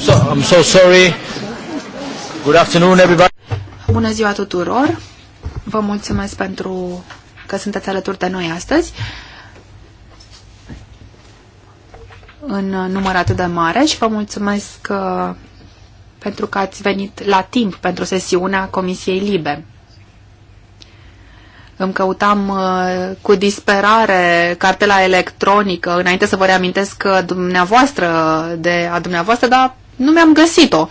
So, I'm so sorry. Good afternoon, everybody. Bună ziua tuturor. Vă mulțumesc pentru că sunteți alături de noi astăzi în număr atât de mare și vă mulțumesc că, uh, pentru că ați venit la timp pentru sesiunea Comisiei Libe. Îmi căutam uh, cu disperare cartela electronică înainte să vă reamintesc uh, dumneavoastră de a dumneavoastră, dar nu mi-am găsit-o.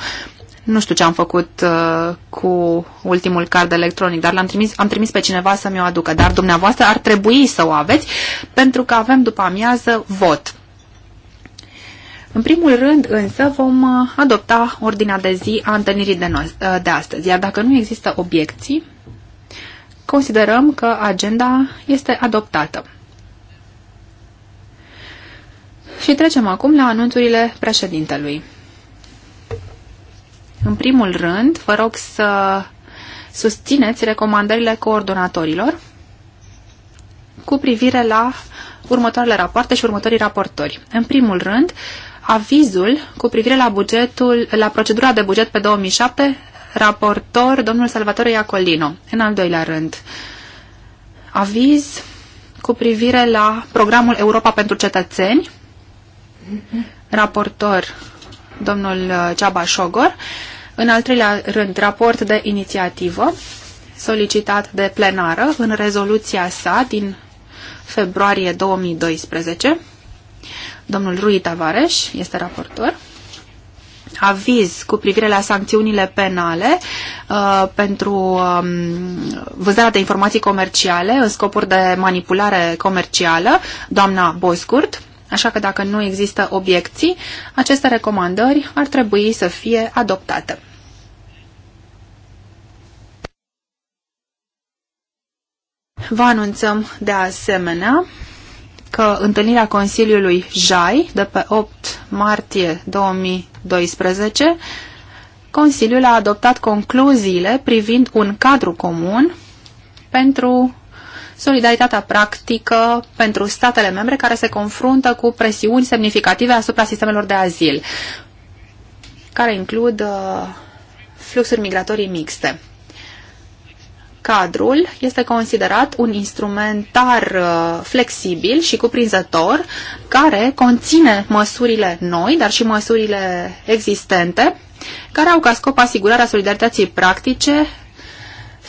Nu știu ce am făcut uh, cu ultimul card electronic, dar l-am trimis, am trimis pe cineva să mi-o aducă. Dar dumneavoastră ar trebui să o aveți, pentru că avem după amiază vot. În primul rând, însă, vom uh, adopta ordinea de zi a întâlnirii de, no- uh, de astăzi, iar dacă nu există obiecții, considerăm că agenda este adoptată. Și trecem acum la anunțurile președintelui. În primul rând, vă rog să susțineți recomandările coordonatorilor cu privire la următoarele rapoarte și următorii raportori. În primul rând, avizul cu privire la bugetul, la procedura de buget pe 2007, raportor domnul Salvatore Iacolino. În al doilea rând, aviz cu privire la programul Europa pentru cetățeni, raportor domnul uh, Ceaba Șogor. În al treilea rând, raport de inițiativă solicitat de plenară în rezoluția sa din februarie 2012. Domnul Rui Tavares este raportor. Aviz cu privire la sancțiunile penale uh, pentru um, vânzarea de informații comerciale în scopuri de manipulare comercială, doamna Boscurt. Așa că dacă nu există obiecții, aceste recomandări ar trebui să fie adoptate. Vă anunțăm de asemenea că întâlnirea Consiliului JAI de pe 8 martie 2012, Consiliul a adoptat concluziile privind un cadru comun pentru solidaritatea practică pentru statele membre care se confruntă cu presiuni semnificative asupra sistemelor de azil, care includ uh, fluxuri migratorii mixte. Cadrul este considerat un instrumentar uh, flexibil și cuprinzător care conține măsurile noi, dar și măsurile existente, care au ca scop asigurarea solidarității practice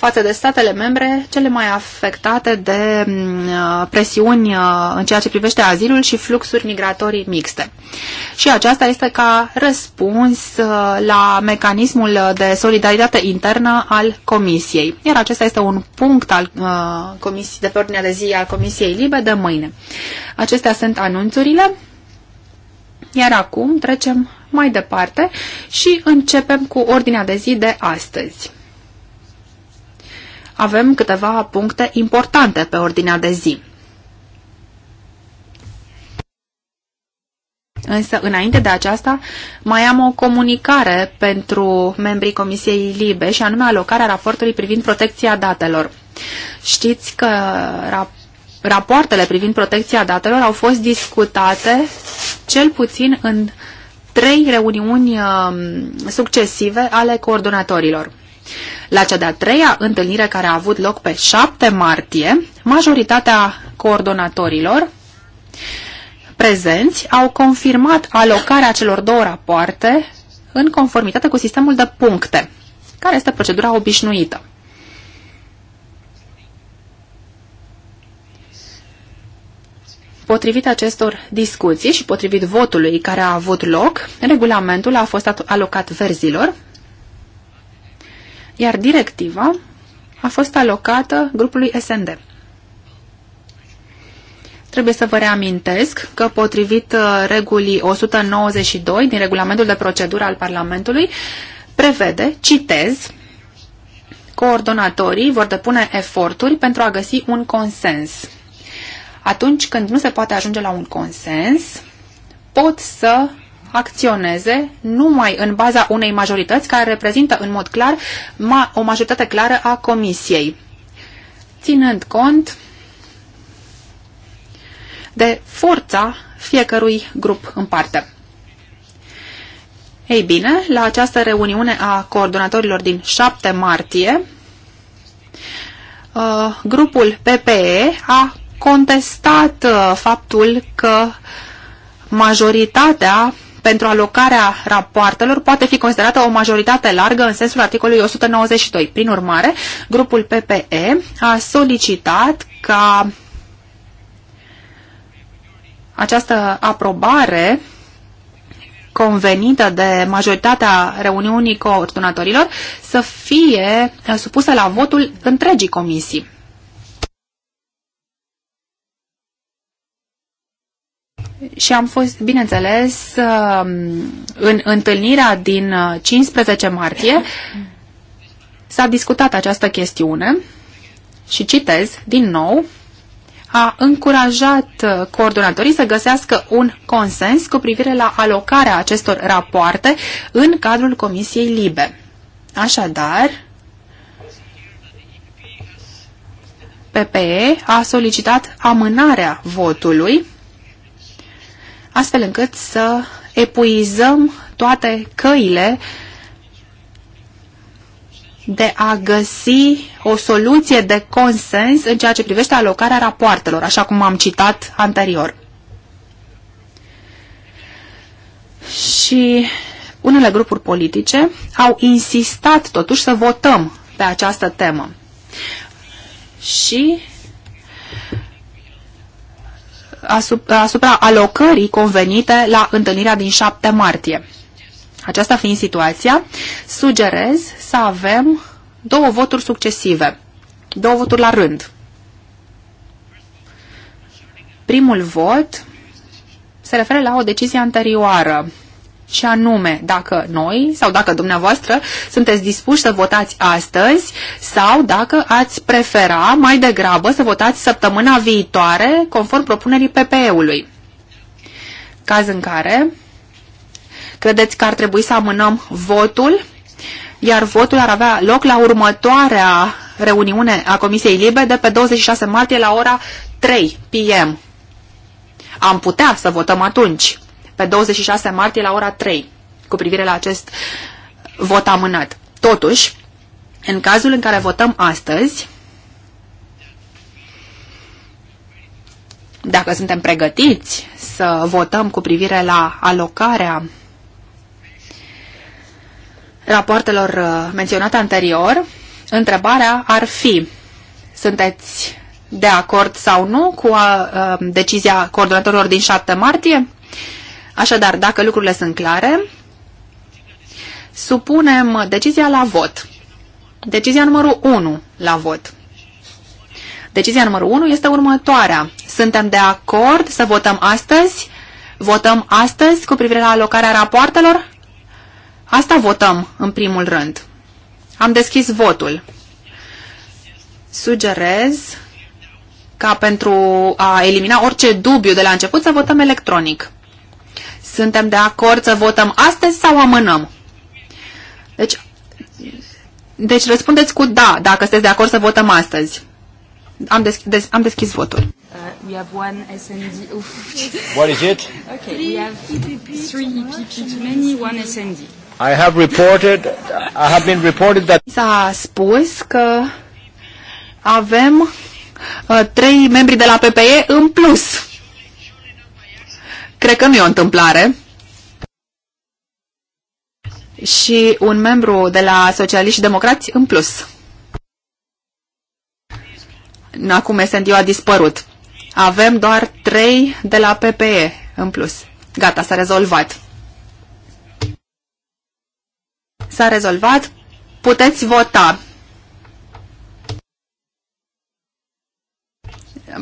față de statele membre cele mai afectate de mm, uh, presiuni uh, în ceea ce privește azilul și fluxuri migratorii mixte. Și aceasta este ca răspuns uh, la mecanismul de solidaritate internă al Comisiei. Iar acesta este un punct al, comisiei, de pe ordinea de zi al Comisiei Libe de mâine. Acestea sunt anunțurile. Iar acum trecem mai departe și începem cu ordinea de zi de astăzi avem câteva puncte importante pe ordinea de zi. Însă, înainte de aceasta, mai am o comunicare pentru membrii Comisiei Libe și anume alocarea raportului privind protecția datelor. Știți că rapoartele privind protecția datelor au fost discutate cel puțin în trei reuniuni uh, succesive ale coordonatorilor. La cea de-a treia întâlnire care a avut loc pe 7 martie, majoritatea coordonatorilor prezenți au confirmat alocarea celor două rapoarte în conformitate cu sistemul de puncte, care este procedura obișnuită. Potrivit acestor discuții și potrivit votului care a avut loc, regulamentul a fost alocat verzilor, iar directiva a fost alocată grupului SND. Trebuie să vă reamintesc că potrivit uh, regulii 192 din regulamentul de procedură al Parlamentului, prevede, citez, coordonatorii vor depune eforturi pentru a găsi un consens. Atunci când nu se poate ajunge la un consens, pot să acționeze numai în baza unei majorități care reprezintă în mod clar ma o majoritate clară a Comisiei, ținând cont de forța fiecărui grup în parte. Ei bine, la această reuniune a coordonatorilor din 7 martie, uh, grupul PPE a contestat uh, faptul că majoritatea pentru alocarea rapoartelor poate fi considerată o majoritate largă în sensul articolului 192. Prin urmare, grupul PPE a solicitat ca această aprobare convenită de majoritatea reuniunii coordonatorilor să fie supusă la votul întregii comisii. și am fost, bineînțeles, um, în întâlnirea din 15 uh, martie s-a discutat această chestiune și citez din nou a încurajat uh, coordonatorii să găsească un consens cu privire la alocarea acestor rapoarte în cadrul Comisiei Libe. Așadar, PPE a solicitat amânarea votului astfel încât să epuizăm toate căile de a găsi o soluție de consens în ceea ce privește alocarea rapoartelor, așa cum am citat anterior. Și unele grupuri politice au insistat totuși să votăm pe această temă. Și asupra, asupra alocării convenite la întâlnirea din 7 martie. Aceasta fiind situația, sugerez să avem două voturi succesive, două voturi la rând. Primul vot se referă la o decizie anterioară și anume dacă noi sau dacă dumneavoastră sunteți dispuși să votați astăzi sau dacă ați prefera mai degrabă să votați săptămâna viitoare conform propunerii PPE-ului. Caz în care credeți că ar trebui să amânăm votul, iar votul ar avea loc la următoarea reuniune a Comisiei Libe de pe 26 martie la ora 3 p.m. Am putea să votăm atunci pe 26 martie la ora 3 cu privire la acest vot amânat. Totuși, în cazul în care votăm astăzi, dacă suntem pregătiți să votăm cu privire la alocarea rapoartelor uh, menționate anterior, întrebarea ar fi, sunteți de acord sau nu cu a, uh, a, uh, decizia coordonatorilor din 7 martie? Așadar, dacă lucrurile sunt clare, supunem decizia la vot. Decizia numărul 1 la vot. Decizia numărul 1 este următoarea. Suntem de acord să votăm astăzi? Votăm astăzi cu privire la alocarea rapoartelor? Asta votăm în primul rând. Am deschis votul. Sugerez ca pentru a elimina orice dubiu de la început să votăm electronic. Suntem de acord să votăm astăzi sau amânăm? Deci, deci răspundeți cu da, dacă sunteți de acord să votăm astăzi. Am, desch des am deschis votul. Uh, we have one SND. What is it? Okay, we have three EPP too many, one SND. I have reported, I have been reported that... S-a spus că avem uh, trei membri de la PPE în plus. Cred că nu e o întâmplare. Și un membru de la Socialiști și Democrați în plus. Acum SND-ul a dispărut. Avem doar trei de la PPE în plus. Gata, s-a rezolvat. S-a rezolvat. Puteți vota.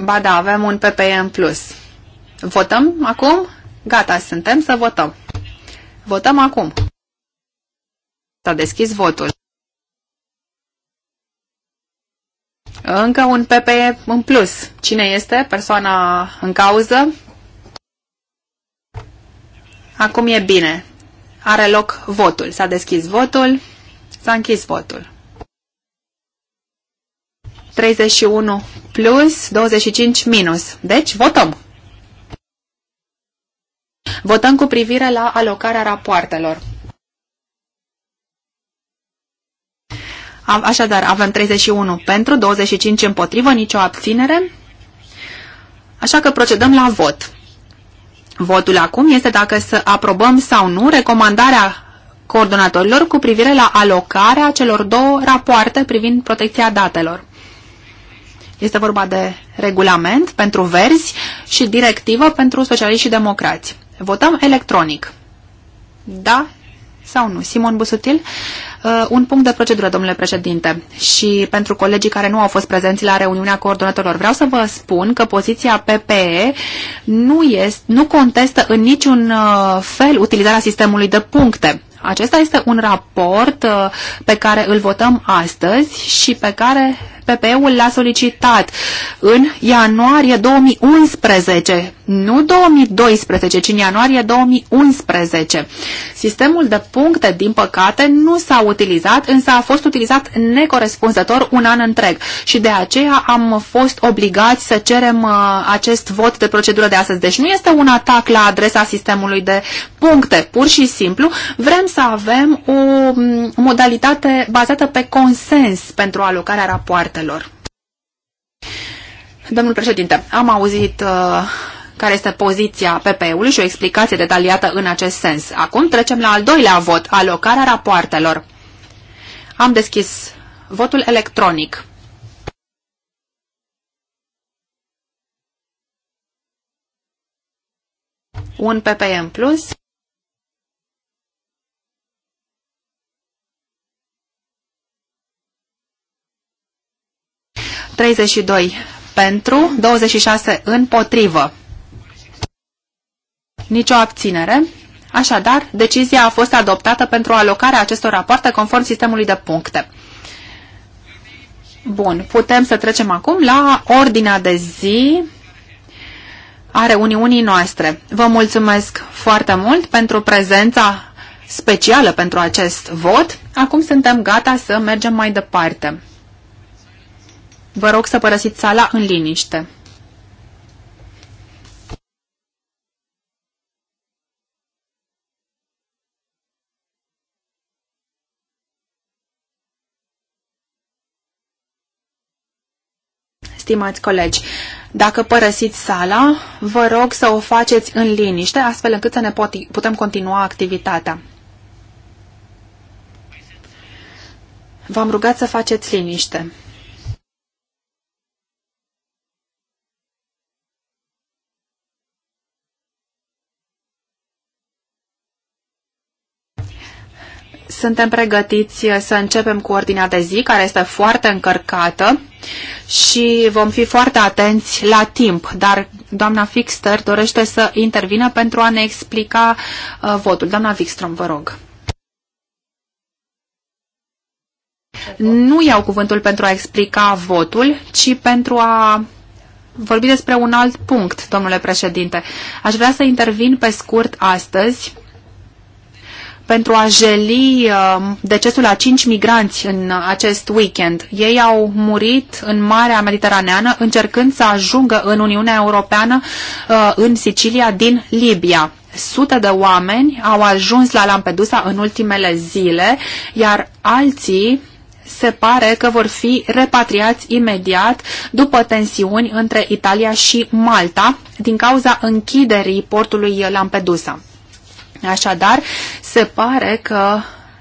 Ba da, avem un PPE în plus. Votăm acum? Gata, suntem să votăm. Votăm acum. S-a deschis votul. Încă un PP în plus. Cine este persoana în cauză? Acum e bine. Are loc votul. S-a deschis votul. S-a închis votul. 31 plus, 25 minus. Deci, votăm! Votăm cu privire la alocarea rapoartelor. Așadar, avem 31 pentru, 25 împotrivă, nicio abținere. Așa că procedăm la vot. Votul acum este dacă să aprobăm sau nu recomandarea coordonatorilor cu privire la alocarea celor două rapoarte privind protecția datelor. Este vorba de regulament pentru verzi și directivă pentru socialiști și democrați. Votăm electronic. Da sau nu? Simon Busutil, uh, un punct de procedură, domnule președinte, și pentru colegii care nu au fost prezenți la reuniunea coordonatorilor, vreau să vă spun că poziția PPE nu, este, nu contestă în niciun uh, fel utilizarea sistemului de puncte. Acesta este un raport uh, pe care îl votăm astăzi și pe care PPE-ul l-a solicitat în ianuarie 2011, nu 2012, ci în ianuarie 2011. Sistemul de puncte, din păcate, nu s-a utilizat, însă a fost utilizat necorespunzător un an întreg și de aceea am fost obligați să cerem uh, acest vot de procedură de astăzi. Deci nu este un atac la adresa sistemului de puncte, pur și simplu vrem să avem o modalitate bazată pe consens pentru alocarea rapoartelor. Domnul președinte, am auzit uh, care este poziția PPE-ului și o explicație detaliată în acest sens. Acum trecem la al doilea vot, alocarea rapoartelor. Am deschis votul electronic. Un PPE în plus. 32 pentru, 26 împotrivă. Nicio abținere. Așadar, decizia a fost adoptată pentru alocarea acestor rapoarte conform sistemului de puncte. Bun, putem să trecem acum la ordinea de zi a reuniunii noastre. Vă mulțumesc foarte mult pentru prezența specială pentru acest vot. Acum suntem gata să mergem mai departe. Vă rog să părăsiți sala în liniște. Stimați colegi, dacă părăsiți sala, vă rog să o faceți în liniște, astfel încât să ne putem continua activitatea. V-am rugat să faceți liniște. Suntem pregătiți să începem cu ordinea de zi, care este foarte încărcată și vom fi foarte atenți la timp, dar doamna Fixter dorește să intervină pentru a ne explica uh, votul. Doamna Wikström, vă rog. Nu iau cuvântul pentru a explica votul, ci pentru a vorbi despre un alt punct, domnule președinte. Aș vrea să intervin pe scurt astăzi pentru a jeli uh, decesul a cinci migranți în acest weekend. Ei au murit în Marea Mediteraneană încercând să ajungă în Uniunea Europeană uh, în Sicilia din Libia. Sute de oameni au ajuns la Lampedusa în ultimele zile, iar alții se pare că vor fi repatriați imediat după tensiuni între Italia și Malta din cauza închiderii portului Lampedusa. Așadar, se pare că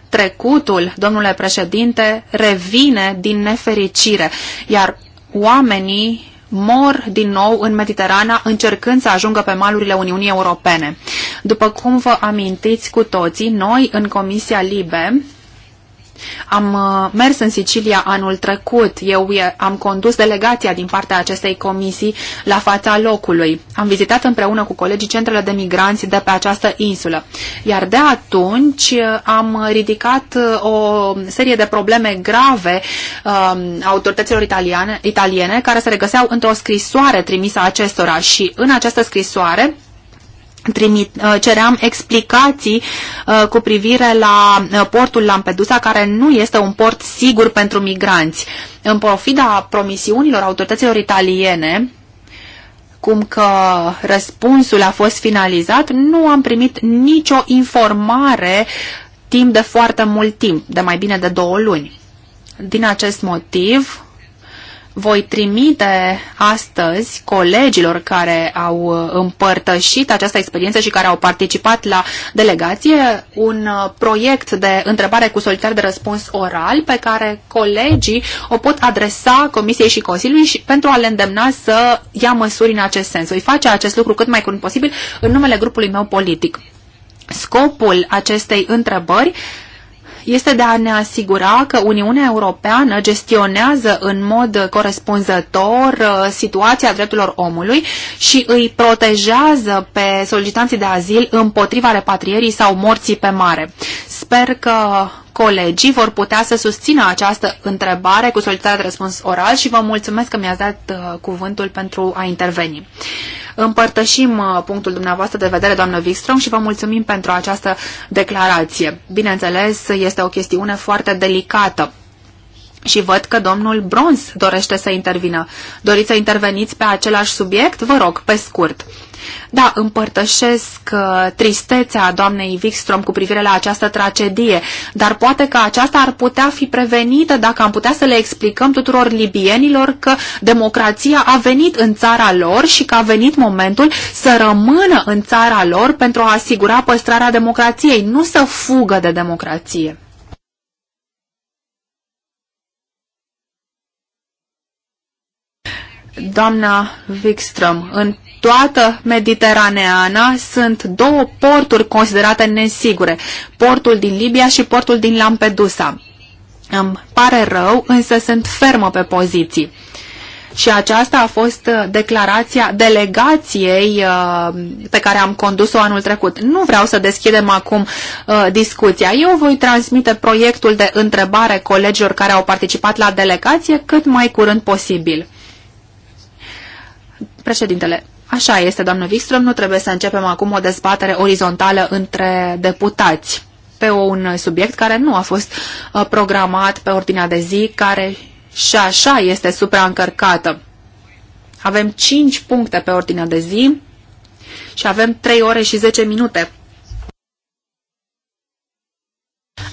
trecutul, domnule președinte, revine din nefericire, iar oamenii mor din nou în Mediterana încercând să ajungă pe malurile Uniunii Europene. După cum vă amintiți cu toții, noi în Comisia Libe am uh, mers în Sicilia anul trecut. Eu am condus delegația din partea acestei comisii la fața locului. Am vizitat împreună cu colegii centrele de migranți de pe această insulă. Iar de atunci uh, am ridicat uh, o serie de probleme grave um, autorităților italiane, italiene care se regăseau într-o scrisoare trimisă acestora și în această scrisoare trimit, uh, ceream explicații uh, cu privire la uh, portul Lampedusa, care nu este un port sigur pentru migranți. În profida promisiunilor autorităților italiene, cum că răspunsul a fost finalizat, nu am primit nicio informare timp de foarte mult timp, de mai bine de două luni. Din acest motiv, voi trimite astăzi colegilor care au uh, împărtășit această experiență și care au participat la delegație un uh, proiect de întrebare cu solicitare de răspuns oral pe care colegii o pot adresa Comisiei și Consiliului și pentru a le îndemna să ia măsuri în acest sens. Voi face acest lucru cât mai curând posibil în numele grupului meu politic. Scopul acestei întrebări este de a ne asigura că Uniunea Europeană gestionează în mod corespunzător uh, situația drepturilor omului și îi protejează pe solicitanții de azil împotriva repatrierii sau morții pe mare. Sper că Colegii vor putea să susțină această întrebare cu solicitarea de răspuns oral și vă mulțumesc că mi-ați dat uh, cuvântul pentru a interveni. Împărtășim uh, punctul dumneavoastră de vedere, doamnă Wikström, și vă mulțumim pentru această declarație. Bineînțeles, este o chestiune foarte delicată. Și văd că domnul Bronz dorește să intervină. Doriți să interveniți pe același subiect? Vă rog, pe scurt. Da, împărtășesc uh, tristețea doamnei Wikstrom cu privire la această tragedie, dar poate că aceasta ar putea fi prevenită dacă am putea să le explicăm tuturor libienilor că democrația a venit în țara lor și că a venit momentul să rămână în țara lor pentru a asigura păstrarea democrației, nu să fugă de democrație. Doamna Wikström, în toată Mediteraneana sunt două porturi considerate nesigure, portul din Libia și portul din Lampedusa. Îmi pare rău, însă sunt fermă pe poziții. Și aceasta a fost uh, declarația delegației uh, pe care am condus-o anul trecut. Nu vreau să deschidem acum uh, discuția. Eu voi transmite proiectul de întrebare colegilor care au participat la delegație cât mai curând posibil. Președintele, Așa este, doamnă Wikström, nu trebuie să începem acum o dezbatere orizontală între deputați pe un subiect care nu a fost uh, programat pe ordinea de zi, care și așa este supraîncărcată. Avem 5 puncte pe ordinea de zi și avem 3 ore și 10 minute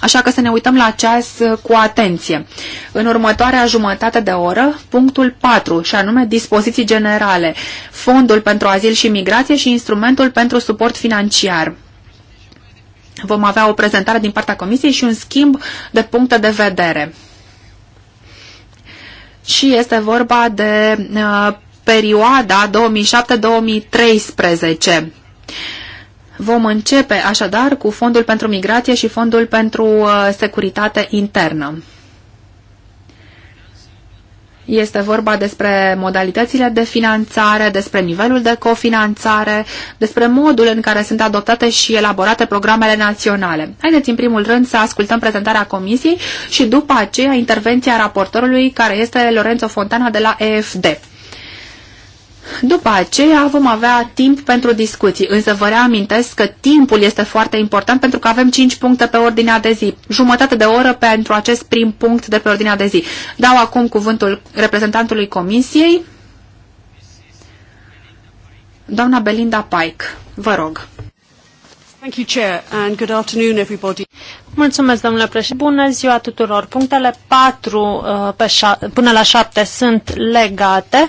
așa că să ne uităm la ceas uh, cu atenție. În următoarea jumătate de oră, punctul 4, și anume dispoziții generale, fondul pentru azil și migrație și instrumentul pentru suport financiar. Vom avea o prezentare din partea comisiei și un schimb de puncte de vedere. Și este vorba de uh, perioada 2007-2013. Vom începe așadar cu Fondul pentru Migrație și Fondul pentru uh, Securitate Internă. Este vorba despre modalitățile de finanțare, despre nivelul de cofinanțare, despre modul în care sunt adoptate și elaborate programele naționale. Haideți în primul rând să ascultăm prezentarea comisiei și după aceea intervenția raportorului care este Lorenzo Fontana de la EFD. După aceea vom avea timp pentru discuții, însă vă reamintesc că timpul este foarte important pentru că avem 5 puncte pe ordinea de zi, jumătate de oră pentru acest prim punct de pe ordinea de zi. Dau acum cuvântul reprezentantului Comisiei, doamna Belinda Pike. Vă rog. Thank you, Chair, and good afternoon, everybody. Mulțumesc, domnule președinte. Bună ziua tuturor. Punctele 4 uh, pe până la 7 sunt legate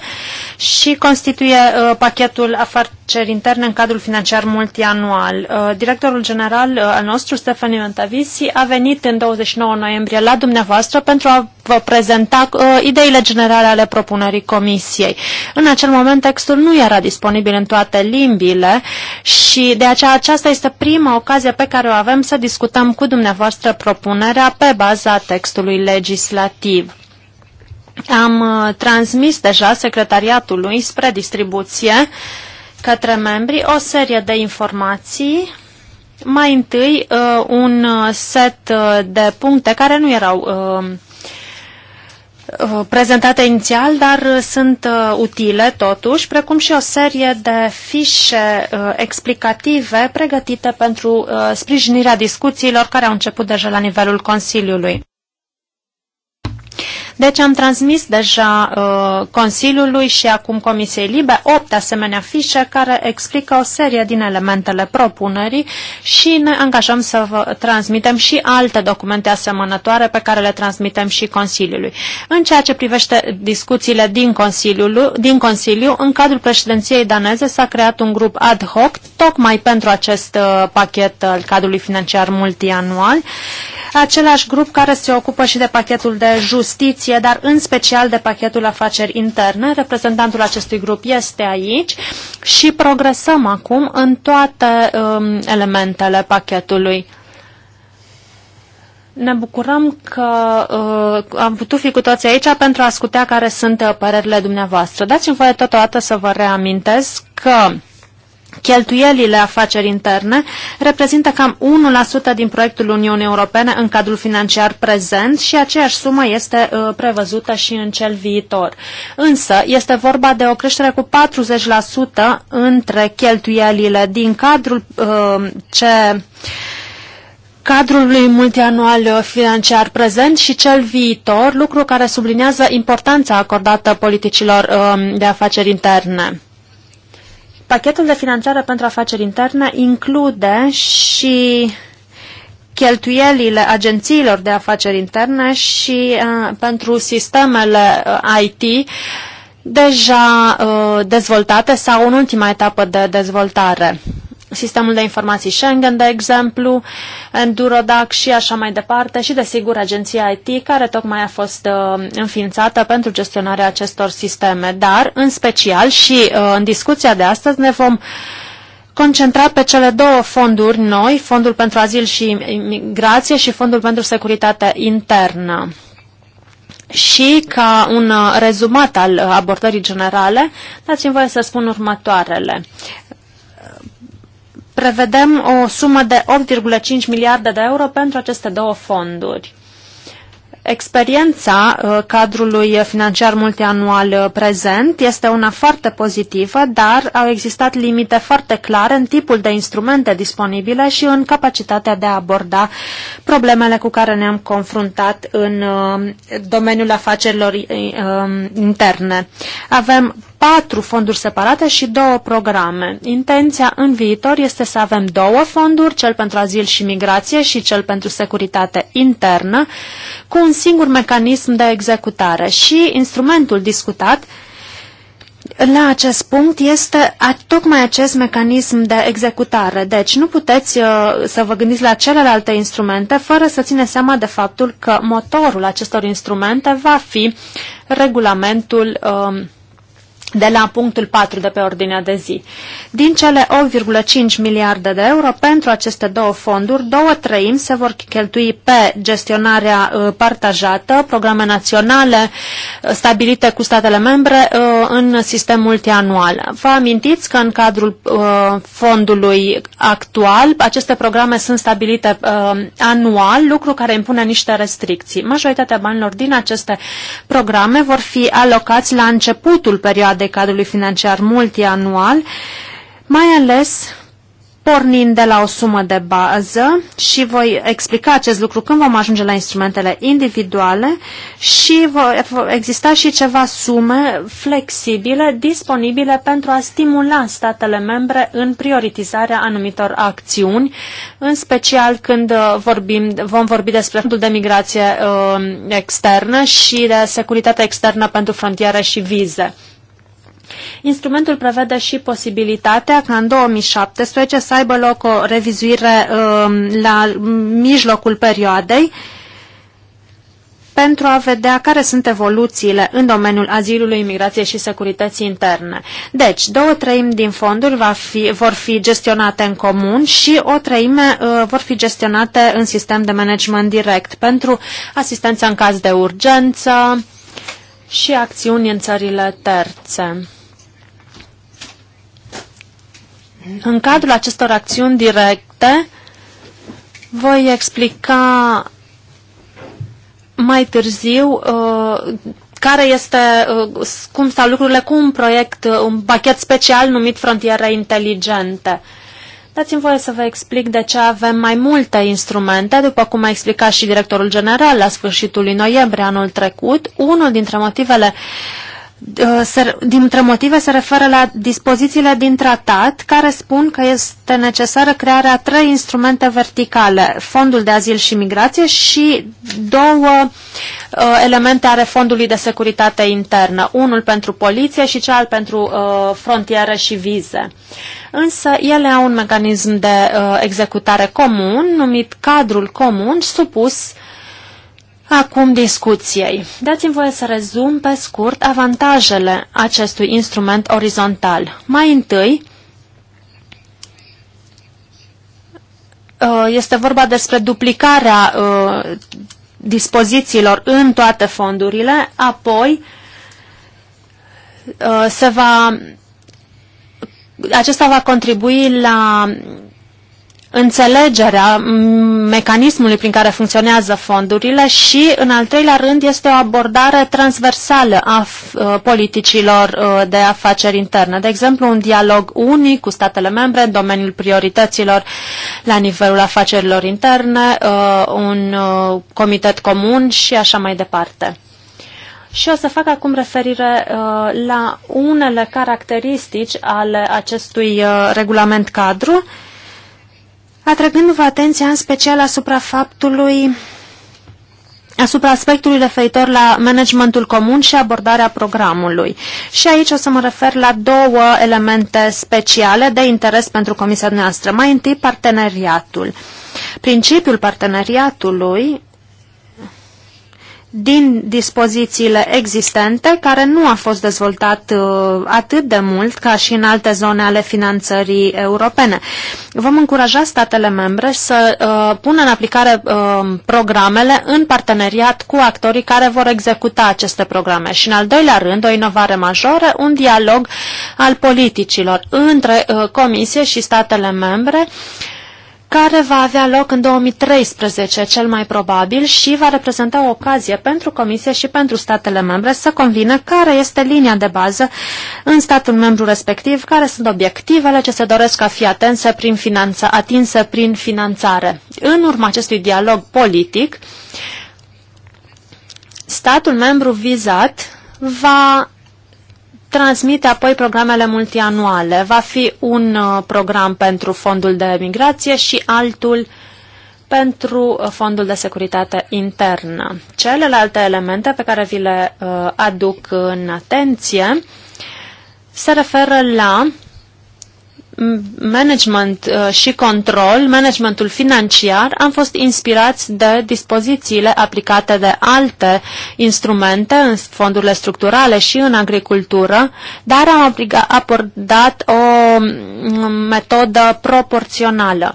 și constituie uh, pachetul afaceri interne în cadrul financiar multianual. Uh, directorul general al nostru, Stefan Ivantavici, a venit în 29 noiembrie la dumneavoastră pentru a vă prezenta uh, ideile generale ale propunerii comisiei. În acel moment textul nu era disponibil în toate limbile și de aceea aceasta este prima ocazie pe care o avem să discutăm cu dumneavoastră propunerea pe baza textului legislativ. Am uh, transmis deja secretariatului spre distribuție către membri o serie de informații mai întâi, uh, un uh, set uh, de puncte care nu erau Uh, prezentate inițial, dar uh, sunt uh, utile totuși, precum și o serie de fișe explicative pregătite pentru sprijinirea discuțiilor care au început deja la nivelul Consiliului. Deci am transmis deja uh, Consiliului și acum Comisiei Libe opt asemenea fișe care explică o serie din elementele propunerii și ne angajăm să vă transmitem și alte documente asemănătoare pe care le transmitem și Consiliului. În ceea ce privește discuțiile din, din Consiliu, în cadrul președinției daneze s-a creat un grup ad hoc tocmai pentru acest uh, pachet al cadrului financiar multianual, același grup care se ocupă și de pachetul de justiție justiție, dar în special de pachetul afaceri interne. Reprezentantul acestui grup este aici și progresăm acum în toate um, elementele pachetului. Ne bucurăm că uh, am putut fi cu toți aici pentru a asculta care sunt uh, părerile dumneavoastră. Dați-mi voie totodată să vă reamintesc că Cheltuielile afaceri interne reprezintă cam 1% din proiectul Uniunii Europene în cadrul financiar prezent și aceeași sumă este uh, prevăzută și în cel viitor. Însă este vorba de o creștere cu 40% între cheltuielile din cadrul uh, ce cadrului multianual uh, financiar prezent și cel viitor, lucru care sublinează importanța acordată politicilor uh, de afaceri interne. Pachetul de finanțare pentru afaceri interne include și cheltuielile agențiilor de afaceri interne și uh, pentru sistemele uh, IT deja uh, dezvoltate sau în ultima etapă de dezvoltare sistemul de informații Schengen, de exemplu, Endurodac și așa mai departe și, desigur, agenția IT, care tocmai a fost uh, înființată pentru gestionarea acestor sisteme. Dar, în special și uh, în discuția de astăzi, ne vom concentra pe cele două fonduri noi, Fondul pentru Azil și Migrație și Fondul pentru Securitate Internă. Și ca un uh, rezumat al uh, abordării generale, dați-mi voie să spun următoarele prevedem o sumă de 8,5 miliarde de euro pentru aceste două fonduri. Experiența uh, cadrului financiar multianual uh, prezent este una foarte pozitivă, dar au existat limite foarte clare în tipul de instrumente disponibile și în capacitatea de a aborda problemele cu care ne-am confruntat în uh, domeniul afacerilor interne. Avem patru fonduri separate și două programe. Intenția în viitor este să avem două fonduri, cel pentru azil și migrație și cel pentru securitate internă, cu un singur mecanism de executare. Și instrumentul discutat la acest punct este a, tocmai acest mecanism de executare. Deci nu puteți uh, să vă gândiți la celelalte instrumente fără să țineți seama de faptul că motorul acestor instrumente va fi regulamentul uh, de la punctul 4 de pe ordinea de zi. Din cele 8,5 miliarde de euro pentru aceste două fonduri, două treimi se vor cheltui pe gestionarea uh, partajată, programe naționale uh, stabilite cu statele membre uh, în sistem multianual. Vă amintiți că în cadrul fondului actual aceste programe sunt stabilite anual, lucru care impune niște restricții. Majoritatea banilor din aceste programe vor fi alocați la începutul perioadei de cadrului financiar multianual, mai ales pornind de la o sumă de bază și voi explica acest lucru când vom ajunge la instrumentele individuale și vor exista și ceva sume flexibile disponibile pentru a stimula statele membre în prioritizarea anumitor acțiuni, în special când vorbim, vom vorbi despre fondul de migrație uh, externă și de securitate externă pentru frontiere și vize. Instrumentul prevede și posibilitatea ca în 2017 să aibă loc o revizuire um, la mijlocul perioadei pentru a vedea care sunt evoluțiile în domeniul azilului, imigrației și securității interne. Deci, două treimi din fonduri va fi, vor fi gestionate în comun și o treime uh, vor fi gestionate în sistem de management direct pentru asistență în caz de urgență și acțiuni în țările terțe. În cadrul acestor acțiuni directe, voi explica mai târziu uh, care este, uh, cum stau lucrurile cu un proiect, uh, un pachet special numit Frontiere Inteligente. Dați-mi voie să vă explic de ce avem mai multe instrumente, după cum a explicat și directorul general la sfârșitul lui noiembrie anul trecut. Unul dintre motivele uh, Uh, dintre motive se referă la dispozițiile din tratat care spun că este necesară crearea trei instrumente verticale, fondul de azil și migrație și două uh, elemente ale fondului de securitate internă, unul pentru poliție și cel pentru uh, frontiere și vize. Însă ele au un mecanism de uh, executare comun numit cadrul comun supus uh, Acum discuției. Dați-mi voie să rezum pe scurt avantajele acestui instrument orizontal. Mai întâi, uh, este vorba despre duplicarea uh, dispozițiilor în toate fondurile, apoi uh, se va, acesta va contribui la înțelegerea mecanismului prin care funcționează fondurile și, în al treilea rând, este o abordare transversală a uh, politicilor uh, de afaceri interne. De exemplu, un dialog unic cu statele membre în domeniul priorităților la nivelul afacerilor interne, uh, un comitet comun și așa mai departe. Și o să fac acum referire uh, la unele caracteristici ale acestui uh, regulament cadru atrăgându-vă atenția în special asupra faptului asupra aspectului referitor la managementul comun și abordarea programului. Și aici o să mă refer la două elemente speciale de interes pentru comisia noastră. Mai întâi, parteneriatul. Principiul parteneriatului din dispozițiile existente, care nu a fost dezvoltat uh, atât de mult ca și în alte zone ale finanțării europene. Vom încuraja statele membre să uh, pună în aplicare uh, programele în parteneriat cu actorii care vor executa aceste programe și, în al doilea rând, o inovare majoră, un dialog al politicilor între uh, Comisie și statele membre uh, care va avea loc în 2013, cel mai probabil, și va reprezenta o ocazie pentru Comisie și pentru statele membre să convină care este linia de bază în statul membru respectiv, care sunt obiectivele ce se doresc a fi atinse prin, finanța, atinse prin finanțare. În urma acestui dialog politic, statul membru vizat va transmite apoi programele multianuale. Va fi un uh, program pentru fondul de migrație și altul pentru uh, fondul de securitate internă. Celelalte elemente pe care vi le uh, aduc în atenție se referă la management uh, și control, managementul financiar, am fost inspirați de dispozițiile aplicate de alte instrumente în fondurile structurale și în agricultură, dar am abordat o mm, metodă proporțională.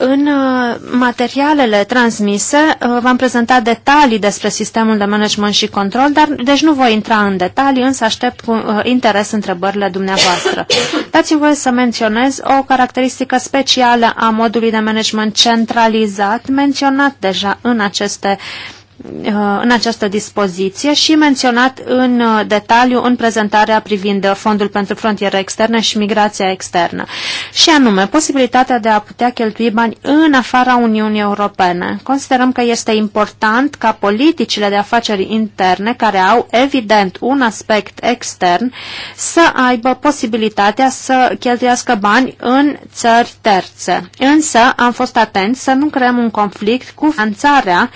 În uh, materialele transmise uh, v-am prezentat detalii despre sistemul de management și control, dar deci nu voi intra în detalii, însă aștept cu uh, interes întrebările dumneavoastră. Dați-mi voie să menționez o caracteristică specială a modului de management centralizat menționat deja în aceste uh, Uh, în această dispoziție și menționat în uh, detaliu în prezentarea privind uh, Fondul pentru Frontiere Externe și Migrația Externă, și anume posibilitatea de a putea cheltui bani în afara Uniunii Europene. Considerăm că este important ca politicile de afaceri interne, care au evident un aspect extern, să aibă posibilitatea să cheltuiască bani în țări terțe. Însă am fost atenți să nu creăm un conflict cu finanțarea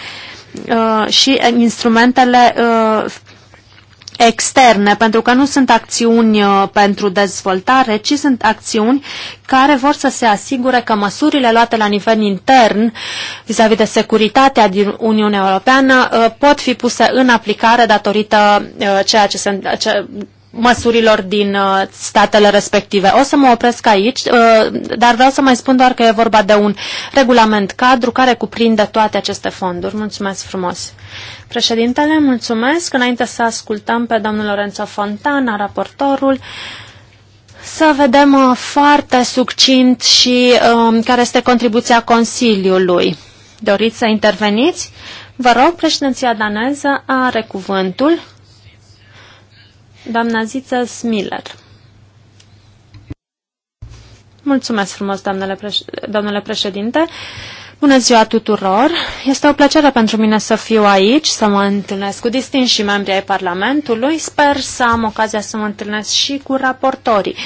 uh, și uh, instrumentele uh, externe, pentru că nu sunt acțiuni uh, pentru dezvoltare, ci sunt acțiuni care vor să se asigure că măsurile luate la nivel intern vis-a-vis -vis de securitatea din Uniunea Europeană uh, pot fi puse în aplicare datorită ceea ce se, ce, măsurilor din uh, statele respective. O să mă opresc aici, uh, dar vreau să mai spun doar că e vorba de un regulament cadru care cuprinde toate aceste fonduri. Mulțumesc frumos! Președintele, mulțumesc! Înainte să ascultăm pe domnul Lorenzo Fontana, raportorul, să vedem uh, foarte succint și uh, care este contribuția Consiliului. Doriți să interveniți? Vă rog, președinția daneză are cuvântul. Doamna Ziță Smiller. Mulțumesc frumos, domnule președinte. Bună ziua tuturor! Este o plăcere pentru mine să fiu aici, să mă întâlnesc cu distinși membrii ai Parlamentului. Sper să am ocazia să mă întâlnesc și cu raportorii.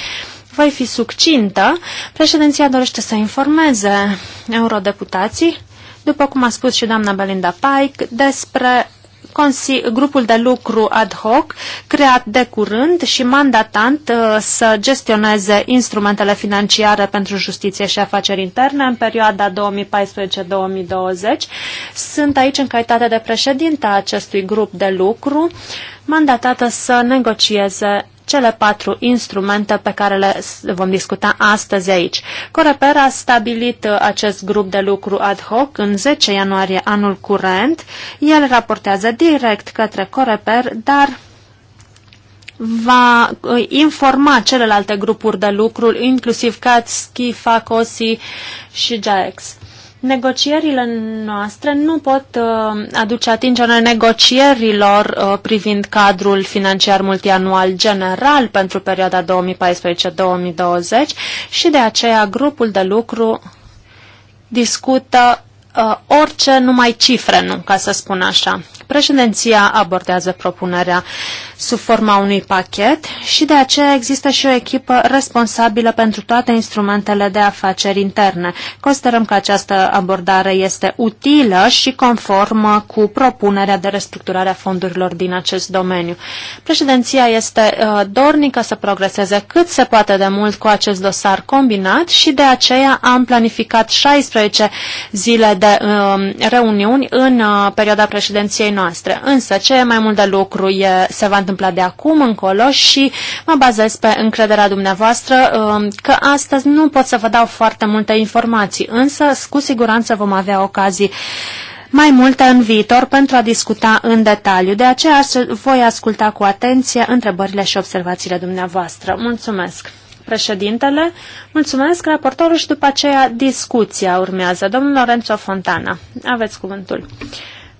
Voi fi succintă. Președinția dorește să informeze eurodeputații, după cum a spus și doamna Belinda Pike, despre grupul de lucru ad hoc creat de curând și mandatant uh, să gestioneze instrumentele financiare pentru justiție și afaceri interne în perioada 2014-2020. Sunt aici în calitate de președinte a acestui grup de lucru mandatată să negocieze cele patru instrumente pe care le vom discuta astăzi aici. Coreper a stabilit uh, acest grup de lucru ad hoc în 10 ianuarie anul curent. El raportează direct către Coreper, dar va uh, informa celelalte grupuri de lucru, inclusiv CATSCHI, FACOSI și GAEX. Negocierile noastre nu pot uh, aduce atingere negocierilor uh, privind cadrul financiar multianual general pentru perioada 2014-2020 și de aceea grupul de lucru discută uh, orice, numai cifre nu, ca să spun așa. Președinția abordează propunerea sub forma unui pachet și de aceea există și o echipă responsabilă pentru toate instrumentele de afaceri interne. Considerăm că această abordare este utilă și conformă cu propunerea de restructurare a fondurilor din acest domeniu. Președinția este uh, dornică să progreseze cât se poate de mult cu acest dosar combinat și de aceea am planificat 16 zile de uh, reuniuni în uh, perioada președinției noastre. Însă, ce mai mult de lucru e, se va întâmpla de acum încolo și mă bazez pe încrederea dumneavoastră um, că astăzi nu pot să vă dau foarte multe informații, însă cu siguranță vom avea ocazii mai multe în viitor pentru a discuta în detaliu. De aceea voi asculta cu atenție întrebările și observațiile dumneavoastră. Mulțumesc! Președintele, mulțumesc, raportorul și după aceea discuția urmează. Domnul Lorenzo Fontana, aveți cuvântul.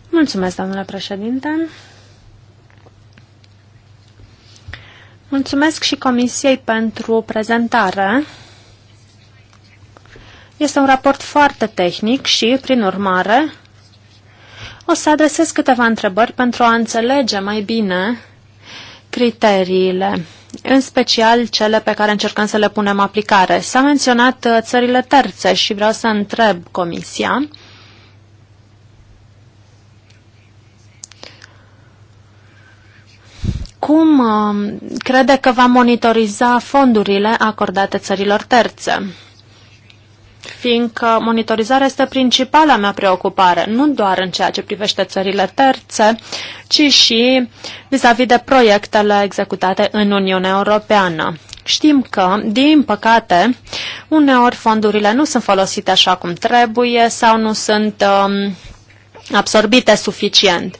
Mulțumesc, domnule președinte. Mulțumesc și Comisiei pentru prezentare. Este un raport foarte tehnic și, prin urmare, o să adresez câteva întrebări pentru a înțelege mai bine criteriile, în special cele pe care încercăm să le punem aplicare. S-a menționat uh, țările terțe și vreau să întreb Comisia cum um, crede că va monitoriza fondurile acordate țărilor terțe? Fiindcă monitorizarea este principala mea preocupare, nu doar în ceea ce privește țările terțe, ci și vis-a-vis -vis de proiectele executate în Uniunea Europeană. Știm că, din păcate, uneori fondurile nu sunt folosite așa cum trebuie sau nu sunt um, absorbite suficient.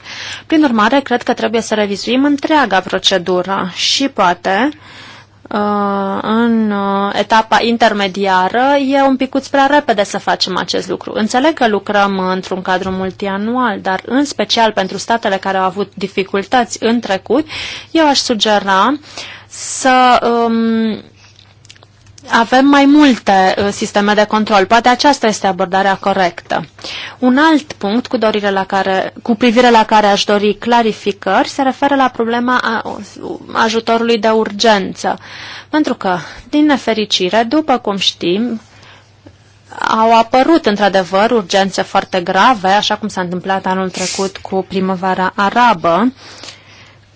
Prin urmare, cred că trebuie să revizuim întreaga procedură și poate uh, în uh, etapa intermediară e un picuț prea repede să facem acest lucru. Înțeleg că lucrăm într-un cadru multianual, dar în special pentru statele care au avut dificultăți în trecut, eu aș sugera să um, avem mai multe uh, sisteme de control. Poate aceasta este abordarea corectă. Un alt punct cu, dorire la care, cu privire la care aș dori clarificări se referă la problema ajutorului de urgență. Pentru că, din nefericire, după cum știm, au apărut într-adevăr urgențe foarte grave, așa cum s-a întâmplat anul trecut cu primăvara arabă, uh,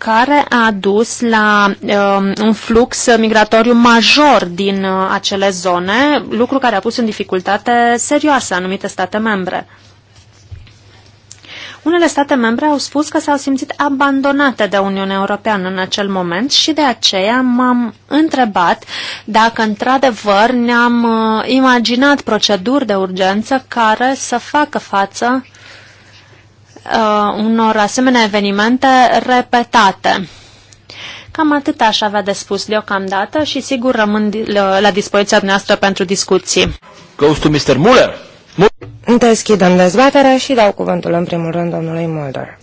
care a dus la uh, un flux migratoriu major din uh, acele zone, lucru care a pus în dificultate serioasă anumite state membre. Unele state membre au spus că s-au simțit abandonate de Uniunea Europeană în acel moment și de aceea m-am întrebat dacă într-adevăr ne-am uh, imaginat proceduri de urgență care să facă față uh, unor asemenea evenimente repetate. Cam atât aș avea de spus deocamdată și sigur rămân la dispoziția noastră pentru discuții. Goes to Mr. Muller. Deschidem dezbaterea și dau cuvântul în primul rând domnului Mulder.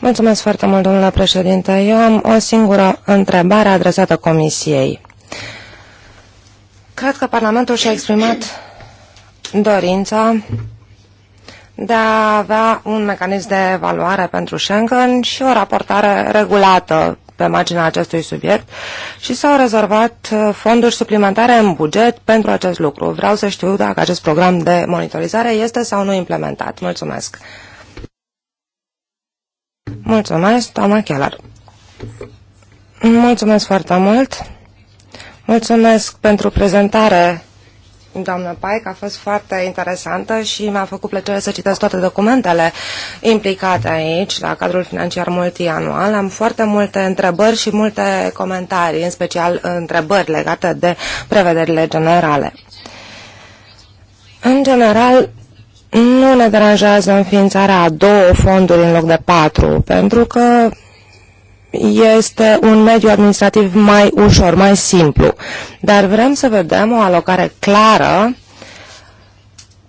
Mulțumesc foarte mult, domnule președinte. Eu am o singură întrebare adresată Comisiei. Cred că Parlamentul și-a exprimat dorința de a avea un mecanism de evaluare pentru Schengen și o raportare regulată pe marginea acestui subiect și s-au rezervat uh, fonduri suplimentare în buget pentru acest lucru. Vreau să știu dacă acest program de monitorizare este sau nu implementat. Mulțumesc! Mulțumesc, doamna Keller! Mulțumesc foarte mult! Mulțumesc pentru prezentare doamnă Paic a fost foarte interesantă și mi-a făcut plăcere să citesc toate documentele implicate aici, la cadrul financiar multianual. Am foarte multe întrebări și multe comentarii, în special întrebări legate de prevederile generale. În general, nu ne deranjează înființarea a două fonduri în loc de patru, pentru că este un mediu administrativ mai ușor, mai simplu. Dar vrem să vedem o alocare clară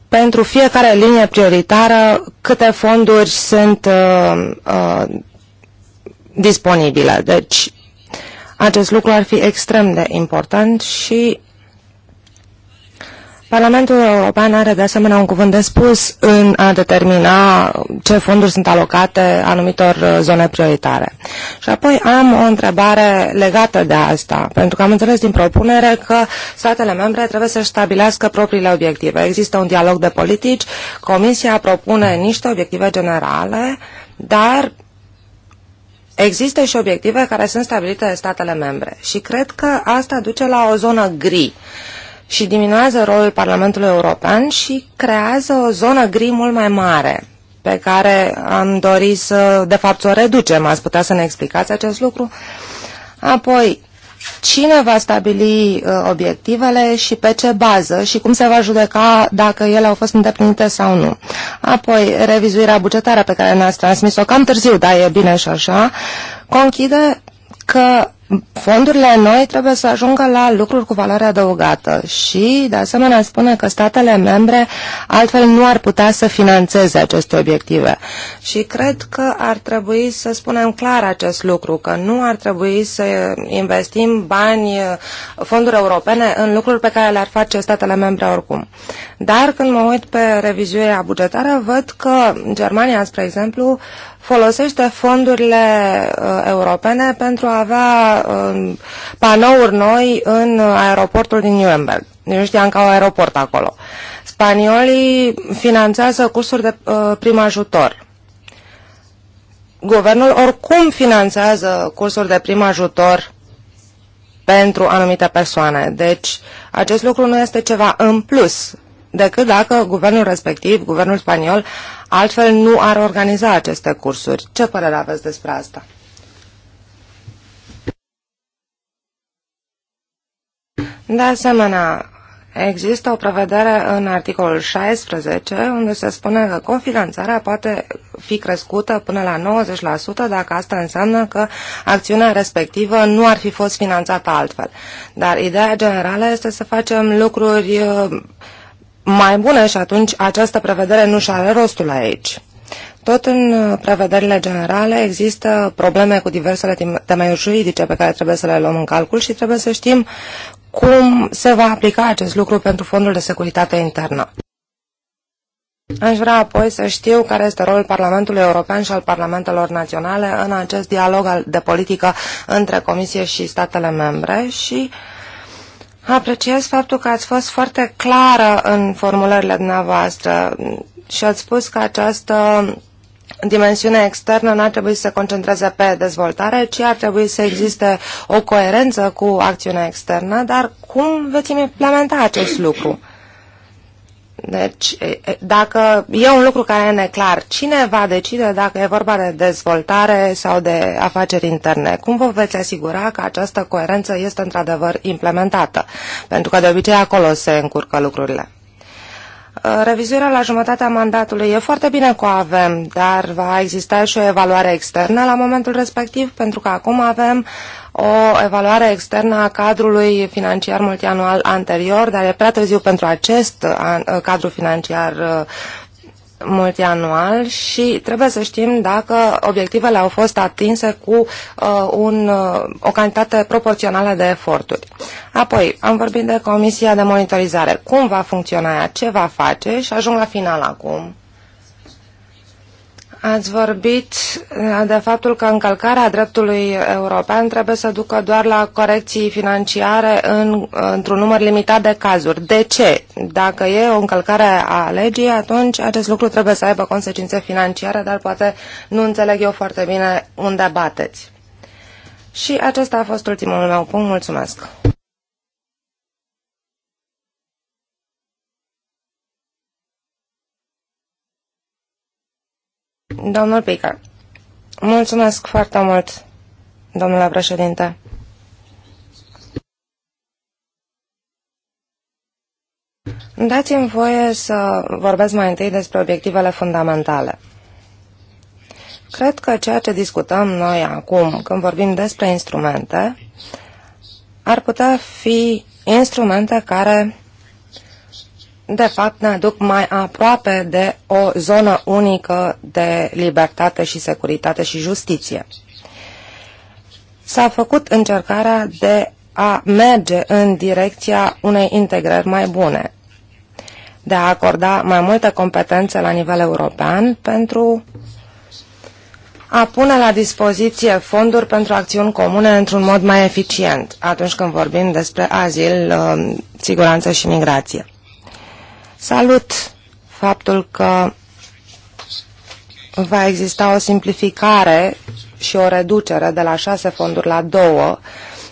pentru fiecare linie prioritară câte fonduri sunt uh, uh, disponibile. Deci, acest lucru ar fi extrem de important și Parlamentul European are de asemenea un cuvânt de spus în a determina ce fonduri sunt alocate anumitor uh, zone prioritare. Și apoi am o întrebare legată de asta, pentru că am înțeles din propunere că statele membre trebuie să stabilească propriile obiective. Există un dialog de politici, Comisia propune niște obiective generale, dar Există și obiective care sunt stabilite de statele membre și cred că asta duce la o zonă gri. Uh, și diminuează rolul Parlamentului European și creează o zonă gri mult mai mare pe care am dorit să, de fapt, să o reducem. Ați putea să ne explicați acest lucru? Apoi, cine va stabili uh, obiectivele și pe ce bază și cum se va judeca dacă ele au fost îndeplinite sau nu. Apoi, revizuirea bugetară pe care ne-ați transmis-o cam târziu, dar e bine și așa, conchide că fondurile noi trebuie să ajungă la lucruri cu valoare adăugată și, de asemenea, spune că statele membre altfel nu ar putea să financeze aceste obiective. Și cred că ar trebui să spunem clar acest lucru, că nu ar trebui să investim bani, fonduri europene în lucruri pe care le-ar face statele membre oricum. Dar când mă uit pe revizuirea bugetară, văd că Germania, spre exemplu, folosește fondurile uh, europene pentru a avea um, panouri noi în aeroportul din Nuremberg. nu știam că au aeroport acolo. Spaniolii finanțează cursuri de uh, prim ajutor guvernul oricum finanțează cursuri de prim ajutor pentru anumite persoane. Deci, acest lucru nu este ceva în plus, decât dacă guvernul respectiv, guvernul spaniol, altfel nu ar organiza aceste cursuri. Ce părere aveți despre asta? De asemenea, există o prevedere în articolul 16 unde se spune că cofinanțarea poate fi crescută până la 90% dacă asta înseamnă că acțiunea respectivă nu ar fi fost finanțată altfel. Dar ideea generală este să facem lucruri uh, mai bune și atunci această prevedere nu și are rostul aici. Tot în uh, prevederile generale există probleme cu diversele teme juridice pe care trebuie să le luăm în calcul și trebuie să știm cum se va aplica acest lucru pentru Fondul de Securitate Internă. Aș vrea apoi să știu care este rolul Parlamentului European și al Parlamentelor Naționale în acest dialog de politică între Comisie și statele membre și uh, Apreciez faptul că ați fost foarte clară în formulările dumneavoastră și ați spus că această dimensiune externă nu ar trebui să se concentreze pe dezvoltare, ci ar trebui să existe o coerență cu acțiunea externă, dar cum veți implementa acest lucru? Deci, dacă e un lucru care e neclar, cine va decide dacă e vorba de dezvoltare sau de afaceri interne? Cum vă veți asigura că această coerență este într-adevăr implementată? Pentru că de obicei acolo se încurcă lucrurile. Uh, revizuirea la jumătatea mandatului e foarte bine că o avem, dar va exista și o evaluare externă la momentul respectiv, pentru că acum avem o evaluare externă a cadrului financiar multianual anterior, dar e prea târziu pentru acest an, uh, cadru financiar uh, multianual și trebuie să știm dacă obiectivele au fost atinse cu uh, un, uh, o cantitate proporțională de eforturi. Apoi, am vorbit de Comisia de Monitorizare. Cum va funcționa ea? Ce va face? Și ajung la final acum. Ați vorbit uh, de faptul că încălcarea dreptului european trebuie să ducă doar la corecții financiare în, uh, într-un număr limitat de cazuri. De ce? Dacă e o încălcare a legii, atunci acest lucru trebuie să aibă consecințe financiare, dar poate nu înțeleg eu foarte bine unde bateți. Și acesta a fost ultimul meu punct. Mulțumesc! Domnul Pica, mulțumesc foarte mult, domnule președinte. Dați-mi voie să vorbesc mai întâi despre obiectivele fundamentale. Cred că ceea ce discutăm noi acum, când vorbim despre instrumente, ar putea fi instrumente care de fapt ne aduc mai aproape de o zonă unică de libertate și securitate și justiție. S-a făcut încercarea de a merge în direcția unei integrări mai bune, de a acorda mai multe competențe la nivel european pentru a pune la dispoziție fonduri pentru acțiuni comune într-un mod mai eficient atunci când vorbim despre azil, uh, siguranță și migrație. Salut faptul că va exista o simplificare și o reducere de la șase fonduri la două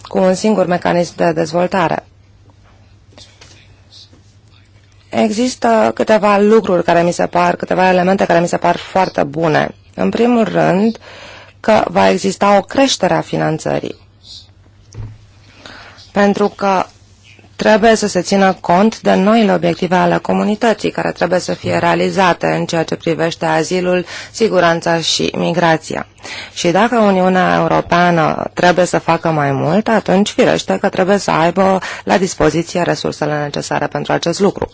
cu un singur mecanism de dezvoltare. Există câteva lucruri care mi se par, câteva elemente care mi se par foarte bune. În primul rând, că va exista o creștere a finanțării. Pentru că trebuie să se țină cont de noile obiective ale comunității care trebuie să fie realizate în ceea ce privește azilul, siguranța și migrația. Și dacă Uniunea Europeană trebuie să facă mai mult, atunci firește că trebuie să aibă la dispoziție resursele necesare pentru acest lucru.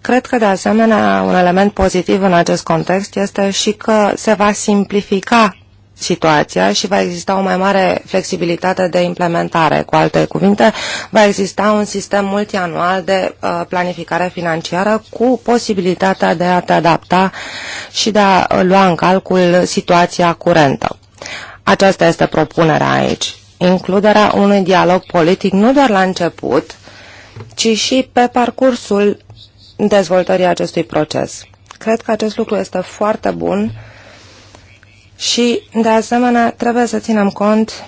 Cred că, de asemenea, un element pozitiv în acest context este și că se va simplifica situația și va exista o mai mare flexibilitate de implementare. Cu alte cuvinte, va exista un sistem multianual de uh, planificare financiară cu posibilitatea de a te adapta și de a uh, lua în calcul situația curentă. Aceasta este propunerea aici. Includerea unui dialog politic nu doar la început, ci și pe parcursul dezvoltării acestui proces. Cred că acest lucru este foarte bun și, de asemenea, trebuie să ținem cont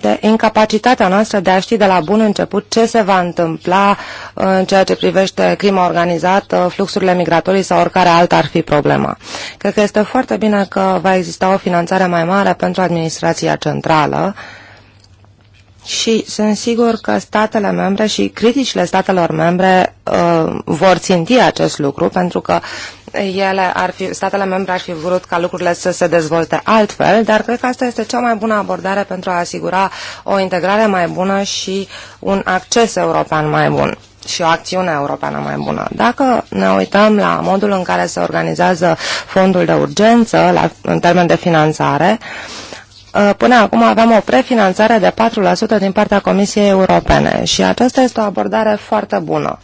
de incapacitatea noastră de a ști de la bun început ce se va întâmpla uh, în ceea ce privește crima organizată, fluxurile migratorii sau oricare altă ar fi problema. Cred că este foarte bine că va exista o finanțare mai mare pentru administrația centrală, uh, și sunt sigur că statele membre și criticile statelor membre uh, vor ținti acest lucru, pentru că ele ar fi, statele membre ar fi vrut ca lucrurile să se dezvolte altfel, dar cred că asta este cea mai bună abordare pentru a asigura o integrare mai bună și un acces european mai bun și o acțiune europeană mai bună. Dacă ne uităm la modul în care se organizează fondul de urgență la, în termen de finanțare, uh, Uh, până acum aveam o prefinanțare de 4% din partea Comisiei Europene și aceasta este o abordare foarte bună.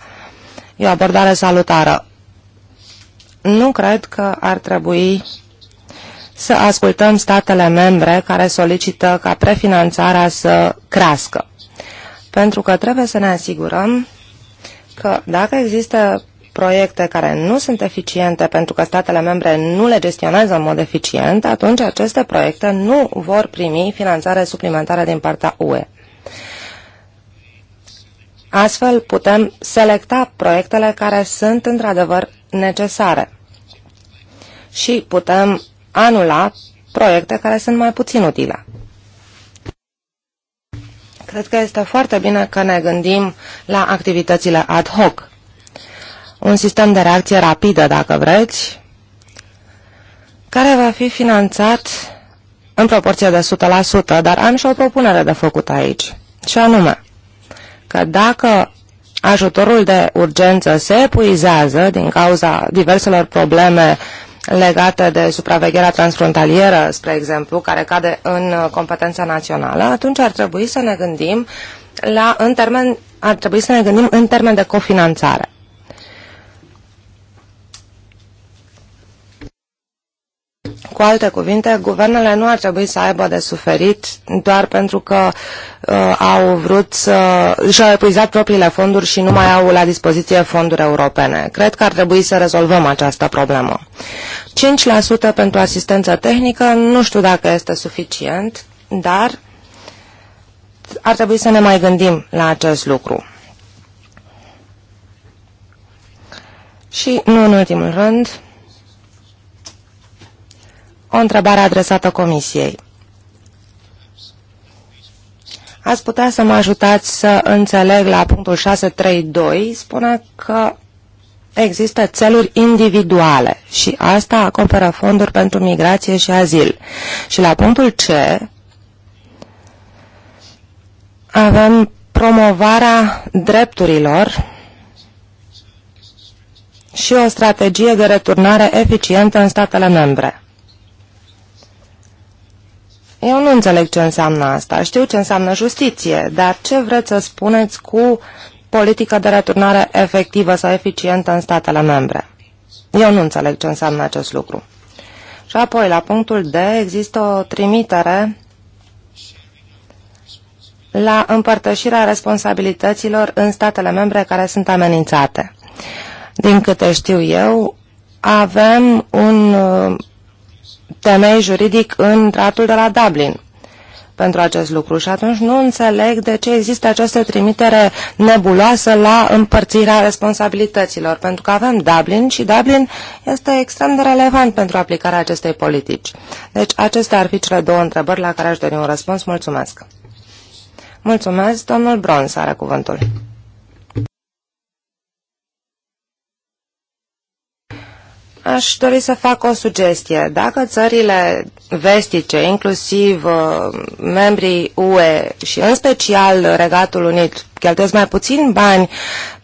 E o abordare salutară. Nu cred că ar trebui să ascultăm statele membre care solicită ca prefinanțarea să crească. Pentru că trebuie să ne asigurăm că dacă există proiecte care nu sunt eficiente pentru că statele membre nu le gestionează în mod eficient, atunci aceste proiecte nu vor primi finanțare suplimentară din partea UE. Astfel putem selecta proiectele care sunt într-adevăr necesare și putem anula proiecte care sunt mai puțin utile. Cred că este foarte bine că ne gândim la activitățile ad hoc un sistem de reacție rapidă, dacă vreți, care va fi finanțat în proporție de 100%, dar am și o propunere de făcut aici, și anume că dacă ajutorul de urgență se epuizează din cauza diverselor probleme legate de supravegherea transfrontalieră, spre exemplu, care cade în competența națională, atunci ar trebui să ne gândim la, în termen, ar trebui să ne gândim în termen de cofinanțare. Cu alte cuvinte, guvernele nu ar trebui să aibă de suferit doar pentru că uh, au vrut să și-au epuizat propriile fonduri și nu mai au la dispoziție fonduri europene. Cred că ar trebui să rezolvăm această problemă. 5% pentru asistență tehnică, nu știu dacă este suficient, dar ar trebui să ne mai gândim la acest lucru. Și nu în ultimul rând, o întrebare adresată Comisiei. Ați putea să mă ajutați să înțeleg la punctul 632, spune că există țeluri individuale și asta acoperă fonduri pentru migrație și azil. Și la punctul C avem promovarea drepturilor și o strategie de returnare eficientă în statele membre. Eu nu înțeleg ce înseamnă asta. Știu ce înseamnă justiție, dar ce vreți să spuneți cu politică de returnare efectivă sau eficientă în statele membre? Eu nu înțeleg ce înseamnă acest lucru. Și apoi, la punctul D, există o trimitere la împărtășirea responsabilităților în statele membre care sunt amenințate. Din câte știu eu, avem un temei juridic în tratul de la Dublin pentru acest lucru și atunci nu înțeleg de ce există această trimitere nebuloasă la împărțirea responsabilităților, pentru că avem Dublin și Dublin este extrem de relevant pentru aplicarea acestei politici. Deci acestea ar fi cele două întrebări la care aș dori un răspuns. Mulțumesc! Mulțumesc, domnul Brons are cuvântul. Aș dori să fac o sugestie. Dacă țările vestice, inclusiv uh, membrii UE și în special Regatul Unit, cheltuiesc mai puțin bani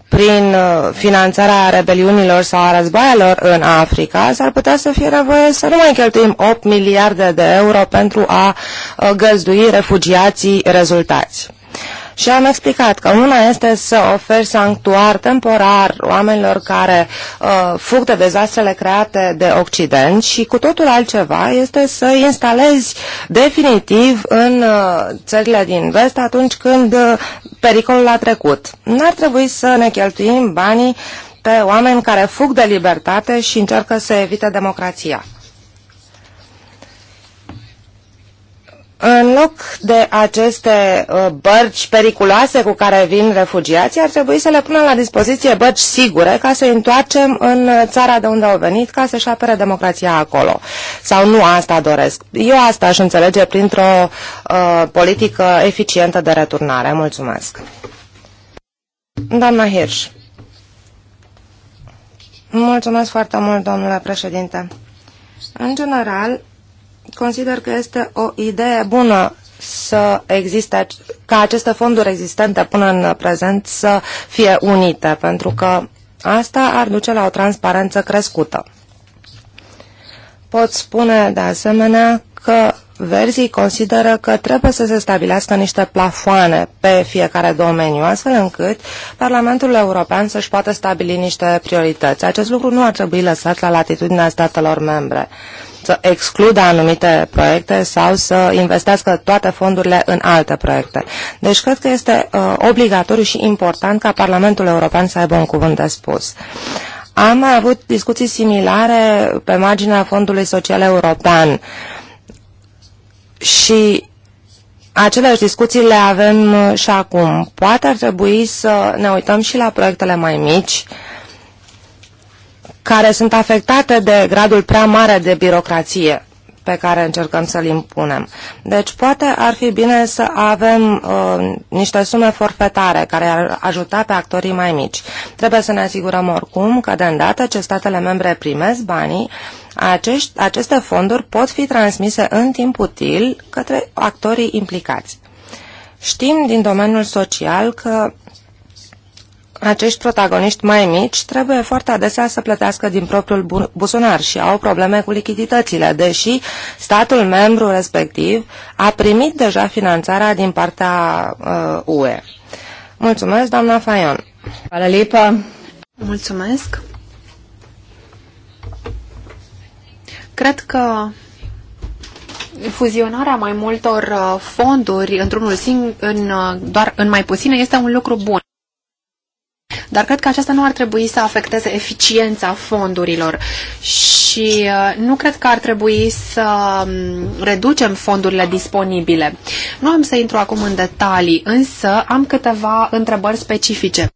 prin uh, finanțarea rebeliunilor sau a războaielor în Africa, s-ar putea să fie nevoie să nu mai cheltuim 8 miliarde de euro pentru a uh, găzdui refugiații rezultați. Și am explicat că una este să oferi sanctuar temporar oamenilor care uh, fug de dezastrele create de Occident și cu totul altceva este să instalezi definitiv în uh, țările din vest atunci când uh, pericolul a trecut. N-ar trebui să ne cheltuim banii pe oameni care fug de libertate și încearcă să evite democrația. În loc de aceste uh, bărci periculoase cu care vin refugiații, ar trebui să le punem la dispoziție bărci sigure ca să i întoarcem în uh, țara de unde au venit, ca să-și apere democrația acolo. Sau nu asta doresc. Eu asta aș înțelege printr-o uh, politică eficientă de returnare. Mulțumesc. Doamna Hirsch. Mulțumesc foarte mult, domnule președinte. În general, Consider că este o idee bună să existe, ca aceste fonduri existente până în prezent să fie unite, pentru că asta ar duce la o transparență crescută. Pot spune de asemenea că Verzii consideră că trebuie să se stabilească niște plafoane pe fiecare domeniu, astfel încât Parlamentul European să-și poată stabili niște priorități. Acest lucru nu ar trebui lăsat la latitudinea statelor membre. Uh, să excludă anumite proiecte sau să investească toate fondurile în alte proiecte. Deci cred că este uh, obligatoriu și important ca Parlamentul European să aibă un cuvânt de spus. Am mai avut discuții similare pe marginea Fondului Social European și aceleași discuții le avem și acum. Poate ar trebui să ne uităm și la proiectele mai mici, uh, care sunt afectate de gradul prea mare de birocrație pe care încercăm să-l impunem. Deci poate ar fi bine să avem uh, niște sume forfetare care ar ajuta pe actorii mai mici. Trebuie să ne asigurăm oricum că de îndată ce statele membre primesc banii, acești, aceste fonduri pot fi transmise în timp util către actorii implicați. Știm din domeniul social că acești protagoniști mai mici trebuie foarte adesea să plătească din propriul buzunar și au probleme cu lichiditățile, deși statul membru respectiv a primit deja finanțarea din partea uh, UE. Mulțumesc, doamna Fayon. Hvala Mulțumesc. Cred că fuzionarea mai multor uh, fonduri într-unul singur, în, uh, doar în mai puține, este un lucru bun. Dar cred că aceasta nu ar trebui să afecteze eficiența fondurilor și uh, nu cred că ar trebui să um, reducem fondurile disponibile. Nu am să intru acum în detalii, însă am câteva întrebări specifice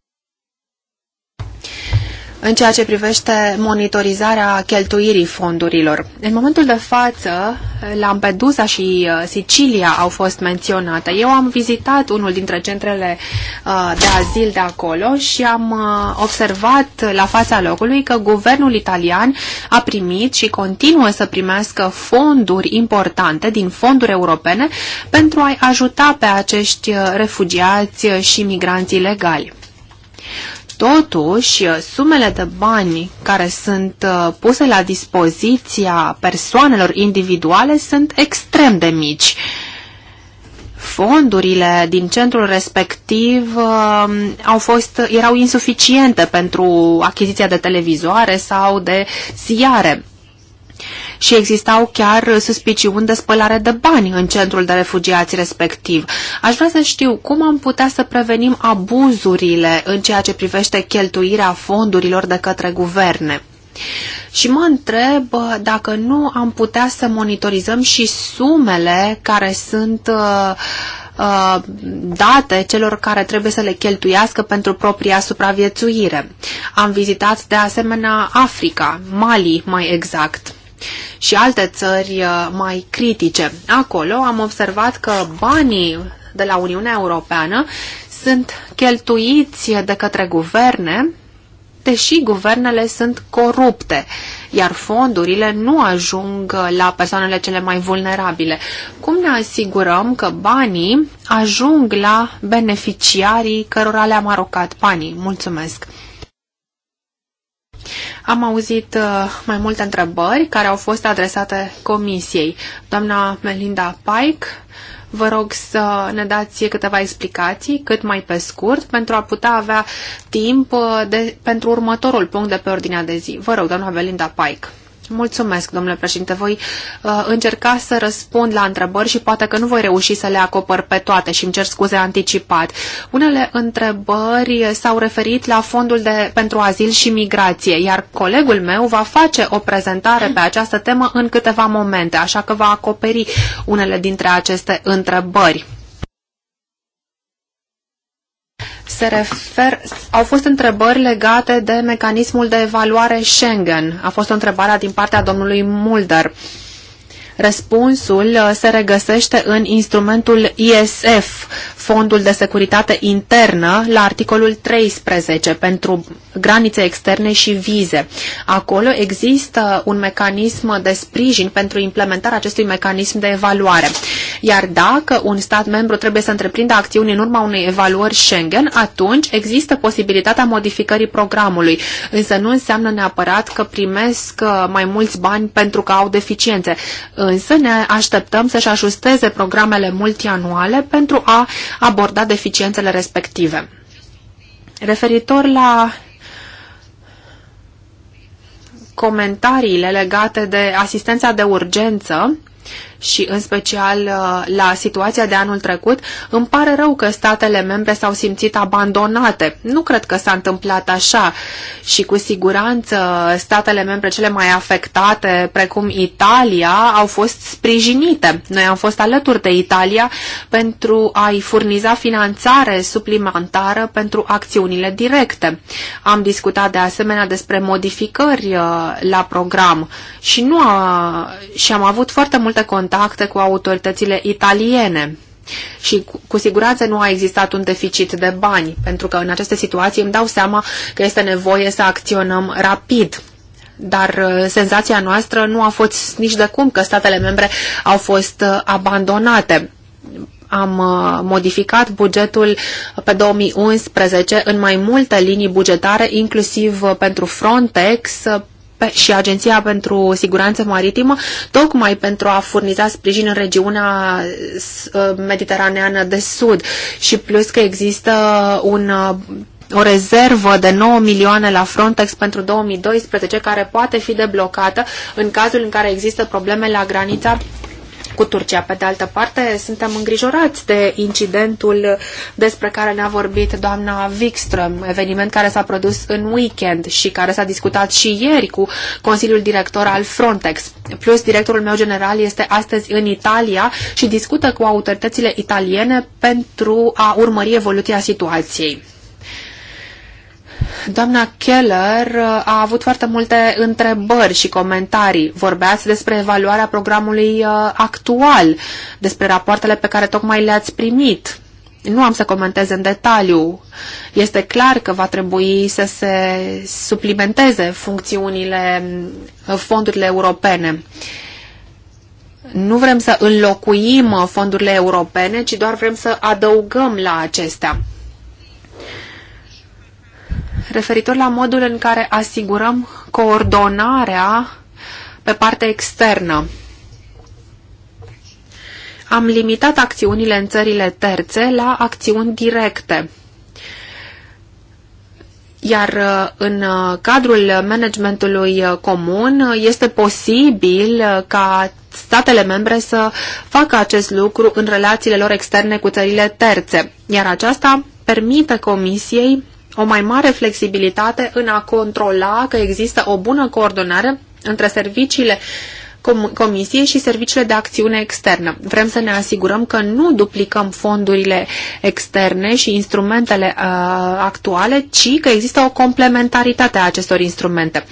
în ceea ce privește monitorizarea cheltuirii fondurilor. În momentul de față, Lampedusa și uh, Sicilia au fost menționate. Eu am vizitat unul dintre centrele uh, de azil de acolo și am uh, observat la fața locului că guvernul italian a primit și continuă să primească fonduri importante din fonduri europene pentru a-i ajuta pe acești refugiați și migranți ilegali. Totuși, sumele de bani care sunt uh, puse la dispoziția persoanelor individuale sunt extrem de mici. Fondurile din centrul respectiv uh, au fost, erau insuficiente pentru achiziția de televizoare sau de ziare și existau chiar suspiciuni de spălare de bani în centrul de refugiați respectiv. Aș vrea să știu cum am putea să prevenim abuzurile în ceea ce privește cheltuirea fondurilor de către guverne. Și mă întreb uh, dacă nu am putea să monitorizăm și sumele care sunt uh, uh, date celor care trebuie să le cheltuiască pentru propria supraviețuire. Am vizitat de asemenea Africa, Mali mai exact și alte țări uh, mai critice. Acolo am observat că banii de la Uniunea Europeană sunt cheltuiți de către guverne, deși guvernele sunt corupte, iar fondurile nu ajung la persoanele cele mai vulnerabile. Cum ne asigurăm că banii ajung la beneficiarii cărora le-am arocat banii? Mulțumesc! Am auzit uh, mai multe întrebări care au fost adresate comisiei. Doamna Melinda Pike, vă rog să ne dați câteva explicații, cât mai pe scurt, pentru a putea avea timp uh, de, pentru următorul punct de pe ordinea de zi. Vă rog, doamna Melinda Pike. Mulțumesc, domnule președinte. Voi uh, încerca să răspund la întrebări și poate că nu voi reuși să le acopăr pe toate și îmi cer scuze anticipat. Unele întrebări s-au referit la fondul de, pentru azil și migrație, iar colegul meu va face o prezentare pe această temă în câteva momente, așa că va acoperi unele dintre aceste întrebări se refer, au fost întrebări legate de mecanismul de evaluare Schengen. A fost o întrebare din partea domnului Mulder. Răspunsul uh, se regăsește în instrumentul ISF, Fondul de Securitate Internă, la articolul 13 pentru granițe externe și vize. Acolo există un mecanism de sprijin pentru implementarea acestui mecanism de evaluare. Iar dacă un stat membru trebuie să întreprindă acțiuni în urma unei evaluări Schengen, atunci există posibilitatea modificării programului, însă nu înseamnă neapărat că primesc uh, mai mulți bani pentru că au deficiențe însă ne așteptăm să-și ajusteze programele multianuale pentru a aborda deficiențele respective. Referitor la comentariile legate de asistența de urgență, și în special uh, la situația de anul trecut, îmi pare rău că statele membre s-au simțit abandonate. Nu cred că s-a întâmplat așa și cu siguranță statele membre cele mai afectate, precum Italia, au fost sprijinite. Noi am fost alături de Italia pentru a-i furniza finanțare suplimentară pentru acțiunile directe. Am discutat de asemenea despre modificări uh, la program și, nu a, și am avut foarte multe contacte contacte cu autoritățile italiene. Și cu, cu siguranță nu a existat un deficit de bani, pentru că în aceste situații îmi dau seama că este nevoie să acționăm rapid. Dar uh, senzația noastră nu a fost nici de cum că statele membre au fost uh, abandonate am uh, modificat bugetul pe 2011 în mai multe linii bugetare, inclusiv pentru Frontex, și Agenția pentru Siguranță Maritimă, tocmai pentru a furniza sprijin în regiunea uh, mediteraneană de sud și plus că există un uh, o rezervă de 9 milioane la Frontex pentru 2012 care poate fi deblocată în cazul în care există probleme la granița cu Turcia. Pe de altă parte, suntem îngrijorați de incidentul despre care ne-a vorbit doamna Wikström, eveniment care s-a produs în weekend și care s-a discutat și ieri cu Consiliul Director al Frontex. Plus, directorul meu general este astăzi în Italia și discută cu autoritățile italiene pentru a urmări evoluția situației. Doamna Keller uh, a avut foarte multe întrebări și comentarii. Vorbeați despre evaluarea programului uh, actual, despre rapoartele pe care tocmai le-ați primit. Nu am să comentez în detaliu. Este clar că va trebui să se suplimenteze funcțiunile, uh, fondurile europene. Nu vrem să înlocuim fondurile europene, ci doar vrem să adăugăm la acestea referitor la modul în care asigurăm coordonarea pe partea externă. Am limitat acțiunile în țările terțe la acțiuni directe. Iar uh, în uh, cadrul managementului uh, comun este posibil ca statele membre să facă acest lucru în relațiile lor externe cu țările terțe, iar aceasta permite Comisiei o mai mare flexibilitate în a controla că există o bună coordonare între serviciile Comisiei și serviciile de acțiune externă. Vrem să ne asigurăm că nu duplicăm fondurile externe și instrumentele uh, actuale, ci că există o complementaritate a acestor instrumente.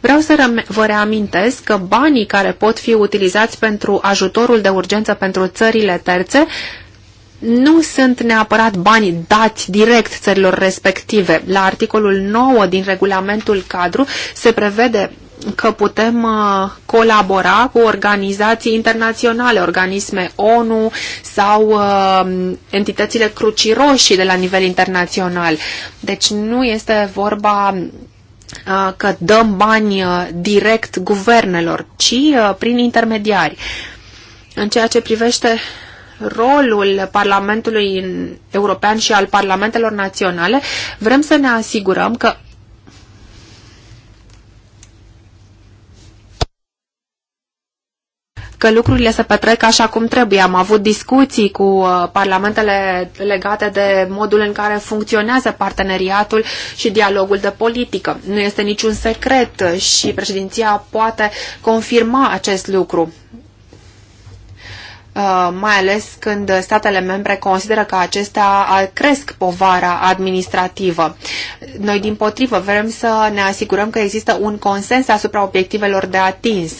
Vreau să vă reamintesc că banii care pot fi utilizați pentru ajutorul de urgență pentru țările terțe nu sunt neapărat bani dați direct țărilor respective. La articolul 9 din regulamentul cadru se prevede că putem uh, colabora cu organizații internaționale, organisme ONU sau uh, entitățile Crucii Roșii de la nivel internațional. Deci nu este vorba uh, că dăm bani direct guvernelor, ci prin intermediari. În ceea ce privește rolul Parlamentului European și al Parlamentelor Naționale, vrem să ne asigurăm că că lucrurile se petrec așa cum trebuie. Am avut discuții cu uh, parlamentele legate de modul în care funcționează parteneriatul și dialogul de politică. Nu este niciun secret și președinția poate confirma acest lucru. Uh, mai ales când statele membre consideră că acestea cresc povara administrativă. Noi, din potrivă, vrem să ne asigurăm că există un consens asupra obiectivelor de atins.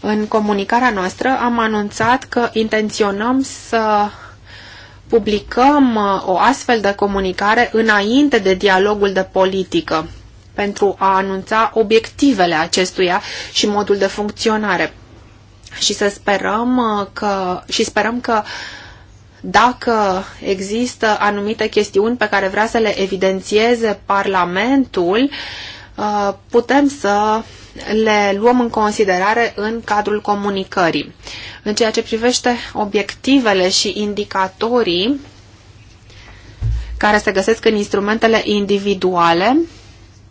În comunicarea noastră am anunțat că intenționăm să publicăm uh, o astfel de comunicare înainte de dialogul de politică pentru a anunța obiectivele acestuia și modul de funcționare și să sperăm uh, că, și sperăm că dacă există anumite chestiuni pe care vrea să le evidențieze Parlamentul, uh, putem să le luăm în considerare în cadrul comunicării. În ceea ce privește obiectivele și indicatorii care se găsesc în instrumentele individuale,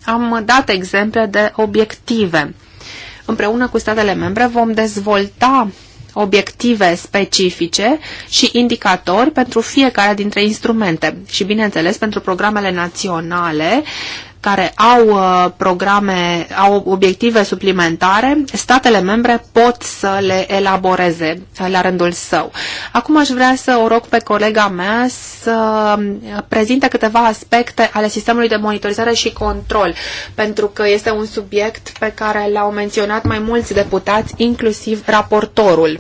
am dat exemple de obiective. Împreună cu statele membre vom dezvolta obiective specifice și indicatori pentru fiecare dintre instrumente și, bineînțeles, pentru programele naționale care au uh, programe, au obiective suplimentare, statele membre pot să le elaboreze uh, la rândul său. Acum aș vrea să o rog pe colega mea să uh, prezinte câteva aspecte ale sistemului de monitorizare și control, pentru că este un subiect pe care l-au menționat mai mulți deputați, inclusiv raportorul.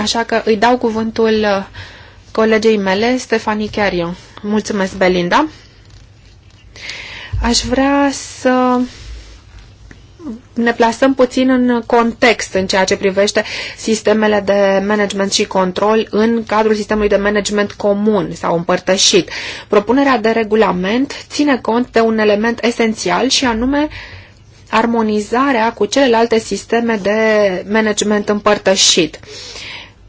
Așa că îi dau cuvântul uh, colegei mele, Stefanie Chiarion. Mulțumesc, Belinda! Aș vrea să ne plasăm puțin în context în ceea ce privește sistemele de management și control în cadrul sistemului de management comun sau împărtășit. Propunerea de regulament ține cont de un element esențial și anume armonizarea cu celelalte sisteme de management împărtășit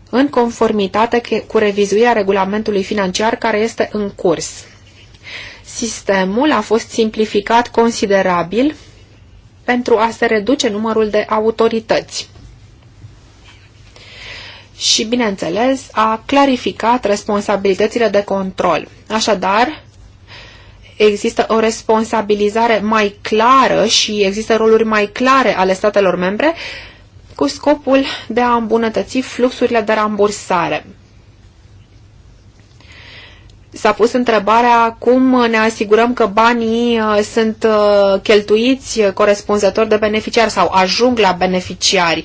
în conformitate cu revizuirea regulamentului financiar care este în curs. Sistemul a fost simplificat considerabil pentru a se reduce numărul de autorități și, bineînțeles, a clarificat responsabilitățile de control. Așadar, există o responsabilizare mai clară și există roluri mai clare ale statelor membre cu scopul de a îmbunătăți fluxurile de rambursare s-a pus întrebarea cum ne asigurăm că banii uh, sunt uh, cheltuiți corespunzător de beneficiari sau ajung la beneficiari.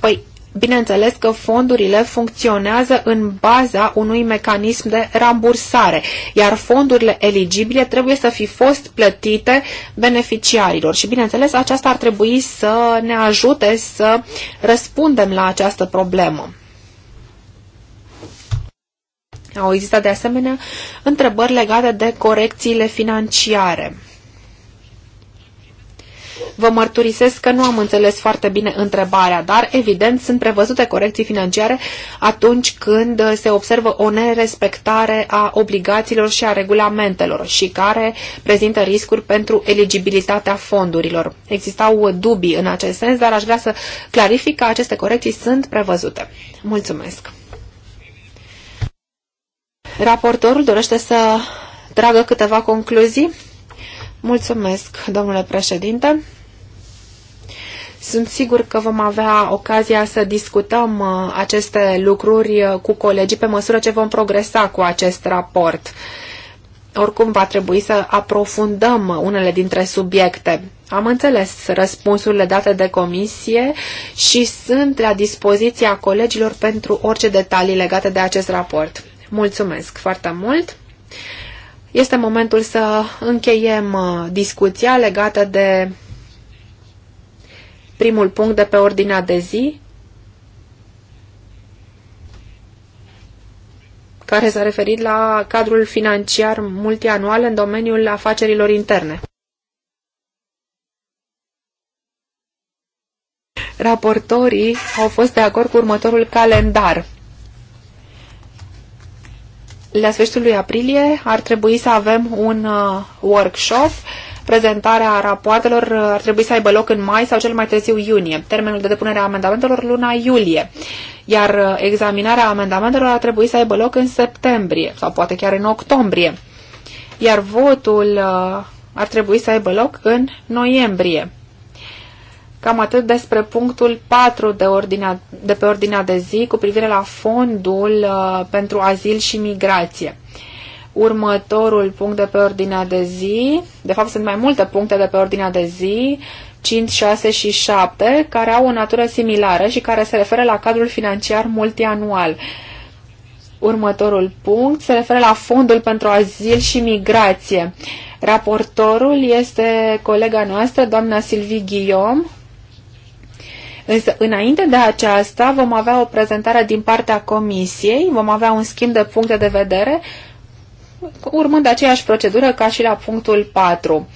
Păi, Bineînțeles că fondurile funcționează în baza unui mecanism de rambursare, iar fondurile eligibile trebuie să fi fost plătite beneficiarilor. Și bineînțeles, aceasta ar trebui să ne ajute să răspundem la această problemă. Au existat de asemenea întrebări legate de corecțiile financiare. Vă mărturisesc că nu am înțeles foarte bine întrebarea, dar evident sunt prevăzute corecții financiare atunci când se observă o nerespectare a obligațiilor și a regulamentelor și care prezintă riscuri pentru eligibilitatea fondurilor. Existau dubii în acest sens, dar aș vrea să clarific că aceste corecții sunt prevăzute. Mulțumesc! Raportorul dorește să tragă câteva concluzii. Mulțumesc, domnule președinte. Sunt sigur că vom avea ocazia să discutăm uh, aceste lucruri uh, cu colegii pe măsură ce vom progresa cu acest raport. Oricum va trebui să aprofundăm unele dintre subiecte. Am înțeles răspunsurile date de comisie și sunt la dispoziția colegilor pentru orice detalii legate de acest raport. Mulțumesc foarte mult! Este momentul să încheiem uh, discuția legată de primul punct de pe ordinea de zi, care s-a referit la cadrul financiar multianual în domeniul afacerilor interne. Raportorii au fost de acord cu următorul calendar la sfârșitul lui aprilie ar trebui să avem un uh, workshop. Prezentarea rapoartelor uh, ar trebui să aibă loc în mai sau cel mai târziu iunie. Termenul de depunere a amendamentelor luna iulie. Iar uh, examinarea amendamentelor ar trebui să aibă loc în septembrie sau poate chiar în octombrie. Iar votul ar trebui să aibă loc în noiembrie. Cam atât despre punctul 4 de, ordinea, de pe ordinea de zi cu privire la fondul uh, pentru azil și migrație. Următorul punct de pe ordinea de zi, de fapt sunt mai multe puncte de pe ordinea de zi, 5, 6 și 7, care au o natură similară și care se referă la cadrul financiar multianual. Următorul punct se referă la fondul pentru azil și migrație. Raportorul este colega noastră, doamna Silvie Guillaume, Însă, înainte de aceasta, vom avea o prezentare din partea comisiei, vom avea un schimb de puncte de vedere, urmând aceeași procedură ca și la punctul 4.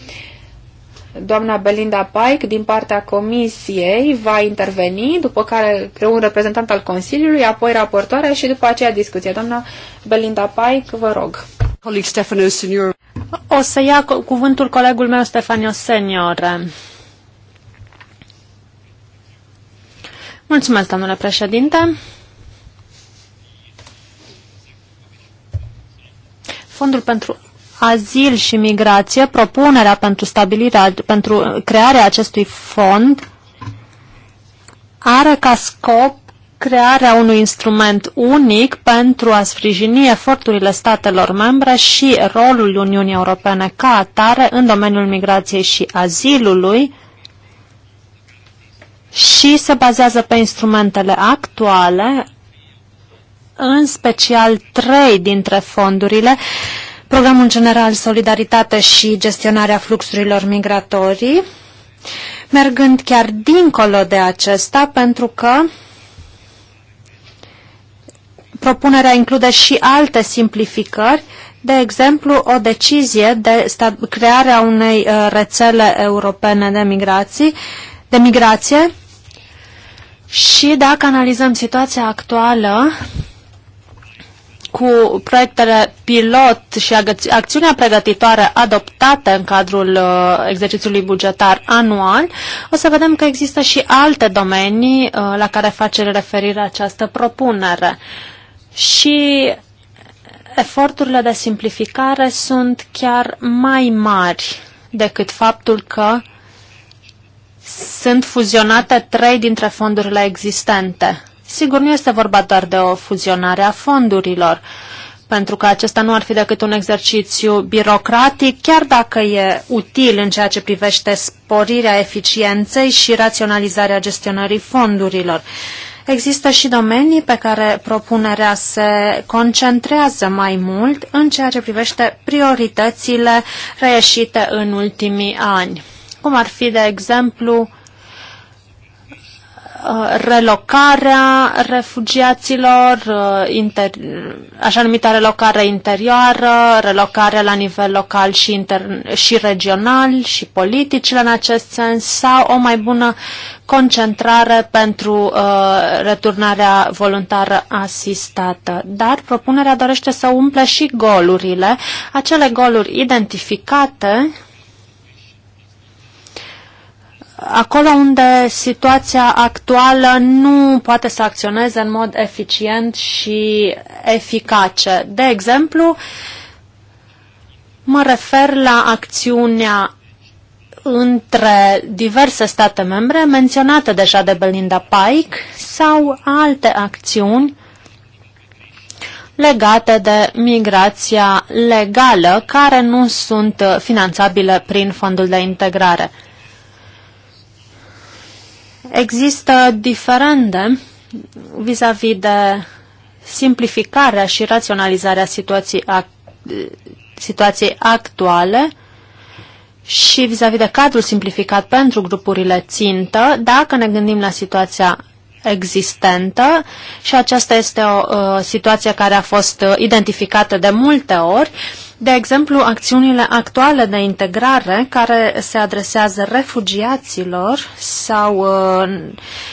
Doamna Belinda Pike, din partea comisiei, va interveni, după care un reprezentant al Consiliului, apoi raportoarea și după aceea discuție. Doamna Belinda Pike, vă rog. Coleg O să ia cuvântul colegul meu Stefanio Senior. Mulțumesc, domnule președinte. Fondul pentru azil și migrație, propunerea pentru stabilirea, pentru crearea acestui fond are ca scop crearea unui instrument unic pentru a sprijini eforturile statelor membre și rolul Uniunii Europene ca atare în domeniul migrației și azilului, și se bazează pe instrumentele actuale, în special trei dintre fondurile, Programul General Solidaritate și Gestionarea Fluxurilor Migratorii, mergând chiar dincolo de acesta, pentru că propunerea include și alte simplificări, de exemplu, o decizie de crearea unei uh, rețele europene de migrații, de migrație, și dacă analizăm situația actuală cu proiectele pilot și acțiunea pregătitoare adoptată în cadrul uh, exercițiului bugetar anual, o să vedem că există și alte domenii uh, la care face referire această propunere. Și eforturile de simplificare sunt chiar mai mari decât faptul că uh, sunt fuzionate trei dintre fondurile existente. Sigur, nu este vorba doar de o fuzionare a fondurilor, pentru că acesta nu ar fi decât un exercițiu birocratic, chiar dacă e util în ceea ce privește sporirea eficienței și raționalizarea gestionării fondurilor. Există și domenii pe care propunerea se concentrează mai mult în ceea ce privește prioritățile reieșite în ultimii ani cum ar fi, de exemplu, uh, relocarea refugiaților, uh, inter, așa numită relocare interioară, relocarea la nivel local și, inter, și regional și politicile în acest sens sau o mai bună concentrare pentru uh, returnarea voluntară asistată. Dar propunerea dorește să umple și golurile, acele goluri identificate acolo unde situația actuală nu poate să acționeze în mod eficient și eficace. De exemplu, mă refer la acțiunea între diverse state membre menționate deja de Belinda Pike sau alte acțiuni legate de migrația legală care nu sunt finanțabile prin fondul de integrare. Există diferende vis-a-vis -vis de simplificarea și raționalizarea situației, act- situației actuale și vis-a-vis -vis de cadrul simplificat pentru grupurile țintă, dacă ne gândim la situația existentă și aceasta este o uh, situație care a fost uh, identificată de multe ori de exemplu, acțiunile actuale de integrare care se adresează refugiaților sau uh,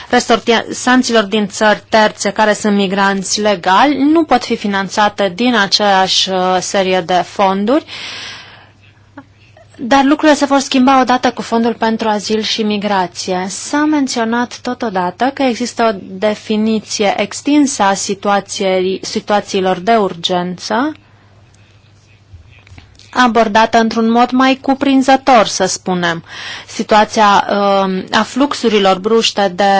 resortisanților din țări terțe care sunt migranți legali nu pot fi finanțate din aceeași uh, serie de fonduri, dar lucrurile se vor schimba odată cu Fondul pentru Azil și Migrație. S-a menționat totodată că există o definiție extinsă a situațiilor de urgență abordată într-un mod mai cuprinzător, să spunem. Situația uh, a fluxurilor bruște de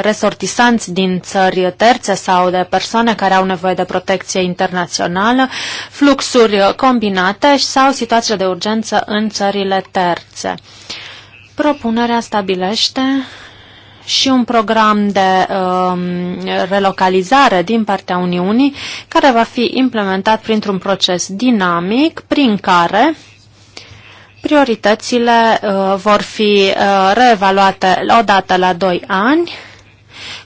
resortisanți din țări terțe sau de persoane care au nevoie de protecție internațională, fluxuri combinate sau situația de urgență în țările terțe. Propunerea stabilește și un program de um, relocalizare din partea Uniunii care va fi implementat printr-un proces dinamic prin care prioritățile uh, vor fi uh, reevaluate odată la 2 ani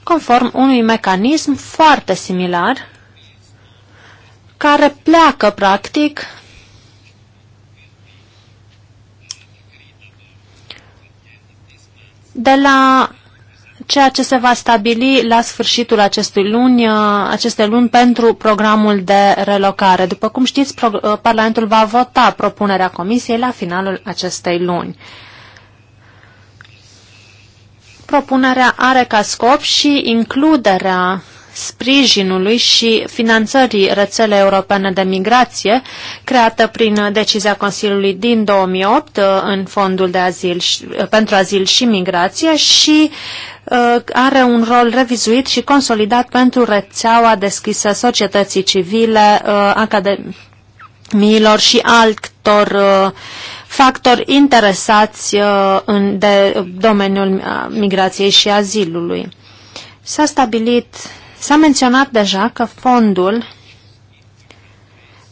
conform unui mecanism foarte similar care pleacă practic de la ceea ce se va stabili la sfârșitul acestui luni, uh, aceste luni pentru programul de relocare. După cum știți, uh, Parlamentul va vota propunerea Comisiei la finalul acestei luni. Propunerea are ca scop și includerea sprijinului și finanțării rețelei europene de migrație, creată prin decizia Consiliului din 2008 uh, în Fondul de azil, pentru Azil și Migrație și uh, Uh, are un rol revizuit și consolidat pentru rețeaua deschisă societății civile, uh, academiilor și altor uh, factori interesați de domeniul migrației și azilului. S-a stabilit, s-a menționat deja că fondul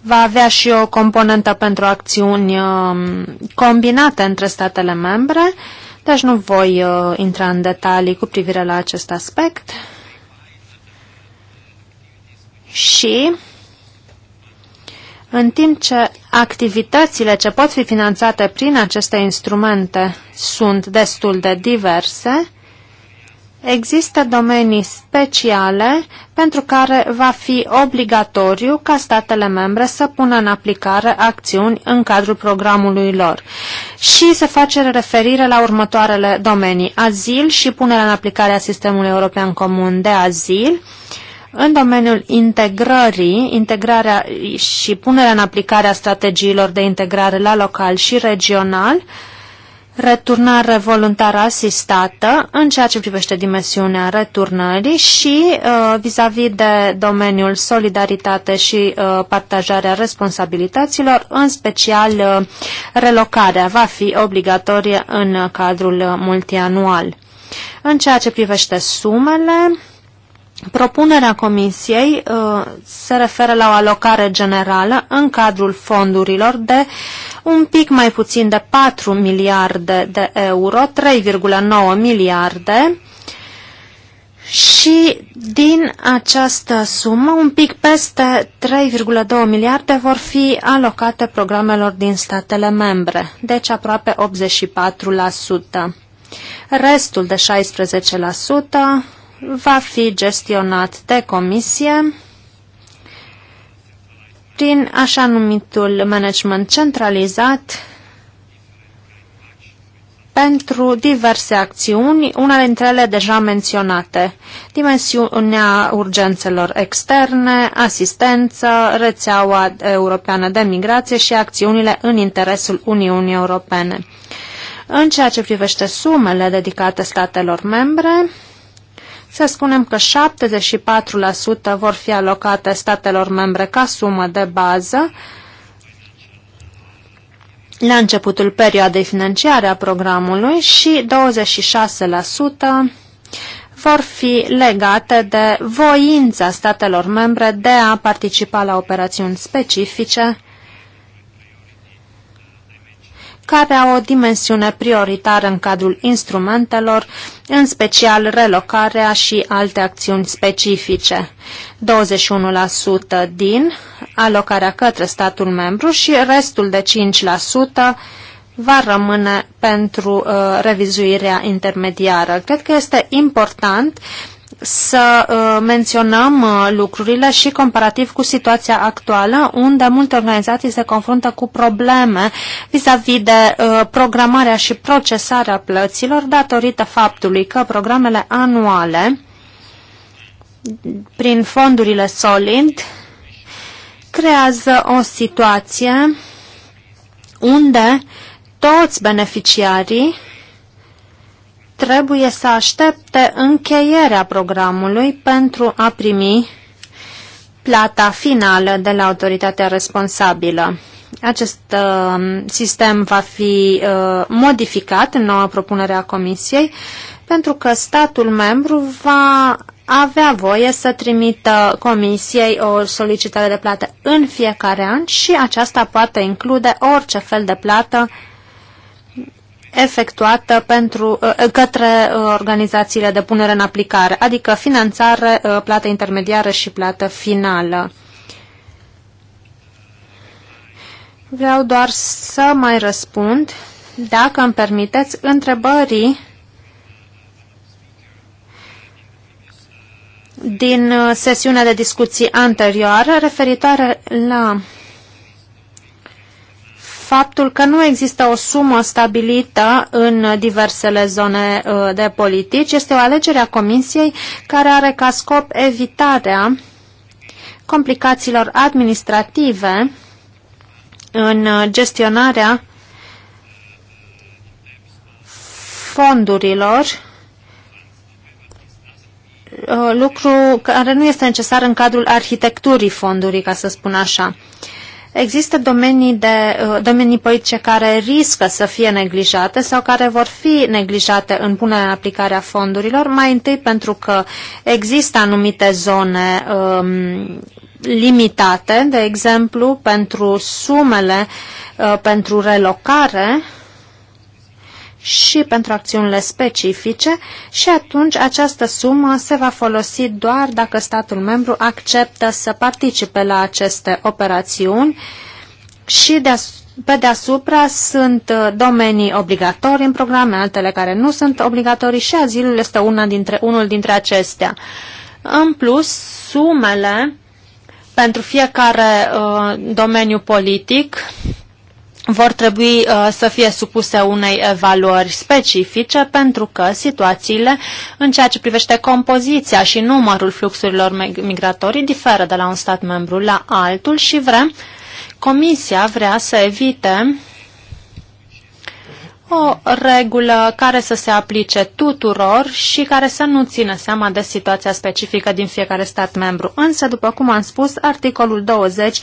va avea și o componentă pentru acțiuni um, combinate între statele membre, uh, deci nu voi uh, intra în detalii cu privire la acest aspect. Și în timp ce activitățile ce pot fi finanțate prin aceste instrumente sunt destul de diverse, Există domenii speciale pentru care va fi obligatoriu ca statele membre să pună în aplicare acțiuni în cadrul programului lor. Și se face referire la următoarele domenii. Azil și punerea în aplicare a sistemului european comun de azil, în domeniul integrării, integrarea și punerea în aplicare a strategiilor de integrare la local și regional, returnare voluntară asistată în ceea ce privește dimensiunea returnării și uh, vis-a-vis uh, -vis de domeniul solidaritate și uh, partajarea responsabilităților, în special uh, relocarea va fi obligatorie în cadrul multianual. În ceea ce privește sumele, Propunerea Comisiei uh, se referă la o alocare generală în cadrul fondurilor de un pic mai puțin de 4 miliarde de euro, 3,9 miliarde, și din această sumă, un pic peste 3,2 miliarde vor fi alocate programelor din statele membre, deci aproape 84%. Restul de 16% va fi gestionat de comisie prin așa numitul management centralizat pentru diverse acțiuni, una dintre ele deja menționate, dimensiunea urgențelor externe, asistență, rețeaua europeană de migrație și acțiunile în interesul Uniunii Europene. În ceea ce privește sumele dedicate statelor membre, să spunem că 74% vor fi alocate statelor membre ca sumă de bază la începutul perioadei financiare a programului și 26% vor fi legate de voința statelor membre de a participa la operațiuni specifice care au o dimensiune prioritară în cadrul instrumentelor, în special relocarea și alte acțiuni specifice. 21% din alocarea către statul membru și restul de 5% va rămâne pentru uh, revizuirea intermediară. Cred că este important uh, să uh, menționăm uh, lucrurile și comparativ cu situația actuală, unde multe organizații se confruntă cu probleme vis-a-vis -vis de uh, programarea și procesarea plăților datorită faptului că programele anuale prin fondurile solid creează o situație unde toți beneficiarii trebuie să aștepte încheierea programului pentru a primi plata finală de la autoritatea responsabilă. Acest uh, sistem va fi uh, modificat în noua propunere a Comisiei pentru că statul membru va avea voie să trimită Comisiei o solicitare de plată în fiecare an și aceasta poate include orice fel de plată efectuată pentru, uh, uh, către uh, organizațiile de punere în aplicare, adică finanțare, plată intermediară și plată finală. Vreau doar să mai răspund, dacă îmi permiteți, întrebării din sesiunea de discuții anterioară referitoare la faptul că nu există o sumă stabilită în diversele zone uh, de politici. Este o alegere a Comisiei care are ca scop evitarea complicațiilor administrative în gestionarea fondurilor, uh, lucru care nu este necesar în cadrul arhitecturii fondurii, ca să spun așa. Există domenii, de, uh, domenii politice care riscă să fie neglijate sau care vor fi neglijate în punerea în aplicare a fondurilor, mai întâi pentru că există anumite zone um, limitate, de exemplu pentru sumele uh, pentru relocare, uh, și pentru acțiunile specifice și atunci această sumă se va folosi doar dacă statul membru acceptă să participe la aceste operațiuni și de pe deasupra sunt uh, domenii obligatorii în programe, altele care nu sunt obligatorii și azilul este una dintre, unul dintre acestea. În plus, sumele pentru fiecare uh, domeniu politic vor trebui uh, să fie supuse unei evaluări specifice pentru că situațiile în ceea ce privește compoziția și numărul fluxurilor migratorii diferă de la un stat membru la altul și vrem, Comisia vrea să evite o regulă care să se aplice tuturor și care să nu țină seama de situația specifică din fiecare stat membru. Însă, după cum am spus, articolul 20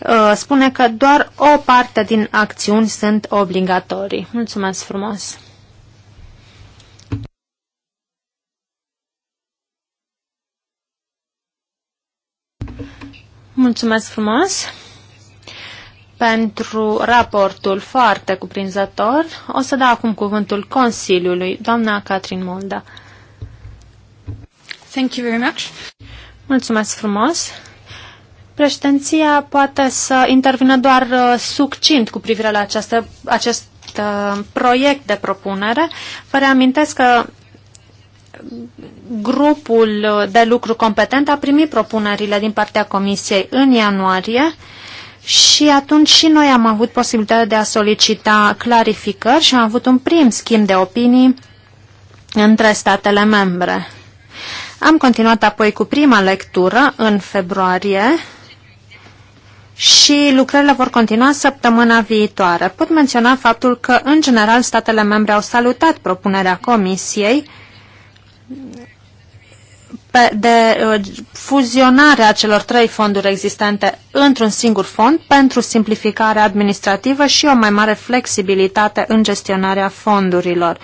uh, spune că doar o parte din acțiuni sunt obligatorii. Mulțumesc frumos! Mulțumesc frumos! pentru raportul foarte cuprinzător. O să dau acum cuvântul Consiliului, doamna Catrin Molda. Thank you very much. Mulțumesc frumos. Președinția poate să intervină doar uh, succint cu privire la această, acest uh, proiect de propunere. Vă reamintesc că grupul de lucru competent a primit propunerile din partea Comisiei în ianuarie uh, și atunci și noi am avut posibilitatea de a solicita clarificări și am avut un prim schimb de opinii între statele membre. Am continuat apoi cu prima lectură în februarie și lucrările vor continua săptămâna viitoare. Pot menționa faptul că, în general, statele membre au salutat propunerea Comisiei de uh, fuzionarea celor trei fonduri existente într-un singur fond pentru simplificare administrativă și o mai mare flexibilitate în gestionarea fondurilor.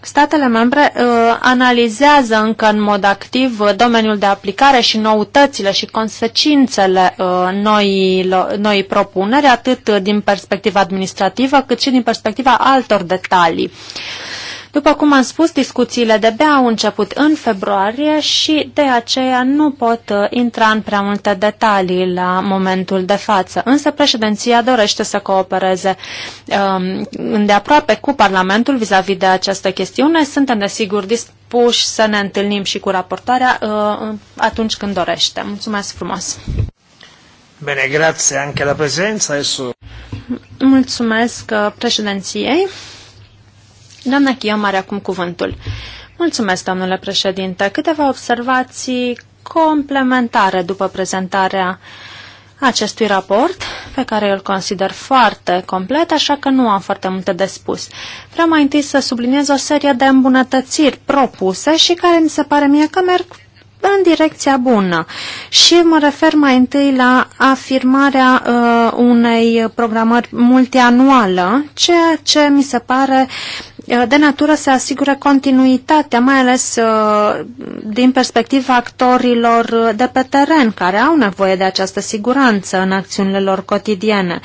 Statele membre uh, analizează încă în mod activ uh, domeniul de aplicare și noutățile și consecințele uh, noii, noii propuneri, atât uh, din perspectiva administrativă, cât și din perspectiva altor detalii. Uh, după cum am spus, discuțiile de BEA au început în februarie și de aceea nu pot uh, intra în prea multe detalii la momentul de față. Însă președinția dorește să coopereze um, îndeaproape cu Parlamentul vis-a-vis -vis de această chestiune. Suntem desigur dispuși să ne întâlnim și cu raportarea uh, atunci când dorește. Mulțumesc frumos! Bine, grazie anche la Adesso... Mulțumesc uh, președinției. Doamna Chiom are acum cuvântul. Mulțumesc, domnule președinte. Câteva observații complementare după prezentarea acestui raport, pe care îl consider foarte complet, așa că nu am foarte multe de spus. Vreau mai întâi să subliniez o serie de îmbunătățiri propuse și care mi se pare mie că merg în direcția bună. Și mă refer mai întâi la afirmarea uh, unei programări multianuală, ceea ce mi se pare Eh, de natură să asigure continuitatea, mai ales eh, din perspectiva actorilor eh, de pe teren, care au nevoie de această siguranță în acțiunile lor cotidiene.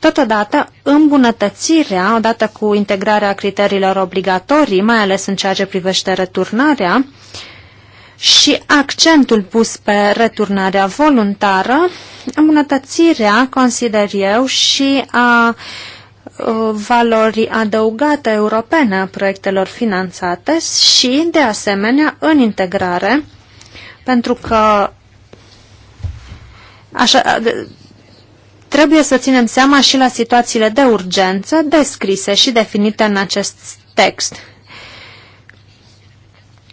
Totodată, îmbunătățirea, odată cu integrarea criteriilor obligatorii, mai ales în ceea ce privește returnarea, și accentul pus pe returnarea voluntară, îmbunătățirea, consider eu, și a uh, Uh, valori adăugate europene a proiectelor finanțate și, de asemenea, în integrare, pentru că așa, trebuie să ținem seama și la situațiile de urgență descrise și definite în acest text.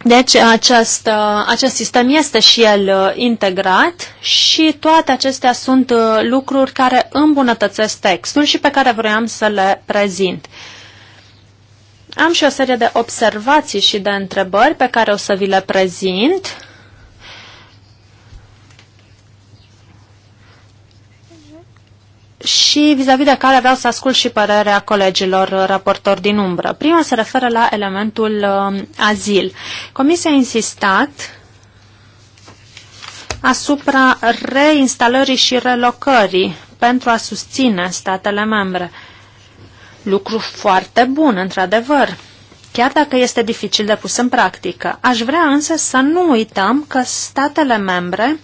Deci acest, uh, acest sistem este și el uh, integrat și toate acestea sunt uh, lucruri care îmbunătățesc textul și pe care vroiam să le prezint. Am și o serie de observații și de întrebări pe care o să vi le prezint și vis-a-vis -vis de care vreau să ascult și părerea colegilor raportori din umbră. Prima se referă la elementul uh, azil. Comisia a insistat asupra reinstalării și relocării pentru a susține statele membre. Lucru foarte bun, într-adevăr, chiar dacă este dificil de pus în practică. Aș vrea însă să nu uităm că statele membre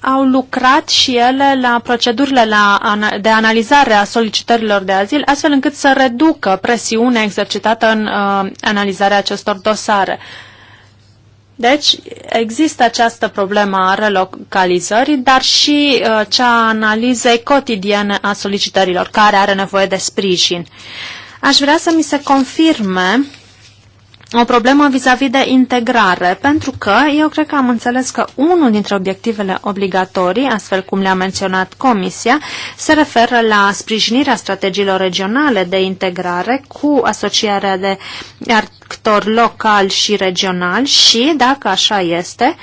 au lucrat și ele la procedurile la, de analizare a solicitărilor de azil, astfel încât să reducă presiunea exercitată în uh, analizarea acestor dosare. Deci există această problemă a relocalizării, dar și uh, cea analizei cotidiene a solicitărilor, care are nevoie de sprijin. Aș vrea să mi se confirme uh, o problemă vis-a-vis -vis de integrare, pentru că eu cred că am înțeles că unul dintre obiectivele obligatorii, astfel cum le-a menționat Comisia, se referă la sprijinirea strategiilor regionale de integrare cu asocierea de actori locali și regionali și, dacă așa este,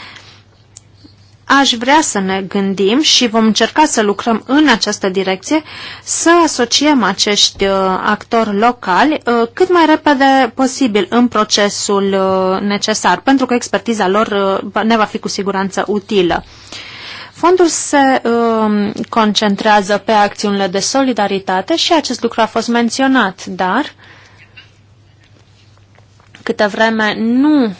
aș vrea să ne gândim și vom încerca să lucrăm în această direcție, să asociem acești uh, actori locali uh, cât mai repede posibil în procesul uh, necesar, pentru că expertiza lor uh, ne va fi cu siguranță utilă. Fondul se uh, concentrează pe acțiunile de solidaritate și acest lucru a fost menționat, dar câtă vreme nu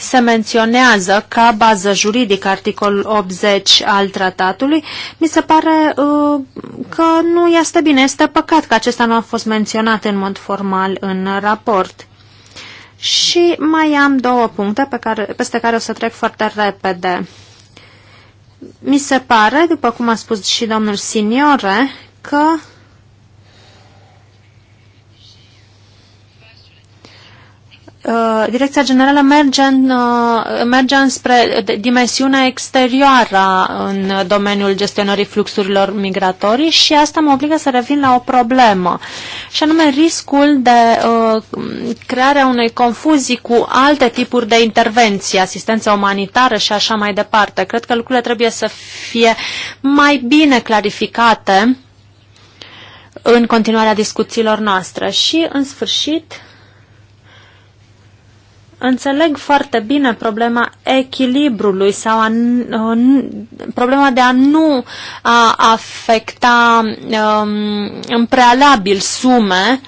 se menționează ca bază juridică articolul 80 al tratatului, mi se pare uh, că nu este bine. Este păcat că acesta nu a fost menționat în mod formal în raport. Și mai am două puncte pe care, peste care o să trec foarte repede. Mi se pare, după cum a spus și domnul Signore, că Uh, direcția Generală merge, în, uh, merge înspre dimensiunea exterioară în domeniul gestionării fluxurilor migratorii și asta mă obligă să revin la o problemă, și anume riscul de uh, crearea unei confuzii cu alte tipuri de intervenții, asistență umanitară și așa mai departe. Cred că lucrurile trebuie să fie mai bine clarificate în continuarea discuțiilor noastre și, în sfârșit, Înțeleg foarte bine problema echilibrului sau a, problema de a nu a afecta a, um, în prealabil sume,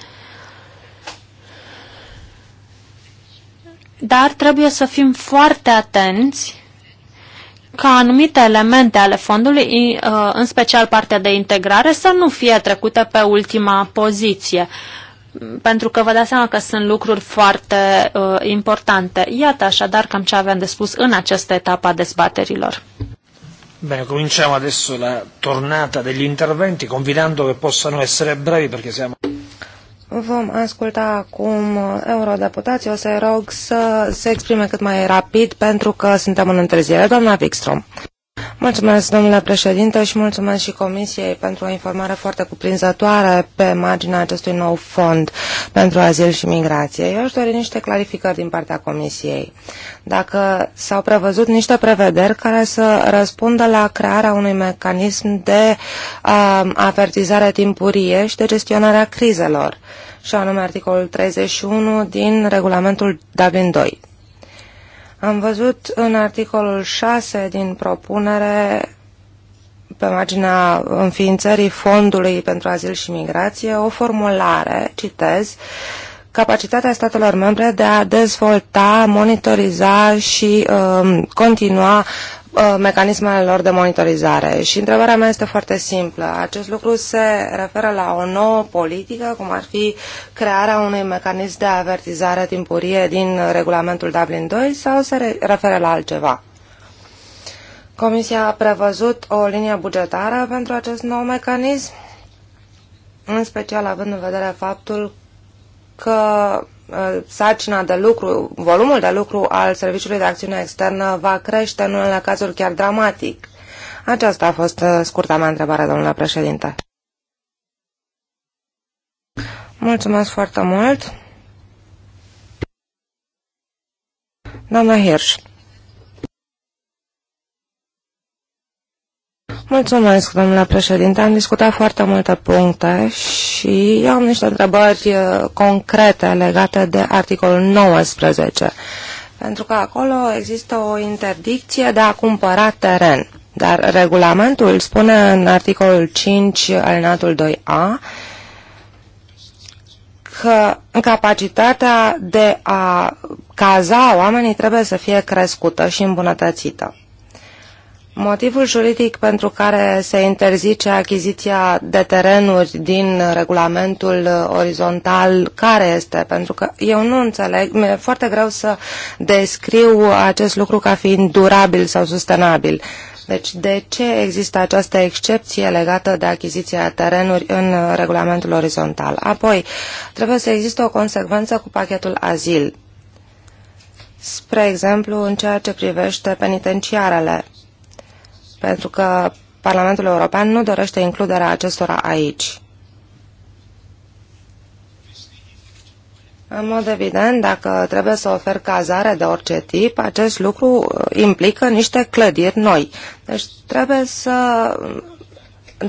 dar trebuie să fim foarte atenți ca anumite elemente ale fondului, uh, în special partea de integrare, să nu fie trecute pe ultima poziție pentru că vă dați seama că sunt lucruri foarte uh, importante. Iată așadar cam ce aveam de spus în această etapă a dezbaterilor. Bene, cominciamo adesso la tornata degli interventi, convidando che possano essere brevi perché siamo... Vom asculta acum eurodeputații. O să-i rog să se exprime cât mai rapid pentru că suntem în întârziere. Doamna Wikstrom. Mulțumesc, domnule președinte, și mulțumesc și Comisiei pentru o informare foarte cuprinzătoare pe marginea acestui nou fond pentru azil și migrație. Eu aș dori niște clarificări din partea Comisiei. Dacă s-au prevăzut niște prevederi care să răspundă la crearea unui mecanism de uh, avertizare timpurie și de gestionarea crizelor, și anume articolul 31 din regulamentul Dublin 2. Am văzut în articolul 6 din propunere pe marginea înființării Fondului pentru Azil și Migrație o formulare, citez, capacitatea statelor membre de a dezvolta, monitoriza și uh, continua Uh, mecanismelor de monitorizare. Și întrebarea mea este foarte simplă. Acest lucru se referă la o nouă politică, cum ar fi crearea unui mecanism de avertizare timpurie din regulamentul Dublin 2 sau se referă la altceva? Comisia a prevăzut o linie bugetară pentru acest nou mecanism, în special având în vedere faptul că Uh, sarcina de lucru, volumul de lucru al Serviciului de Acțiune Externă va crește în unele cazuri chiar dramatic. Aceasta a fost uh, scurta mea întrebare, domnule președinte. Mulțumesc foarte mult. Doamna Hirsch. Mulțumesc, domnule președinte. Am discutat foarte multe puncte și eu am niște întrebări uh, concrete legate de articolul 19, pentru că acolo există o interdicție de a cumpăra teren. Dar regulamentul spune în articolul 5 alinatul 2a că capacitatea de a caza oamenii trebuie să fie crescută și îmbunătățită. Motivul juridic pentru care se interzice achiziția de terenuri din regulamentul orizontal, care este? Pentru că eu nu înțeleg, mi-e foarte greu să descriu acest lucru ca fiind durabil sau sustenabil. Deci de ce există această excepție legată de achiziția terenuri în regulamentul orizontal? Apoi, trebuie să există o consecvență cu pachetul azil. Spre exemplu, în ceea ce privește penitenciarele pentru că Parlamentul European nu dorește includerea acestora aici. În mod evident, dacă trebuie să ofer cazare de orice tip, acest lucru uh, implică niște clădiri noi. Deci trebuie să uh,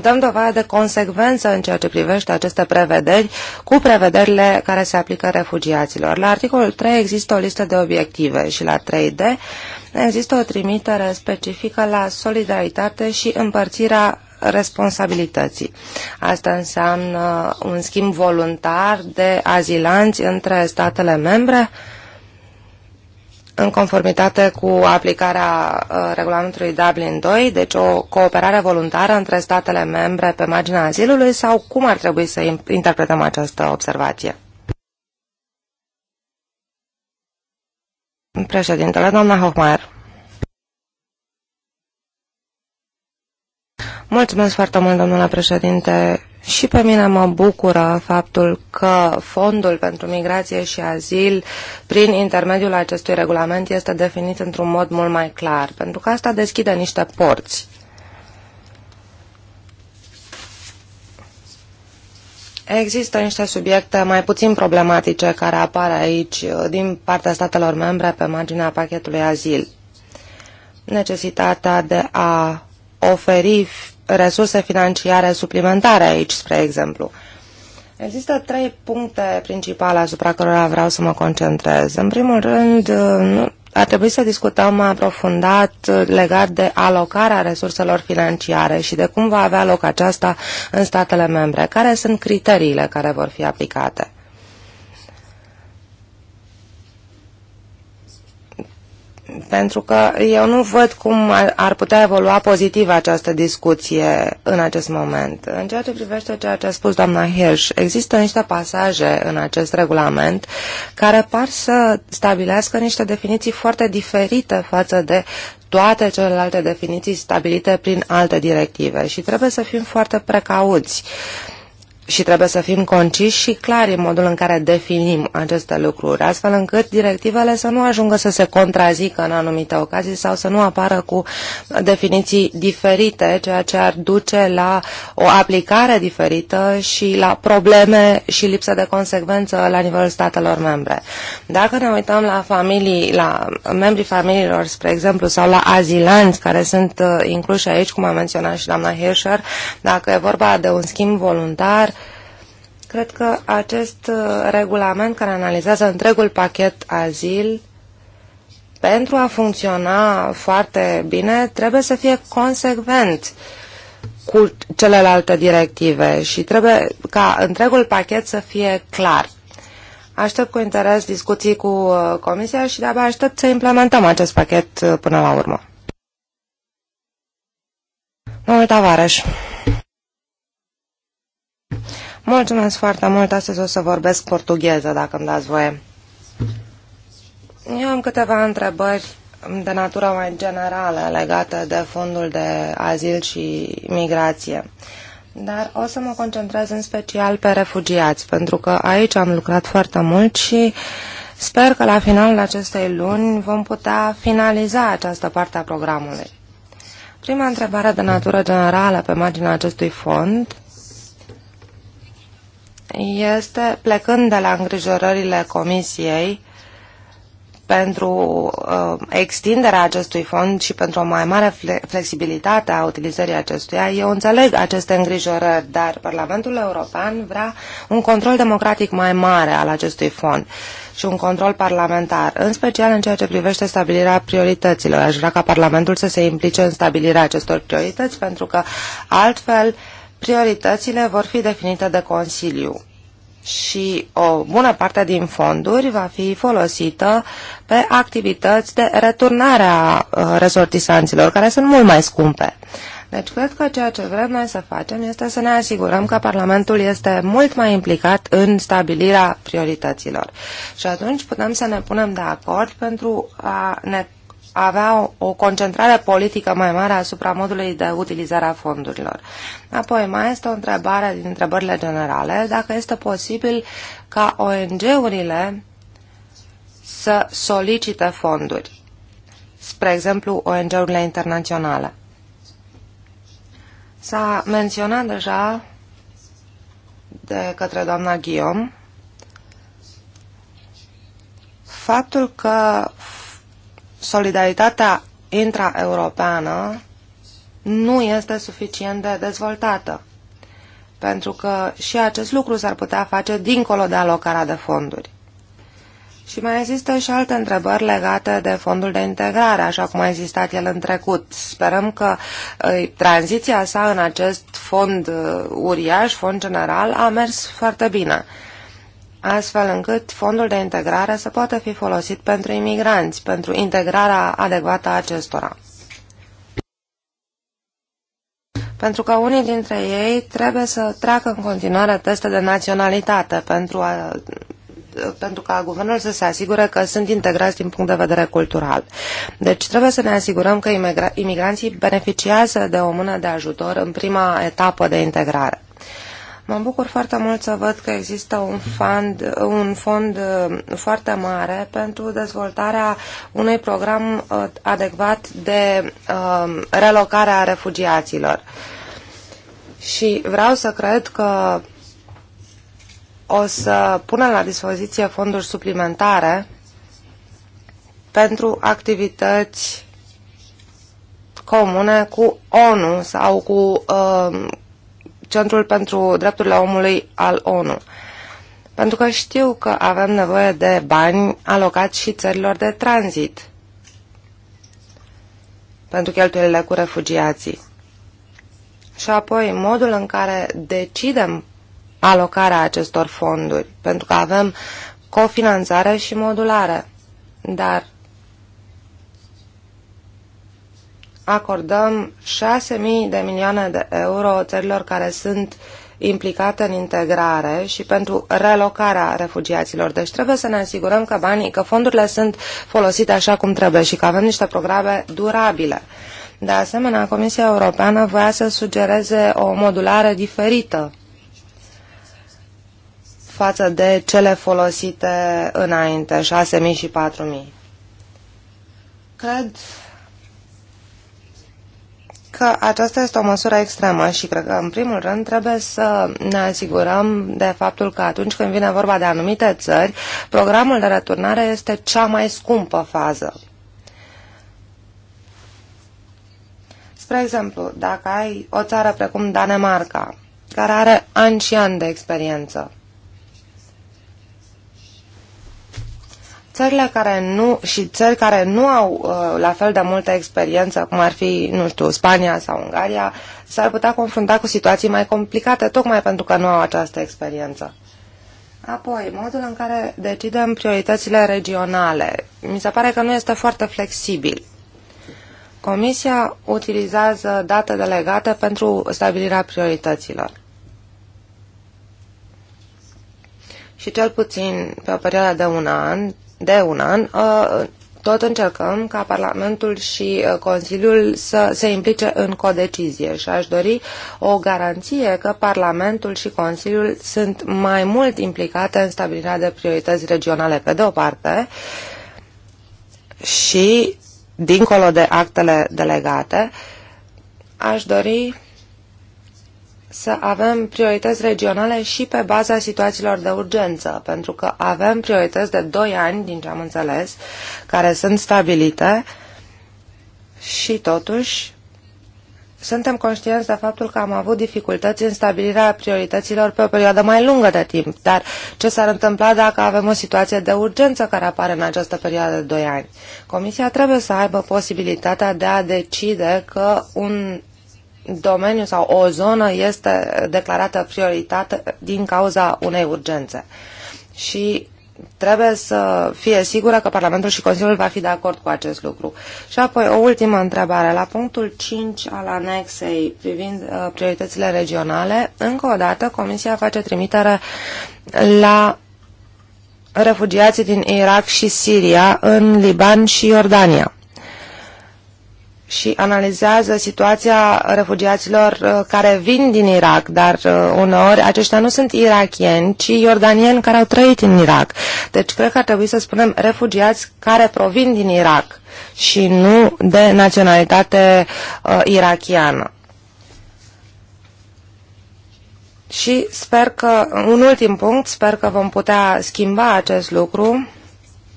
dăm dovadă de consecvență în ceea ce privește aceste prevederi cu prevederile care se aplică refugiaților. La articolul 3 există o listă de obiective și la 3D există o trimitere specifică la solidaritate și împărțirea responsabilității. Asta înseamnă un schimb voluntar de azilanți între statele membre în conformitate cu aplicarea uh, regulamentului Dublin 2, deci o cooperare voluntară între statele membre pe marginea azilului sau cum ar trebui să interpretăm această observație? Președintele, doamna Hochmeier. Mulțumesc foarte mult, domnule președinte. Și pe mine mă bucură faptul că Fondul pentru Migrație și Azil, prin intermediul acestui regulament, este definit într-un mod mult mai clar, pentru că asta deschide niște porți Există niște subiecte mai puțin problematice care apar aici uh, din partea statelor membre pe marginea pachetului azil. Necesitatea de a oferi resurse financiare suplimentare aici, spre exemplu. Există trei puncte principale asupra cărora vreau să mă concentrez. În primul rând, uh, ar trebui să discutăm mai aprofundat legat de alocarea resurselor financiare și de cum va avea loc aceasta în statele membre. Care sunt criteriile care vor fi aplicate? pentru că eu nu văd cum ar putea evolua pozitiv această discuție în acest moment. În ceea ce privește ceea ce a spus doamna Hirsch, există niște pasaje în acest regulament care par să stabilească niște definiții foarte diferite față de toate celelalte definiții stabilite prin alte directive și trebuie să fim foarte precauți. Uh, și trebuie să fim conciși și clari în modul în care definim aceste lucruri, astfel încât directivele să nu ajungă să se contrazică în anumite ocazii sau să nu apară cu definiții diferite, ceea ce ar duce la o aplicare diferită și la probleme și lipsă de consecvență la nivelul statelor membre. Dacă ne uităm la familii, la membrii familiilor, spre exemplu, sau la azilanți care sunt uh, incluși aici, cum a menționat și doamna Hirscher, dacă e vorba de un schimb voluntar, Cred că acest uh, regulament care analizează întregul pachet azil, pentru a funcționa foarte bine, trebuie să fie consecvent cu celelalte directive și trebuie ca întregul pachet să fie clar. Aștept cu interes discuții cu uh, Comisia și de-abia aștept să implementăm acest pachet uh, până la urmă. Domnul Tavares. Mulțumesc foarte mult, astăzi o să vorbesc portugheză, dacă îmi dați voie. Eu am câteva întrebări de natură mai generală legate de fondul de azil și migrație. Dar o să mă concentrez în special pe refugiați, pentru că aici am lucrat foarte mult și sper că la finalul acestei luni vom putea finaliza această parte a programului. Prima întrebare de natură generală pe marginea acestui fond este, plecând de la îngrijorările Comisiei pentru uh, extinderea acestui fond și pentru o mai mare flexibilitate a utilizării acestuia, eu înțeleg aceste îngrijorări, dar Parlamentul European vrea un control democratic mai mare al acestui fond și un control parlamentar, în special în ceea ce privește stabilirea priorităților. Aș vrea ca Parlamentul să se implice în stabilirea acestor priorități, pentru că altfel uh, prioritățile vor fi definite de Consiliu și o bună parte din fonduri va fi folosită pe activități de returnare a uh, resortisanților, care sunt mult mai scumpe. Deci cred că ceea ce vrem noi să facem este să ne asigurăm că Parlamentul este mult mai implicat în stabilirea priorităților. Și atunci putem să ne punem de acord pentru a ne avea o concentrare politică mai mare asupra modului de utilizare a fondurilor. Apoi mai este o întrebare din întrebările generale, dacă este posibil ca ONG-urile să solicite fonduri, spre exemplu ONG-urile internaționale. S-a menționat deja de către doamna Guillaume faptul că solidaritatea intraeuropeană nu este suficient de dezvoltată, pentru că și acest lucru s-ar putea face dincolo de alocarea de fonduri. Și mai există și alte întrebări legate de fondul de integrare, așa cum a existat el în trecut. Sperăm că e, ă, tranziția sa în acest fond ă, uriaș, fond general, a mers foarte bine astfel încât fondul de integrare să poată fi folosit pentru imigranți, pentru integrarea adecvată a acestora. Pentru că unii dintre ei trebuie să treacă în continuare teste de naționalitate pentru, a, pentru ca guvernul să se asigure că sunt integrați din punct de vedere cultural. Deci trebuie să ne asigurăm că imigra imigranții beneficiază de o mână de ajutor în prima etapă de integrare. Mă bucur foarte mult să văd că există un fond, un fond uh, foarte mare pentru dezvoltarea unui program uh, adecvat de uh, relocare a refugiaților. Și vreau să cred că o să punem la dispoziție fonduri suplimentare pentru activități comune cu ONU sau cu uh, Centrul pentru Drepturile Omului al ONU. Pentru că știu că avem nevoie de bani alocați și țărilor de tranzit pentru cheltuielile cu refugiații. Și apoi modul în care decidem alocarea acestor fonduri, pentru că avem cofinanțare și modulare. Dar acordăm 6.000 de milioane de euro țărilor care sunt implicate în integrare și pentru relocarea refugiaților. Deci trebuie să ne asigurăm că banii, că fondurile sunt folosite așa cum trebuie și că avem niște programe durabile. De asemenea, Comisia Europeană voia să sugereze o modulare diferită față de cele folosite înainte, 6.000 și 4.000. Cred că aceasta este o măsură extremă și cred că, în primul rând, trebuie să ne asigurăm de faptul că atunci când vine vorba de anumite țări, programul de returnare este cea mai scumpă fază. Spre exemplu, dacă ai o țară precum Danemarca, care are ani și ani de experiență, Țările care nu, și țări care nu au uh, la fel de multă experiență, cum ar fi, nu știu, Spania sau Ungaria, s-ar putea confrunta cu situații mai complicate, tocmai pentru că nu au această experiență. Apoi, modul în care decidem prioritățile regionale. Mi se pare că nu este foarte flexibil. Comisia utilizează date delegate pentru stabilirea priorităților. Și cel puțin pe o perioadă de un an, de un an, uh, tot încercăm ca Parlamentul și uh, Consiliul să se implice în codecizie și aș dori o garanție că Parlamentul și Consiliul sunt mai mult implicate în stabilirea de priorități regionale pe de o parte și dincolo de actele delegate, aș dori să avem priorități regionale și pe baza situațiilor de urgență, pentru că avem priorități de 2 ani, din ce am înțeles, care sunt stabilite și totuși suntem conștienți de faptul că am avut dificultăți în stabilirea priorităților pe o perioadă mai lungă de timp, dar ce s-ar întâmpla dacă avem o situație de urgență care apare în această perioadă de 2 ani? Comisia trebuie să aibă posibilitatea de a decide că un domeniu sau o zonă este declarată prioritate din cauza unei urgențe. Și trebuie să fie sigură că Parlamentul și Consiliul va fi de acord cu acest lucru. Și apoi o ultimă întrebare. La punctul 5 al anexei privind uh, prioritățile regionale, încă o dată Comisia face trimitere la refugiații din Irak și Siria, în Liban și Iordania și analizează situația refugiaților uh, care vin din Irak, dar uh, uneori aceștia nu sunt irakieni, ci iordanieni care au trăit în Irak. Deci cred că ar trebui să spunem refugiați care provin din Irak și nu de naționalitate uh, irachiană. Și sper că, un ultim punct, sper că vom putea schimba acest lucru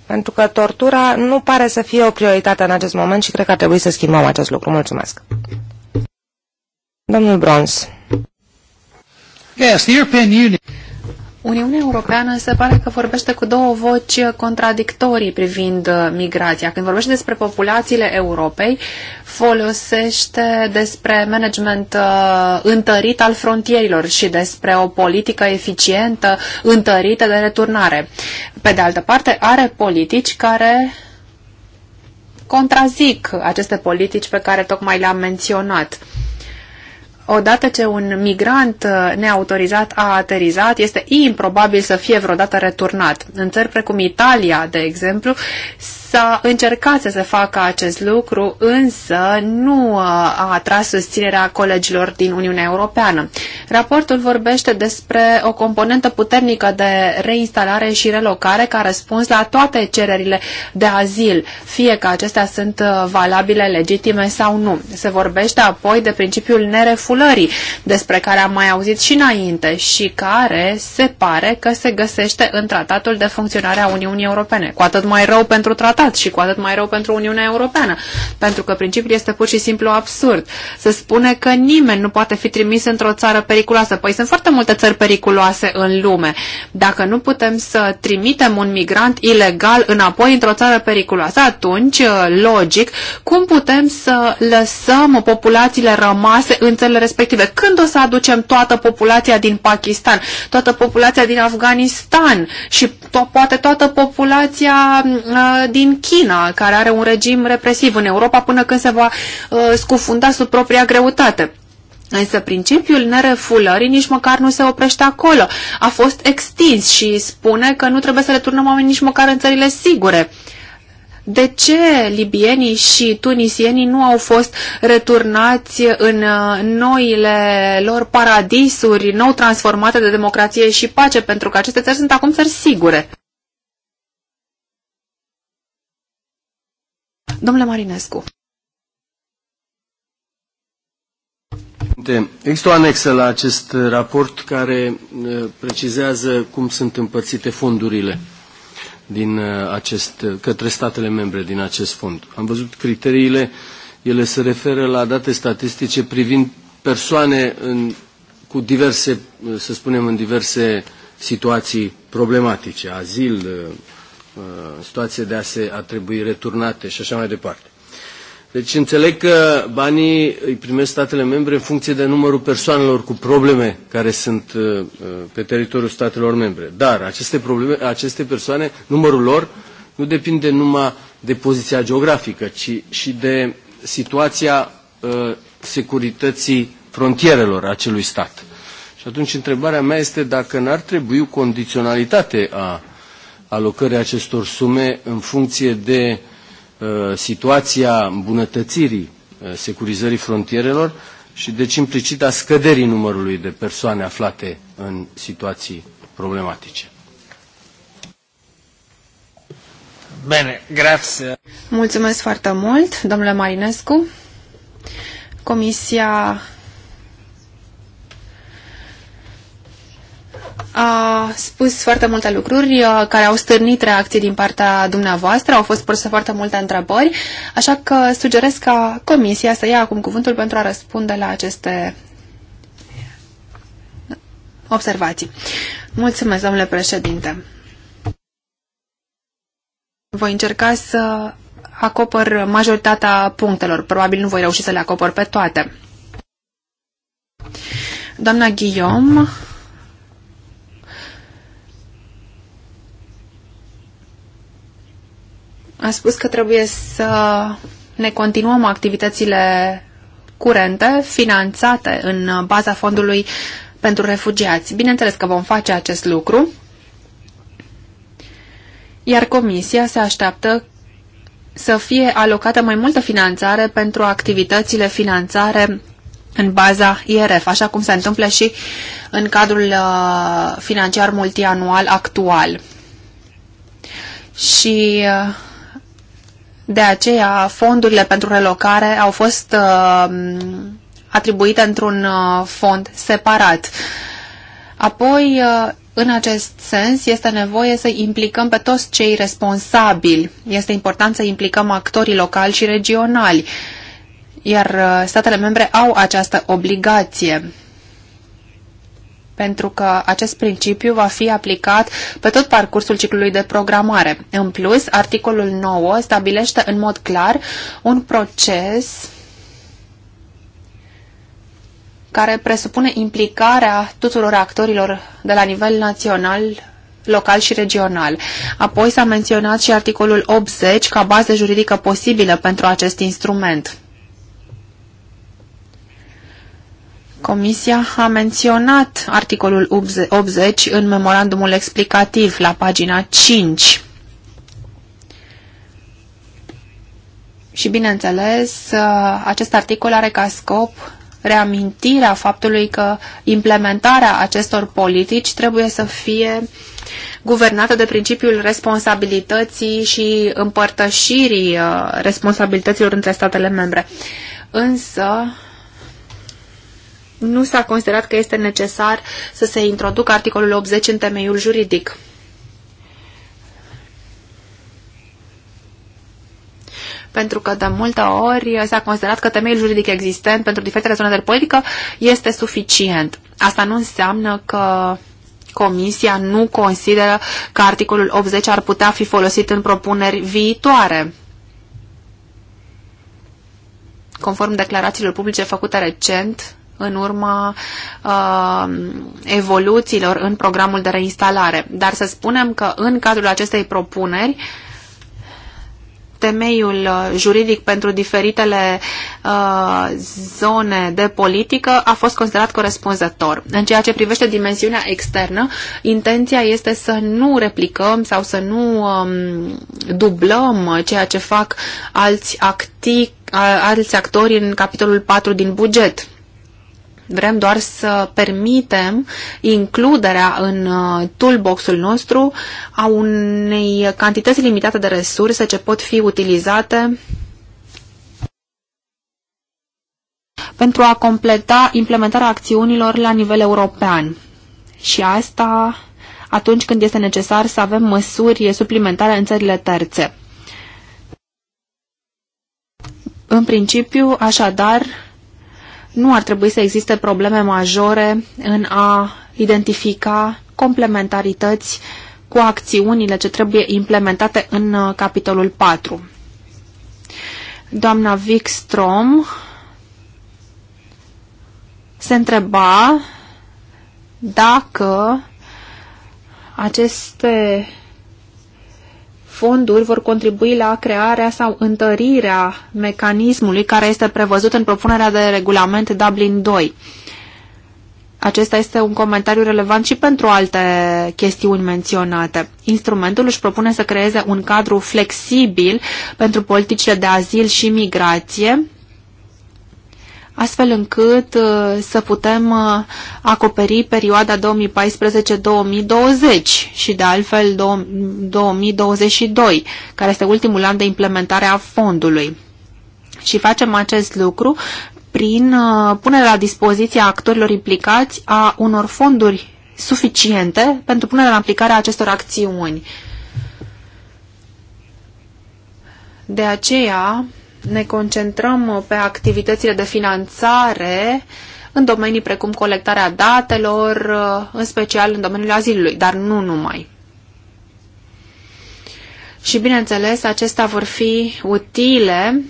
pentru că tortura nu pare să fie o prioritate în acest moment și cred că ar trebui să schimbăm acest lucru. Mulțumesc. Domnul Brons. Yes, the European Union. Uniunea Europeană se pare că vorbește cu două voci contradictorii privind uh, migrația. Când vorbește despre populațiile Europei, folosește despre management uh, întărit al frontierilor și despre o politică eficientă întărită de returnare. Pe de altă parte, are politici care contrazic aceste politici pe care tocmai le-am menționat odată ce un migrant uh, neautorizat a aterizat, este improbabil să fie vreodată returnat. În țări precum Italia, de exemplu, să încercase să se facă acest lucru, însă nu uh, a atras susținerea colegilor din Uniunea Europeană. Raportul vorbește despre o componentă puternică de reinstalare și relocare ca răspuns la toate cererile de azil, fie că acestea sunt uh, valabile, legitime sau nu. Se vorbește apoi de principiul nerefulării, despre care am mai auzit și înainte și care se pare că se găsește în tratatul de funcționare a Uniunii Europene. Cu atât mai rău pentru tratat tratat și cu atât mai rău pentru Uniunea Europeană, pentru că principiul este pur și simplu absurd. Se spune că nimeni nu poate fi trimis într-o țară periculoasă. Păi sunt foarte multe țări periculoase în lume. Dacă nu putem să trimitem un migrant ilegal înapoi într-o țară periculoasă, atunci, uh, logic, cum putem să lăsăm populațiile rămase în țările respective? Când o să aducem toată populația din Pakistan, toată populația din Afganistan și to- poate toată populația uh, din din China, care are un regim represiv în Europa până când se va uh, scufunda sub propria greutate. Însă principiul nerefulării nici măcar nu se oprește acolo. A fost extins și spune că nu trebuie să returnăm oameni nici măcar în țările sigure. De ce libienii și tunisienii nu au fost returnați în uh, noile lor paradisuri nou transformate de democrație și pace, pentru că aceste țări sunt acum țări sigure? Domnule Marinescu. Există o anexă la acest raport care eh, precizează cum sunt împărțite fondurile din eh, acest, către statele membre din acest fond. Am văzut criteriile, ele se referă la date statistice privind persoane în, cu diverse, eh, să spunem, în diverse situații problematice, azil, Uh, situație de a, se, a trebui returnate și așa mai departe. Deci înțeleg că banii îi primesc statele membre în funcție de numărul persoanelor cu probleme care sunt uh, uh, pe teritoriul statelor membre. Dar aceste, probleme, aceste persoane, numărul lor, nu depinde numai de poziția geografică, ci și de situația securității frontierelor acelui stat. Și atunci întrebarea mea este dacă n-ar trebui o condiționalitate a alocării acestor sume în funcție de uh, situația îmbunătățirii uh, securizării frontierelor și deci implicit a scăderii numărului de persoane aflate în situații problematice. Bine, grazie. Mulțumesc foarte mult, domnule Marinescu. Comisia a spus foarte multe lucruri uh, care au stârnit reacții din partea dumneavoastră, au fost puse foarte multe întrebări, așa că sugerez ca comisia să ia acum cuvântul pentru a răspunde la aceste observații. Mulțumesc, domnule președinte. Voi încerca să acopăr majoritatea punctelor. Probabil nu voi reuși să le acopăr pe toate. Doamna Guillaume a spus că trebuie să ne continuăm activitățile curente finanțate în baza fondului pentru refugiați. Bineînțeles că vom face acest lucru, iar Comisia se așteaptă să fie alocată mai multă finanțare pentru activitățile finanțare în baza IRF, așa cum se întâmplă și în cadrul uh, financiar multianual actual. Și uh, de aceea, fondurile pentru relocare au fost uh, atribuite într-un uh, fond separat. Apoi, uh, în acest sens, este nevoie să implicăm pe toți cei responsabili. Este important să implicăm actorii locali și regionali, iar uh, statele membre au această obligație pentru că acest principiu va fi aplicat pe tot parcursul ciclului de programare. În plus, articolul 9 stabilește în mod clar un proces care presupune implicarea tuturor actorilor de la nivel național, local și regional. Apoi s-a menționat și articolul 80 ca bază juridică posibilă pentru acest instrument. Comisia a menționat articolul 80 în memorandumul explicativ la pagina 5. Și bineînțeles, acest articol are ca scop reamintirea faptului că implementarea acestor politici trebuie să fie guvernată de principiul responsabilității și împărtășirii uh, responsabilităților între statele membre. Însă, nu s-a considerat că este necesar să se introducă articolul 80 în temeiul juridic. pentru că de multe ori s-a considerat că temeiul juridic existent pentru diferite zone de politică este suficient. Asta nu înseamnă că Comisia nu consideră că articolul 80 ar putea fi folosit în propuneri viitoare. Conform declarațiilor publice făcute recent, în urma uh, evoluțiilor în programul de reinstalare. Dar să spunem că în cadrul acestei propuneri temeiul uh, juridic pentru diferitele uh, zone de politică a fost considerat corespunzător. În ceea ce privește dimensiunea externă, intenția este să nu replicăm sau să nu um, dublăm ceea ce fac alți, acti, alți actori în capitolul 4 din buget Vrem doar să permitem includerea în uh, toolbox-ul nostru a unei cantități limitate de resurse ce pot fi utilizate pentru a completa implementarea acțiunilor la nivel european. Și asta atunci când este necesar să avem măsuri suplimentare în țările terțe. În principiu, așadar, nu ar trebui să existe probleme majore în a identifica complementarități cu acțiunile ce trebuie implementate în uh, capitolul 4. Doamna Wikstrom se întreba dacă aceste fonduri vor contribui la crearea sau întărirea mecanismului care este prevăzut în propunerea de regulament Dublin 2. Acesta este un comentariu relevant și pentru alte chestiuni menționate. Instrumentul își propune să creeze un cadru flexibil pentru politicile de azil și migrație, astfel încât uh, să putem uh, acoperi perioada 2014-2020 și de altfel 2022, care este ultimul an de implementare a fondului. Și facem acest lucru prin uh, punerea la dispoziție a actorilor implicați a unor fonduri suficiente pentru punerea în aplicare a acestor acțiuni. De aceea, ne concentrăm uh, pe activitățile de finanțare în domenii precum colectarea datelor, uh, în special în domeniul azilului, dar nu numai. Și bineînțeles, acestea vor fi utile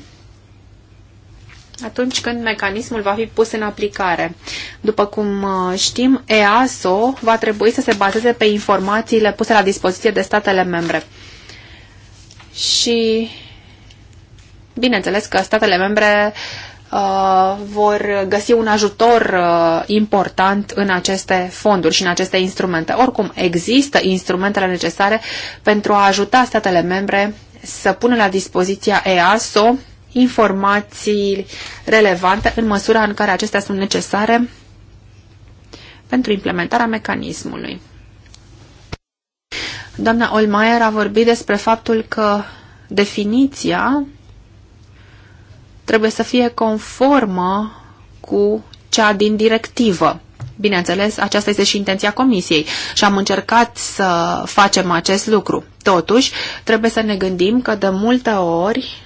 atunci când mecanismul va fi pus în aplicare. După cum uh, știm, EASO va trebui să se bazeze pe informațiile puse la dispoziție de statele membre. Și Bineînțeles că statele membre uh, vor găsi un ajutor uh, important în aceste fonduri și în aceste instrumente. Oricum, există instrumentele necesare pentru a ajuta statele membre să pună la dispoziția EASO informații relevante în măsura în care acestea sunt necesare pentru implementarea mecanismului. Doamna Olmaier a vorbit despre faptul că definiția trebuie să fie conformă cu cea din directivă. Bineînțeles, aceasta este și intenția Comisiei și am încercat să facem acest lucru. Totuși, trebuie să ne gândim că de multe ori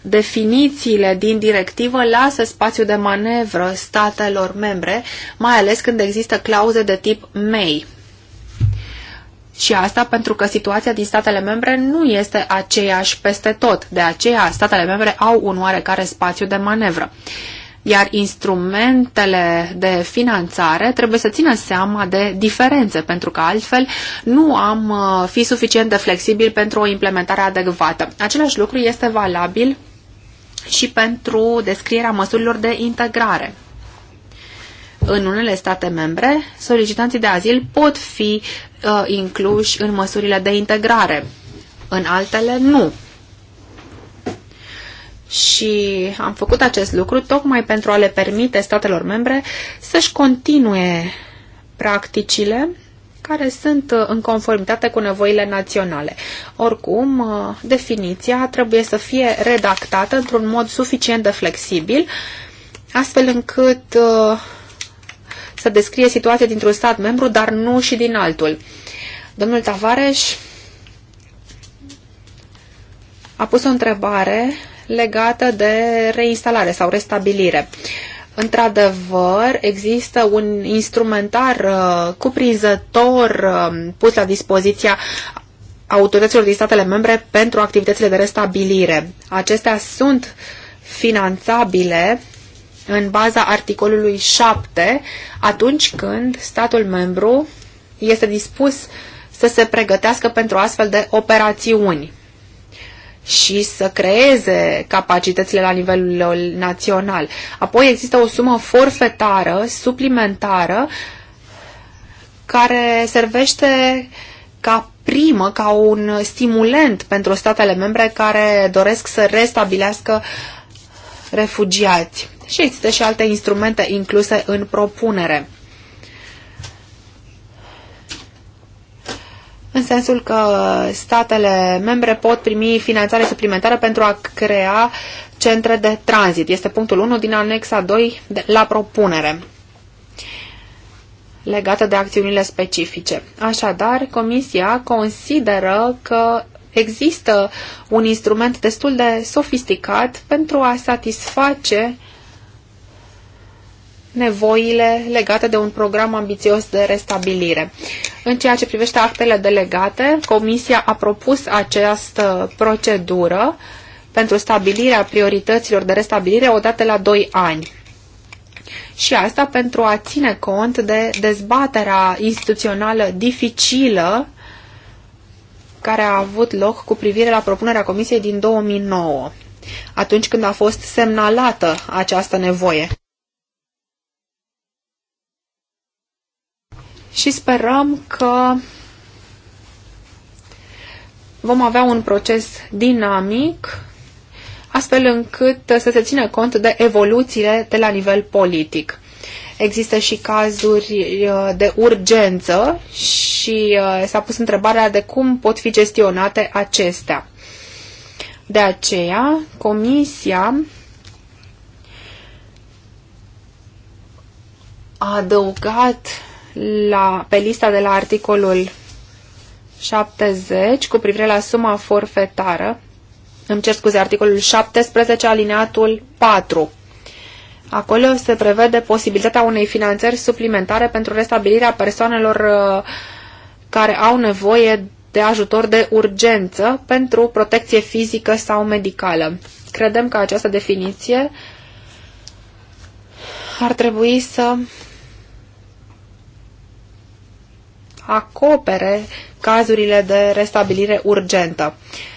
definițiile din directivă lasă spațiu de manevră statelor membre, mai ales când există clauze de tip MEI. Și asta pentru că situația din statele membre nu este aceeași peste tot. De aceea, statele membre au un oarecare spațiu de manevră. Iar instrumentele de finanțare trebuie să țină seama de diferențe, pentru că altfel nu am uh, fi suficient de flexibil pentru o implementare adecvată. Același lucru este valabil și pentru descrierea măsurilor de integrare. În unele state membre, solicitanții de azil pot fi uh, incluși în măsurile de integrare, în altele nu. Și am făcut acest lucru tocmai pentru a le permite statelor membre să-și continue practicile care sunt uh, în conformitate cu nevoile naționale. Oricum, uh, definiția trebuie să fie redactată într-un mod suficient de flexibil, astfel încât uh, să descrie situația dintr-un stat membru, dar nu și din altul. Domnul Tavares a pus o întrebare legată de reinstalare sau restabilire. Într-adevăr, există un instrumentar uh, cuprinzător uh, pus la dispoziția autorităților din statele membre pentru activitățile de restabilire. Acestea sunt finanțabile în baza articolului 7 atunci când statul membru este dispus să se pregătească pentru astfel de operațiuni și să creeze capacitățile la nivelul național. Apoi există o sumă forfetară, suplimentară, care servește ca primă, ca un stimulent pentru statele membre care doresc să restabilească refugiați și există și alte instrumente incluse în propunere. în sensul că statele membre pot primi finanțare suplimentară pentru a crea centre de tranzit. Este punctul 1 din anexa 2 de, la propunere legată de acțiunile specifice. Așadar, Comisia consideră că există un instrument destul de sofisticat pentru a satisface uh, nevoile legate de un program ambițios de restabilire. În ceea ce privește actele delegate, Comisia a propus această procedură pentru stabilirea priorităților de restabilire odată la 2 ani. Și asta pentru a ține cont de dezbaterea instituțională dificilă care a avut loc cu privire la propunerea Comisiei din 2009, atunci când a fost semnalată această nevoie. și sperăm că vom avea un proces dinamic astfel încât să se țină cont de evoluțiile de la nivel politic. Există și cazuri uh, de urgență și uh, s-a pus întrebarea de cum pot fi gestionate acestea. De aceea, Comisia a adăugat la, pe lista de la articolul 70 cu privire la suma forfetară. Îmi cer scuze, articolul 17, alineatul 4. Acolo se prevede posibilitatea unei finanțări suplimentare pentru restabilirea persoanelor uh, care au nevoie de ajutor de urgență pentru protecție fizică sau medicală. Credem că această definiție ar trebui să acopere cazurile de restabilire urgentă.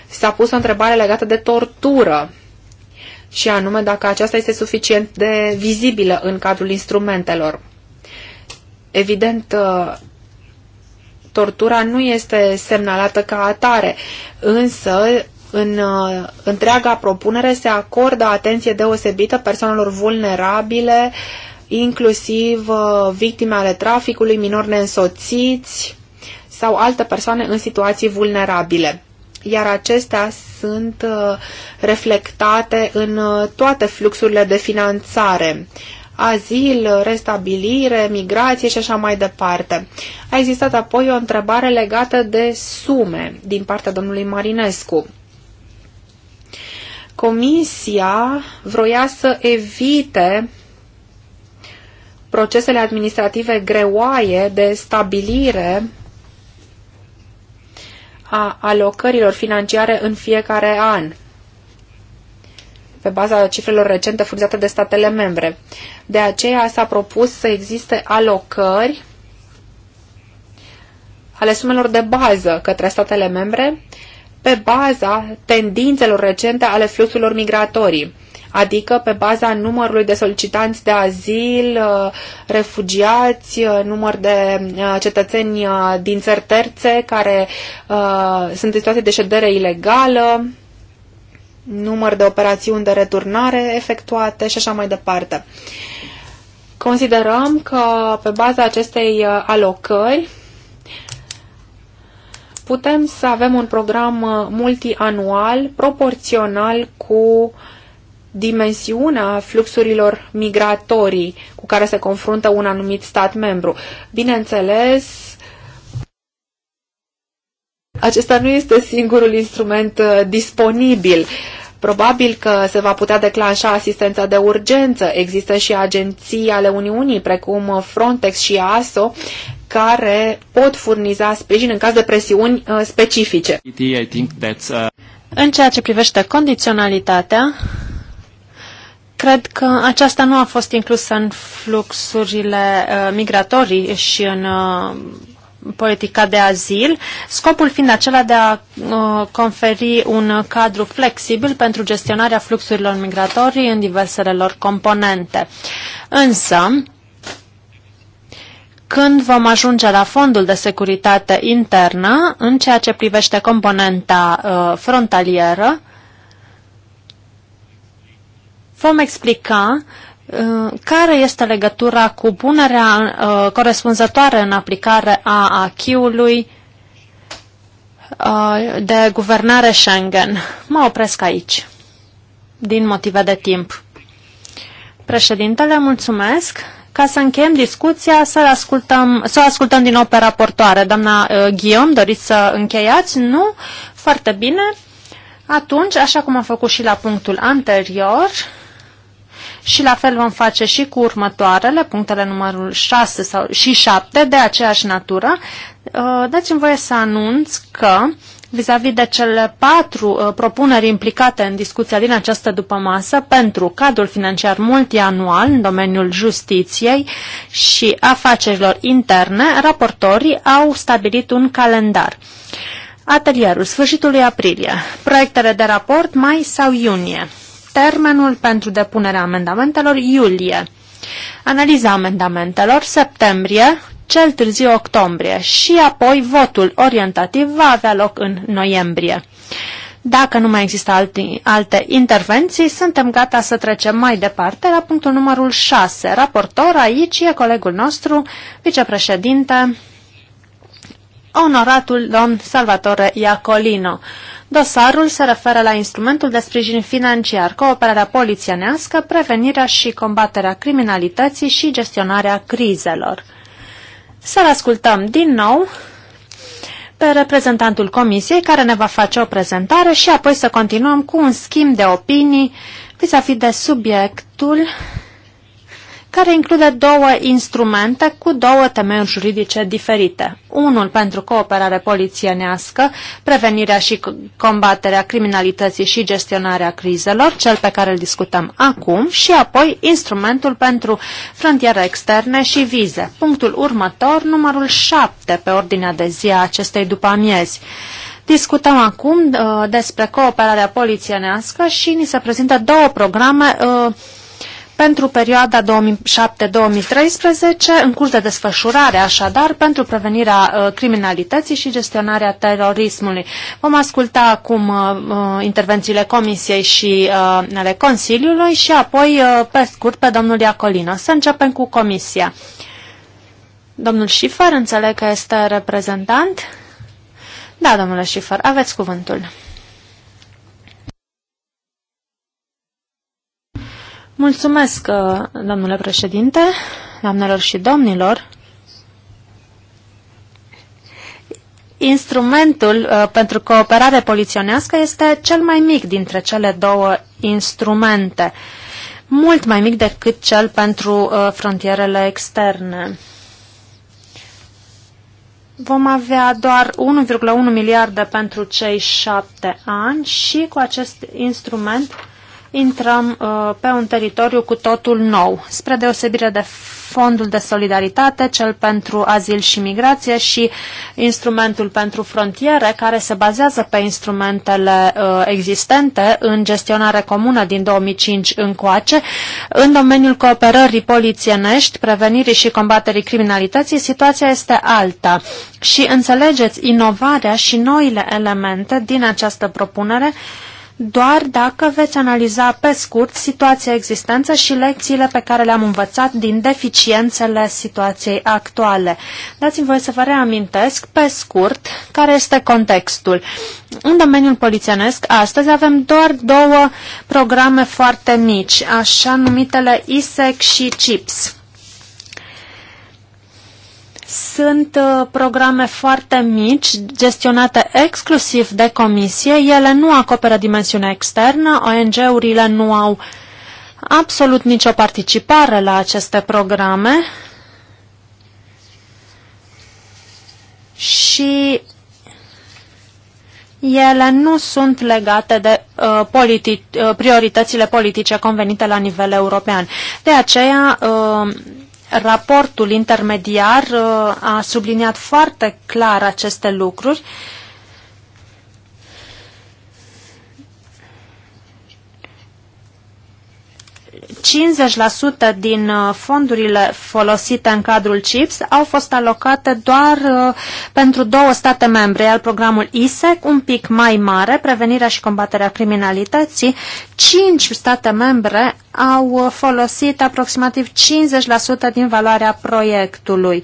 S-a pus o întrebare legată de tortură și anume dacă aceasta este suficient de vizibilă în cadrul instrumentelor. Evident, uh, tortura nu este semnalată ca atare, însă în uh, întreaga propunere se acordă atenție deosebită persoanelor vulnerabile, inclusiv uh, victime ale traficului, minori neînsoțiți sau alte persoane în situații vulnerabile. Iar acestea sunt uh, reflectate în uh, toate fluxurile de finanțare, azil, restabilire, migrație și așa mai departe. A existat apoi o întrebare legată de sume din partea domnului Marinescu. Comisia vroia să evite procesele administrative greoaie de stabilire a alocărilor financiare în fiecare an, pe baza cifrelor recente furnizate de statele membre. De aceea s-a propus să existe alocări ale sumelor de bază către statele membre pe baza tendințelor recente ale fluxurilor migratorii adică pe baza numărului de solicitanți de azil, uh, refugiați, uh, număr de uh, cetățeni din țări terțe care sunt în situație de ședere ilegală, număr de operațiuni de returnare efectuate și așa mai departe. Considerăm că pe baza acestei alocări putem să avem un program multianual proporțional cu uh, dimensiunea fluxurilor migratorii cu care se confruntă un anumit stat membru. Bineînțeles, acesta nu este singurul instrument uh, disponibil. Probabil că se va putea declanșa asistența de urgență. Există și agenții ale Uniunii, precum Frontex și ASO, care pot furniza sprijin în caz de presiuni uh, specifice. Uh, în ceea ce privește condiționalitatea, Cred că aceasta nu a fost inclusă în fluxurile uh, migratorii și în uh, politica de azil, scopul fiind acela de a uh, conferi un cadru flexibil pentru gestionarea fluxurilor migratorii în diversele lor componente. Însă, când vom ajunge la fondul de securitate internă, în ceea ce privește componenta uh, frontalieră, vom explica uh, care este legătura cu punerea uh, corespunzătoare în aplicare a acquis uh, de guvernare Schengen. Mă opresc aici, din motive de timp. Președintele, mulțumesc. Ca să încheiem discuția, să ascultăm, să ascultăm din nou pe raportoare. Doamna Ghiom, doriți să încheiați? Nu? Foarte bine. Atunci, așa cum am făcut și la punctul anterior, și la fel vom face și cu următoarele, punctele numărul 6 sau, și 7 de aceeași natură. Uh, dați-mi voie să anunț că vis-a-vis -vis de cele patru uh, propuneri implicate în discuția din această dupămasă pentru cadrul financiar multianual în domeniul justiției și afacerilor interne, raportorii au stabilit un calendar. Atelierul sfârșitului aprilie, proiectele de raport mai sau iunie termenul pentru depunerea amendamentelor iulie. Analiza amendamentelor septembrie, cel târziu octombrie și apoi votul orientativ va avea loc în noiembrie. Dacă nu mai există alte, alte intervenții, suntem gata să trecem mai departe la punctul numărul 6. Raportor aici e colegul nostru, vicepreședinte onoratul domn Salvatore Iacolino. Dosarul se referă la instrumentul de sprijin financiar, cooperarea polițienească, prevenirea și combaterea criminalității și gestionarea crizelor. Să-l ascultăm din nou pe reprezentantul comisiei care ne va face o prezentare și apoi să continuăm cu un schimb de opinii vis-a-vis -vis de subiectul care include două instrumente cu două temeiuri juridice diferite. Unul pentru cooperare polițienească, prevenirea și combaterea criminalității și gestionarea crizelor, cel pe care îl discutăm acum, și apoi instrumentul pentru frontiere externe și vize. Punctul următor, numărul 7 pe ordinea de zi a acestei după amiezi. Discutăm acum uh, despre cooperarea polițienească și ni se prezintă două programe uh, pentru perioada 2007-2013, în curs de desfășurare, așadar, pentru prevenirea uh, criminalității și gestionarea terorismului. Vom asculta acum uh, uh, intervențiile Comisiei și ale Consiliului și apoi, pe scurt, pe domnul Iacolino. Să începem cu Comisia. Domnul Șifer, înțeleg că este reprezentant. Da, domnule Șifer, aveți cuvântul. Mulțumesc, uh, domnule președinte, doamnelor și domnilor. Instrumentul uh, pentru cooperare poliționească este cel mai mic dintre cele două instrumente, mult mai mic decât cel pentru uh, frontierele externe. Vom avea doar 1,1 miliarde pentru cei șapte ani și cu acest instrument intrăm uh, pe un teritoriu cu totul nou, spre deosebire de fondul de solidaritate, cel pentru azil și migrație și instrumentul pentru frontiere, care se bazează pe instrumentele uh, existente în gestionare comună din 2005 încoace, în domeniul cooperării polițienești, prevenirii și combaterii criminalității, situația este alta. Și înțelegeți inovarea și noile elemente din această propunere uh, doar dacă veți analiza pe scurt situația existență și lecțiile pe care le-am învățat din deficiențele situației actuale. Dați-mi voie să vă reamintesc pe scurt care este contextul. În domeniul polițienesc, astăzi avem doar două programe foarte mici, așa numitele ISEC și CIPS sunt uh, programe foarte mici, gestionate exclusiv de comisie. Ele nu acoperă dimensiunea externă, ONG-urile nu au absolut nicio participare la aceste programe și ele nu sunt legate de uh, politi uh, prioritățile politice convenite la nivel european. De aceea, uh, Raportul intermediar uh, a subliniat foarte clar aceste lucruri 50% din uh, fondurile folosite în cadrul CIPS au fost alocate doar uh, pentru două state membre, iar programul ISEC, un pic mai mare, prevenirea și combaterea criminalității, 5 state membre au uh, folosit aproximativ 50% din valoarea proiectului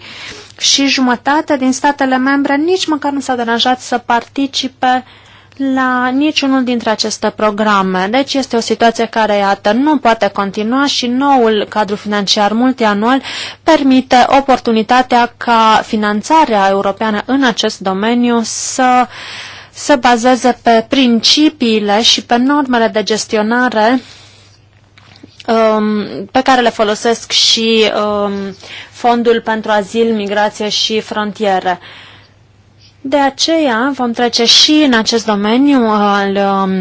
și jumătate din statele membre nici măcar nu s-au deranjat să participe uh, la niciunul dintre aceste programe. Deci este o situație care, iată, nu poate continua și noul cadru financiar multianual permite oportunitatea ca finanțarea europeană în acest domeniu să se bazeze pe principiile și pe normele de gestionare um, pe care le folosesc și um, Fondul pentru Azil, Migrație și Frontiere. Uh, de aceea vom trece și în acest domeniu al um,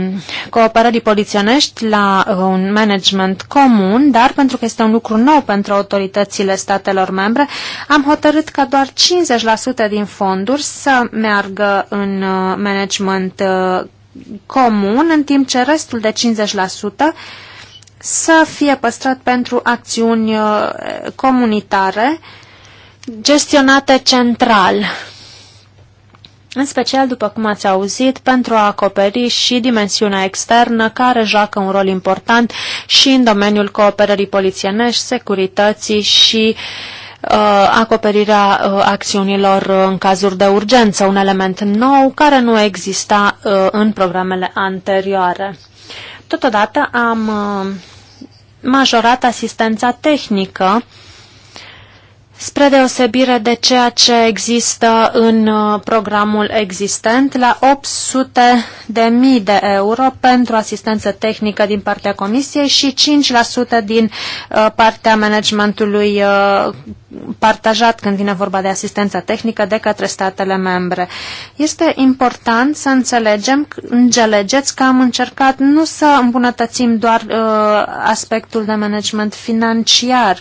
cooperării polițienești la uh, un management comun, dar pentru că este un lucru nou pentru autoritățile statelor membre, am hotărât ca doar 50% din fonduri să meargă în uh, management uh, comun, în timp ce restul de 50% să fie păstrat pentru acțiuni uh, comunitare gestionate central în special, după cum ați auzit, pentru a acoperi și dimensiunea externă care joacă un rol important și în domeniul cooperării polițienești, securității și uh, acoperirea uh, acțiunilor uh, în cazuri de urgență, un element nou care nu exista în programele anterioare. Totodată am majorat asistența tehnică spre deosebire de ceea ce există în uh, programul existent, la 800 de mii de euro pentru asistență tehnică din partea Comisiei și 5% din uh, partea managementului uh, partajat când vine vorba de asistența tehnică de către statele membre. Este important să înțelegem, înțelegeți că am încercat nu să îmbunătățim doar uh, aspectul de management financiar,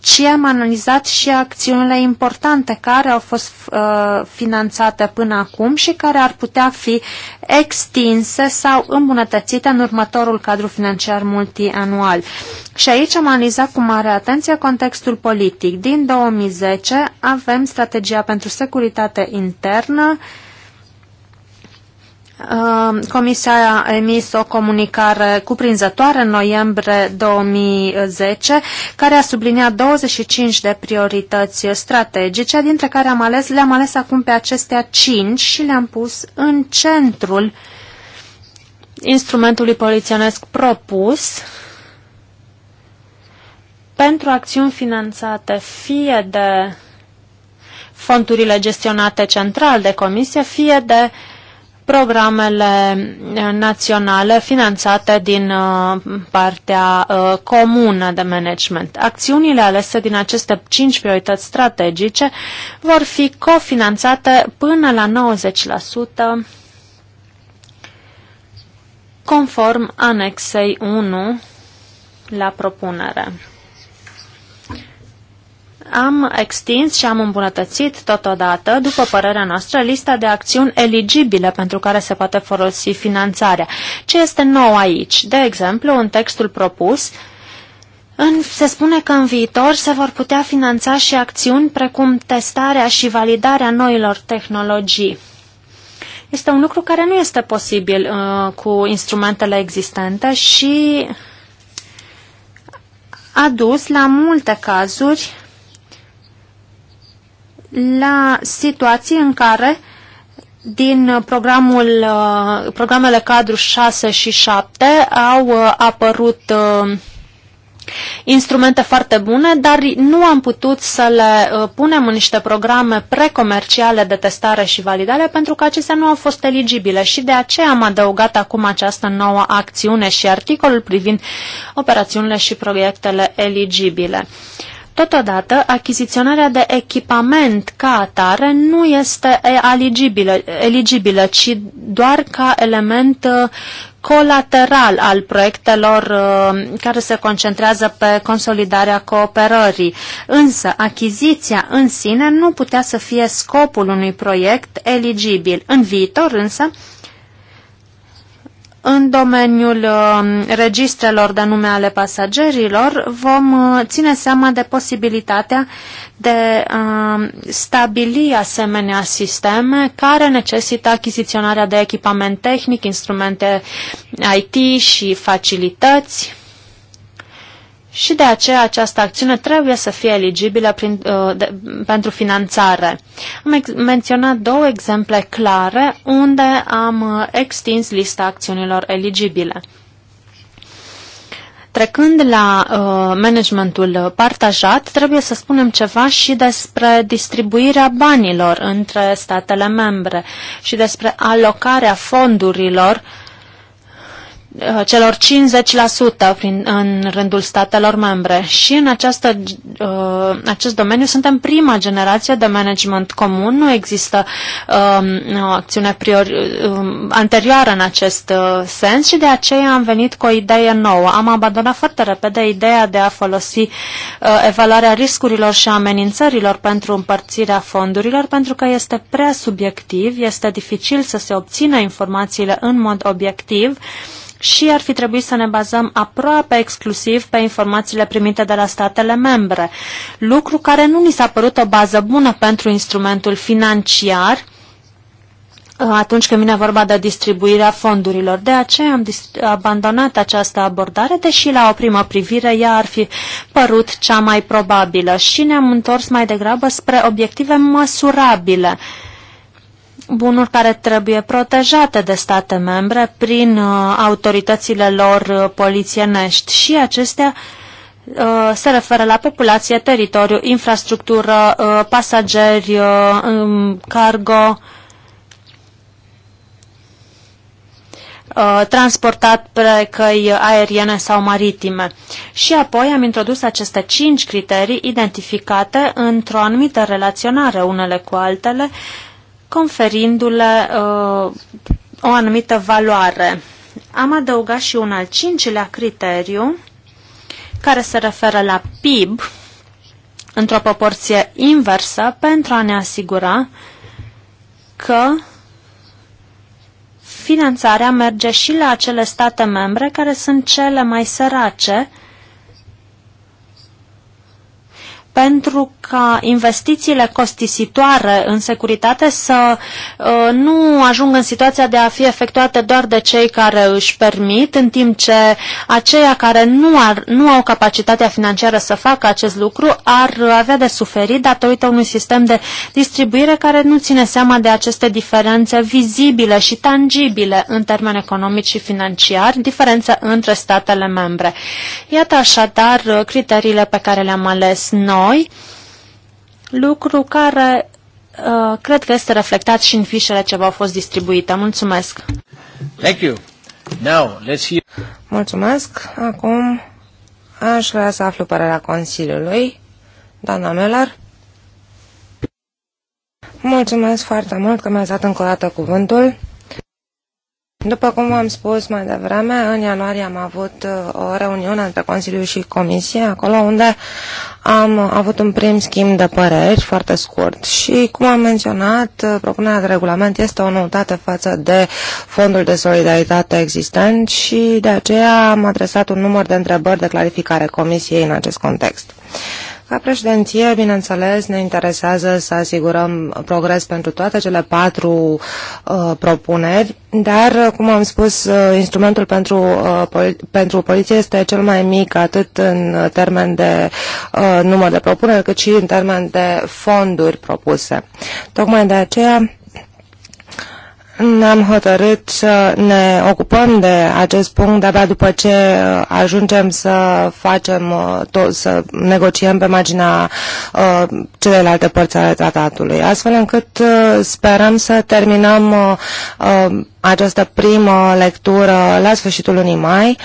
ci am analizat și și acțiunile importante care au fost uh, finanțate până acum și care ar putea fi extinse sau îmbunătățite în următorul cadru financiar multianual. Și aici am analizat cu mare atenție contextul politic. Din 2010 avem strategia pentru securitate internă, uh, Uh, Comisia a emis o comunicare cuprinzătoare în noiembrie 2010, care a subliniat 25 de priorități strategice, dintre care am ales, le-am ales acum pe acestea 5 și le-am pus în centrul instrumentului polițienesc propus pentru acțiuni finanțate fie de fondurile gestionate central de comisie, fie de uh, programele eh, naționale finanțate din eh, partea eh, comună de management. Acțiunile alese din aceste cinci priorități strategice vor fi cofinanțate până la 90% conform anexei 1 la propunere am extins și am îmbunătățit totodată, după părerea noastră, lista de acțiuni eligibile pentru care se poate folosi finanțarea. Ce este nou aici? De exemplu, în textul propus, în, se spune că în viitor se vor putea finanța și acțiuni precum testarea și validarea noilor tehnologii. Este un lucru care nu este posibil uh, cu instrumentele existente și a dus la multe cazuri la situații în care din programul, uh, programele cadru 6 și 7 au uh, apărut uh, instrumente foarte bune, dar nu am putut să le punem în niște programe precomerciale de testare și validare pentru că acestea nu au fost eligibile și de aceea am adăugat acum această nouă acțiune și articolul privind operațiunile și proiectele eligibile. Uh, Totodată, achiziționarea de echipament ca atare nu este eligibilă, eligibilă ci doar ca element uh, colateral al proiectelor uh, care se concentrează pe consolidarea cooperării. Însă, achiziția în sine nu putea să fie scopul unui proiect eligibil. În viitor, însă, în domeniul um, registrelor de nume ale pasagerilor vom uh, ține seama de posibilitatea de a um, stabili asemenea sisteme care necesită achiziționarea de echipament tehnic, instrumente IT și facilități și de aceea această acțiune trebuie să fie eligibilă prin, uh, de, pentru finanțare. Am menționat două exemple clare unde am uh, extins lista acțiunilor eligibile. Trecând la uh, managementul partajat, trebuie să spunem ceva și despre distribuirea banilor între statele membre și despre alocarea fondurilor uh, Uh, celor 50% prin, în rândul statelor membre. Și în această, uh, acest domeniu suntem prima generație de management comun. Nu există uh, o acțiune priori, uh, anterioară în acest uh, sens și de aceea am venit cu o idee nouă. Am abandonat foarte repede ideea de a folosi uh, evaluarea riscurilor și amenințărilor pentru împărțirea fondurilor, pentru că este prea subiectiv, este dificil să se obțină informațiile în mod obiectiv și ar fi trebuit să ne bazăm aproape exclusiv pe informațiile primite de la statele membre, lucru care nu ni s-a părut o bază bună pentru instrumentul financiar uh, atunci când vine vorba de distribuirea fondurilor. De aceea am abandonat această abordare, deși la o primă privire ea ar fi părut cea mai probabilă și ne-am întors mai degrabă spre obiective măsurabile. Uh, bunuri care trebuie protejate de state membre prin uh, autoritățile lor uh, polițienești și acestea uh, se referă la populație, teritoriu, infrastructură, pasageri, um, cargo, transportat pe căi aeriene sau maritime. Și apoi am introdus aceste cinci criterii identificate într-o anumită relaționare unele cu altele, uh, conferindu-le uh, o anumită valoare. Am adăugat și un al cincilea criteriu care se referă la PIB într-o proporție inversă pentru a ne asigura că finanțarea merge și la acele state membre care sunt cele mai sărace pentru ca investițiile costisitoare în securitate să uh, nu ajungă în situația de a fi efectuate doar de cei care își permit, în timp ce aceia care nu, ar, nu au capacitatea financiară să facă acest lucru ar avea de suferit datorită unui sistem de distribuire care nu ține seama de aceste diferențe vizibile și tangibile în termeni economici și financiari, diferențe între statele membre. Iată așadar criteriile pe care le-am ales noi noi, lucru care uh, cred că este reflectat și în fișele ce v-au fost distribuite. Mulțumesc! Thank you. Now, let's hear... Mulțumesc! Acum aș vrea să aflu părerea Consiliului. Doamna Melar? Mulțumesc foarte mult că mi-ați dat încă o dată cuvântul. După cum am spus mai devreme, în ianuarie am avut uh, o reuniune între Consiliu și Comisie, acolo unde am avut un prim schimb de păreri foarte scurt și, cum am menționat, uh, propunerea de regulament este o noutate față de fondul de solidaritate existent și de aceea am adresat un număr de întrebări de clarificare Comisiei în acest context. Ca președinție, bineînțeles, ne interesează să asigurăm progres pentru toate cele patru uh, propuneri, dar, uh, cum am spus, uh, instrumentul pentru, uh, poli pentru poliție este cel mai mic atât în termen de uh, număr de propuneri, cât și în termen de fonduri propuse. Tocmai de aceea, ne-am hotărât să ne ocupăm de acest punct abia după ce uh, ajungem să facem, uh, să negociem pe marginea uh, celelalte părți ale tratatului, astfel încât sperăm să terminăm această primă lectură la sfârșitul lunii mai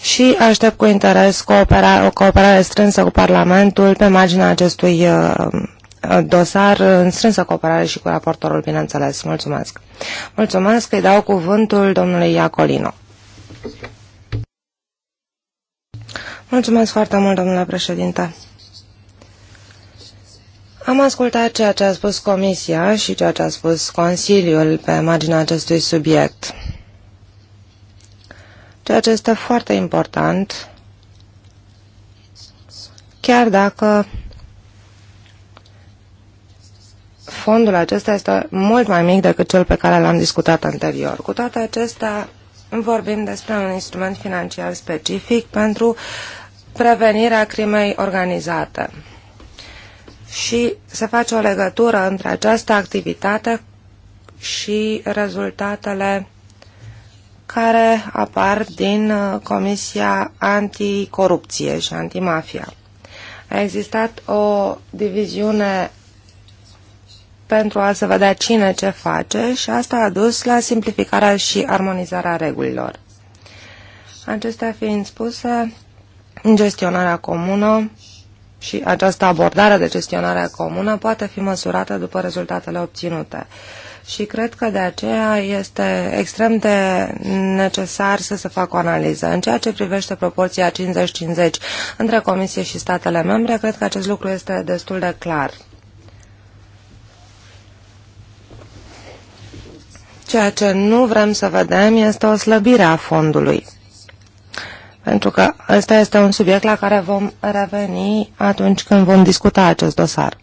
și aștept cu interes cooperare, o cooperare strânsă cu Parlamentul pe marginea acestui dosar în strânsă cooperare și cu raportorul, bineînțeles. Mulțumesc. Mulțumesc că îi dau cuvântul domnului Iacolino. Mulțumesc foarte mult, domnule președinte. Am ascultat ceea ce a spus Comisia și ceea ce a spus Consiliul pe marginea acestui subiect. Ceea ce este foarte important, chiar dacă fondul acesta este mult mai mic decât cel pe care l-am discutat anterior. Cu toate acestea, vorbim despre un instrument financiar specific pentru prevenirea crimei organizate. Și se face o legătură între această activitate și rezultatele care apar din uh, Comisia Anticorupție și Antimafia. A existat o diviziune pentru a se vedea cine ce face și asta a dus la simplificarea și armonizarea regulilor. Acestea fiind spuse, gestionarea comună și această abordare de gestionare comună poate fi măsurată după rezultatele obținute. Și cred că de aceea este extrem de necesar să se facă o analiză. În ceea ce privește proporția 50-50 între Comisie și statele membre, cred că acest lucru este destul de clar. Ceea ce nu vrem să vedem este o slăbire a fondului. Pentru că ăsta este un subiect la care vom reveni atunci când vom discuta acest dosar.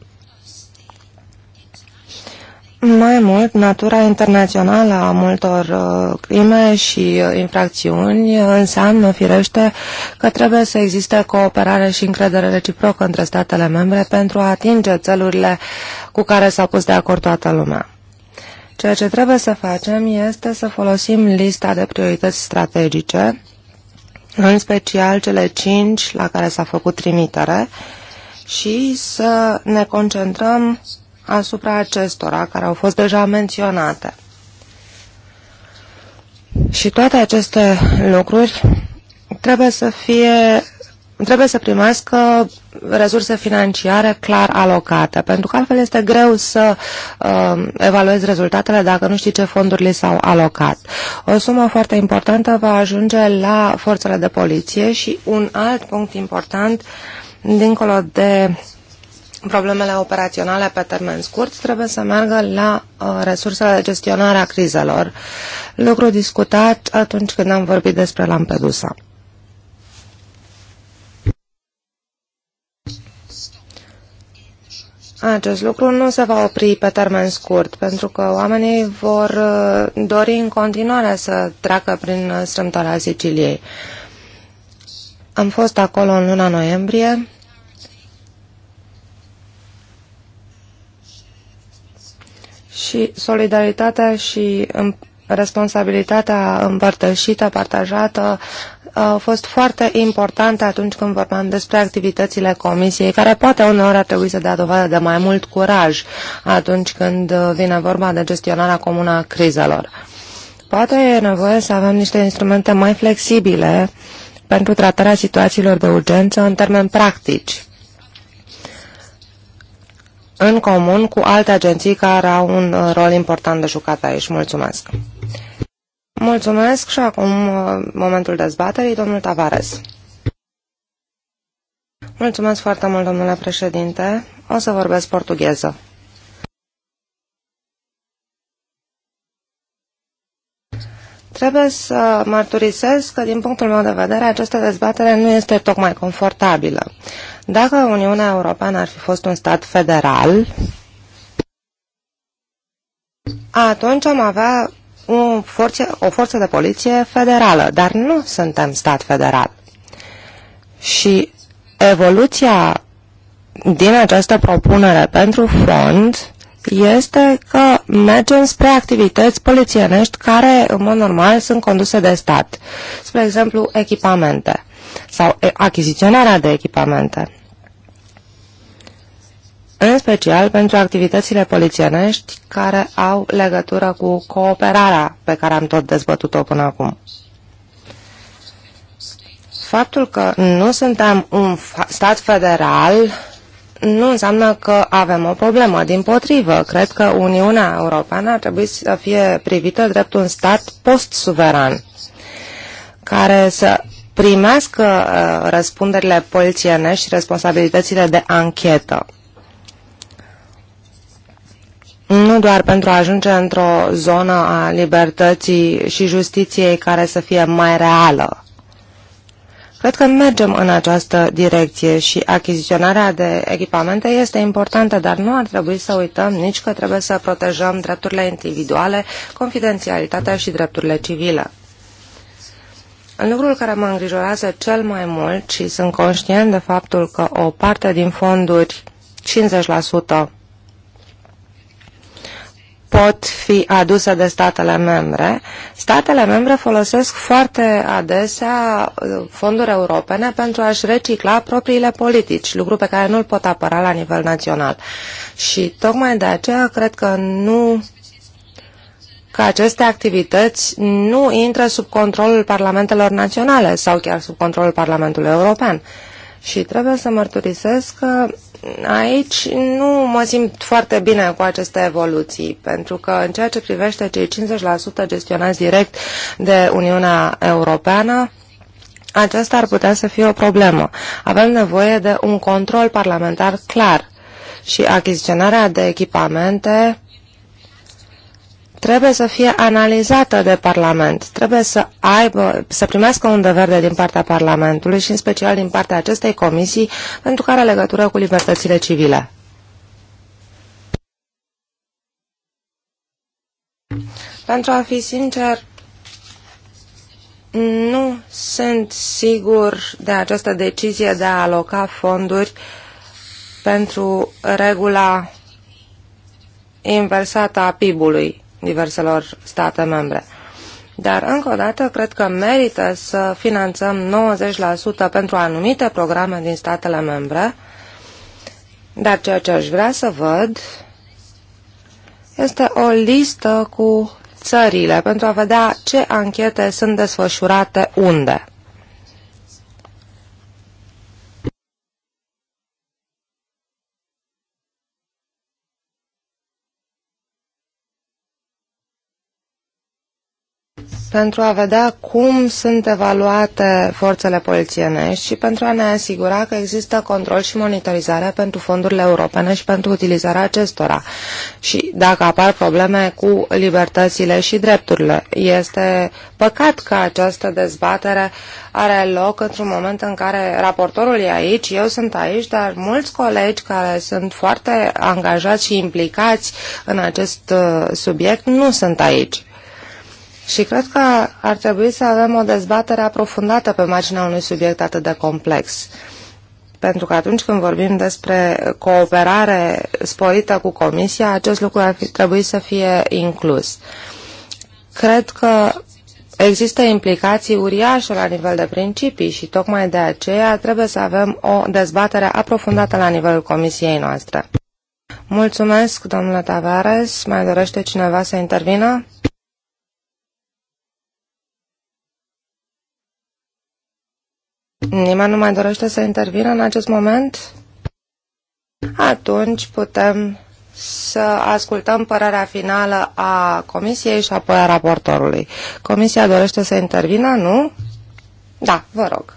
Mai mult, natura internațională a multor uh, crime și uh, infracțiuni înseamnă, firește, că trebuie să existe cooperare și încredere reciprocă între statele membre pentru a atinge țelurile cu care s-a pus de acord toată lumea. Ceea ce trebuie să facem este să folosim lista de priorități strategice, în special cele cinci la care s-a făcut trimitere, și să ne concentrăm asupra acestora care au fost deja menționate. Și toate aceste lucruri trebuie să fie trebuie să primească resurse financiare clar alocate, pentru că altfel este greu să uh, evaluezi rezultatele dacă nu știi ce fonduri li s-au alocat. O sumă foarte importantă va ajunge la forțele de poliție și un alt punct important, dincolo de problemele operaționale pe termen scurt, trebuie să meargă la uh, resursele de gestionare a crizelor, lucru discutat atunci când am vorbit despre Lampedusa. Acest lucru nu se va opri pe termen scurt, pentru că oamenii vor uh, dori în continuare să treacă prin strâmtoarea Siciliei. Am fost acolo în luna noiembrie. Și solidaritatea și um, responsabilitatea împărtășită, partajată, au fost foarte importante atunci când vorbeam despre activitățile comisiei, care poate uneori ar trebui să dea dovadă de mai mult curaj atunci când uh, vine vorba de gestionarea comună a crizelor. Poate e nevoie să avem niște instrumente mai flexibile pentru tratarea situațiilor de urgență în termeni practici, în comun cu alte agenții care au un uh, rol important de jucat aici. Mulțumesc! Mulțumesc și acum uh, momentul dezbaterii, domnul Tavares. Mulțumesc foarte mult, domnule președinte. O să vorbesc portugheză. Trebuie să mărturisesc că, din punctul meu de vedere, această dezbatere nu este tocmai confortabilă. Dacă Uniunea Europeană ar fi fost un stat federal, atunci am avea o forță, o forță de poliție federală, dar nu suntem stat federal. Și evoluția din această propunere pentru fond este că mergem spre activități polițienești care, în mod normal, sunt conduse de stat. Spre exemplu, echipamente sau achiziționarea de echipamente în special pentru activitățile polițienești care au legătură cu cooperarea pe care am tot dezbătut-o până acum. Faptul că nu suntem un stat federal nu înseamnă că avem o problemă. Din potrivă, cred că Uniunea Europeană ar trebui să fie privită drept un stat post-suveran care să primească uh, răspunderile polițienești și responsabilitățile de anchetă nu doar pentru a ajunge într-o zonă a libertății și justiției care să fie mai reală. Cred că mergem în această direcție și achiziționarea de echipamente este importantă, dar nu ar trebui să uităm nici că trebuie să protejăm drepturile individuale, confidențialitatea și drepturile civile. În lucrul care mă îngrijorează cel mai mult și sunt conștient de faptul că o parte din fonduri, 50%, pot fi aduse de statele membre. Statele membre folosesc foarte adesea uh, fonduri europene pentru a-și recicla propriile politici, lucru pe care nu-l pot apăra la nivel național. Și tocmai de aceea cred că nu că aceste activități nu intră sub controlul parlamentelor naționale sau chiar sub controlul Parlamentului European. Și trebuie să mărturisesc că aici nu mă simt foarte bine cu aceste evoluții, pentru că în ceea ce privește cei 50% gestionați direct de Uniunea Europeană, aceasta ar putea să fie o problemă. Avem nevoie de un control parlamentar clar și achiziționarea de echipamente trebuie să fie analizată de Parlament, trebuie să, aibă, să primească un verde din partea Parlamentului și în special din partea acestei comisii pentru care are legătură cu libertățile civile. Pentru a fi sincer, nu sunt sigur de această decizie de a aloca fonduri pentru regula inversată a PIB-ului diverselor state membre. Dar, încă o dată, cred că merită să finanțăm 90% pentru anumite programe din statele membre, dar ceea ce aș vrea să văd este o listă cu țările pentru a vedea ce anchete sunt desfășurate unde. pentru a vedea cum sunt evaluate forțele polițienești și pentru a ne asigura că există control și monitorizare pentru fondurile europene și pentru utilizarea acestora. Și dacă apar probleme cu libertățile și drepturile, este păcat că această dezbatere are loc într-un moment în care raportorul e aici, eu sunt aici, dar mulți colegi care sunt foarte angajați și implicați în acest uh, subiect nu sunt aici. Și cred că ar trebui să avem o dezbatere aprofundată pe marginea unui subiect atât de complex. Pentru că atunci când vorbim despre cooperare sporită cu Comisia, acest lucru ar trebui să fie inclus. Cred că Există implicații uriașe la nivel de principii și tocmai de aceea trebuie să avem o dezbatere aprofundată la nivelul comisiei noastre. Mulțumesc, domnule Tavares. Mai dorește cineva să intervină? Nimeni nu mai dorește să intervină în acest moment? Atunci putem să ascultăm părerea finală a Comisiei și apoi a raportorului. Comisia dorește să intervină, nu? Da, vă rog.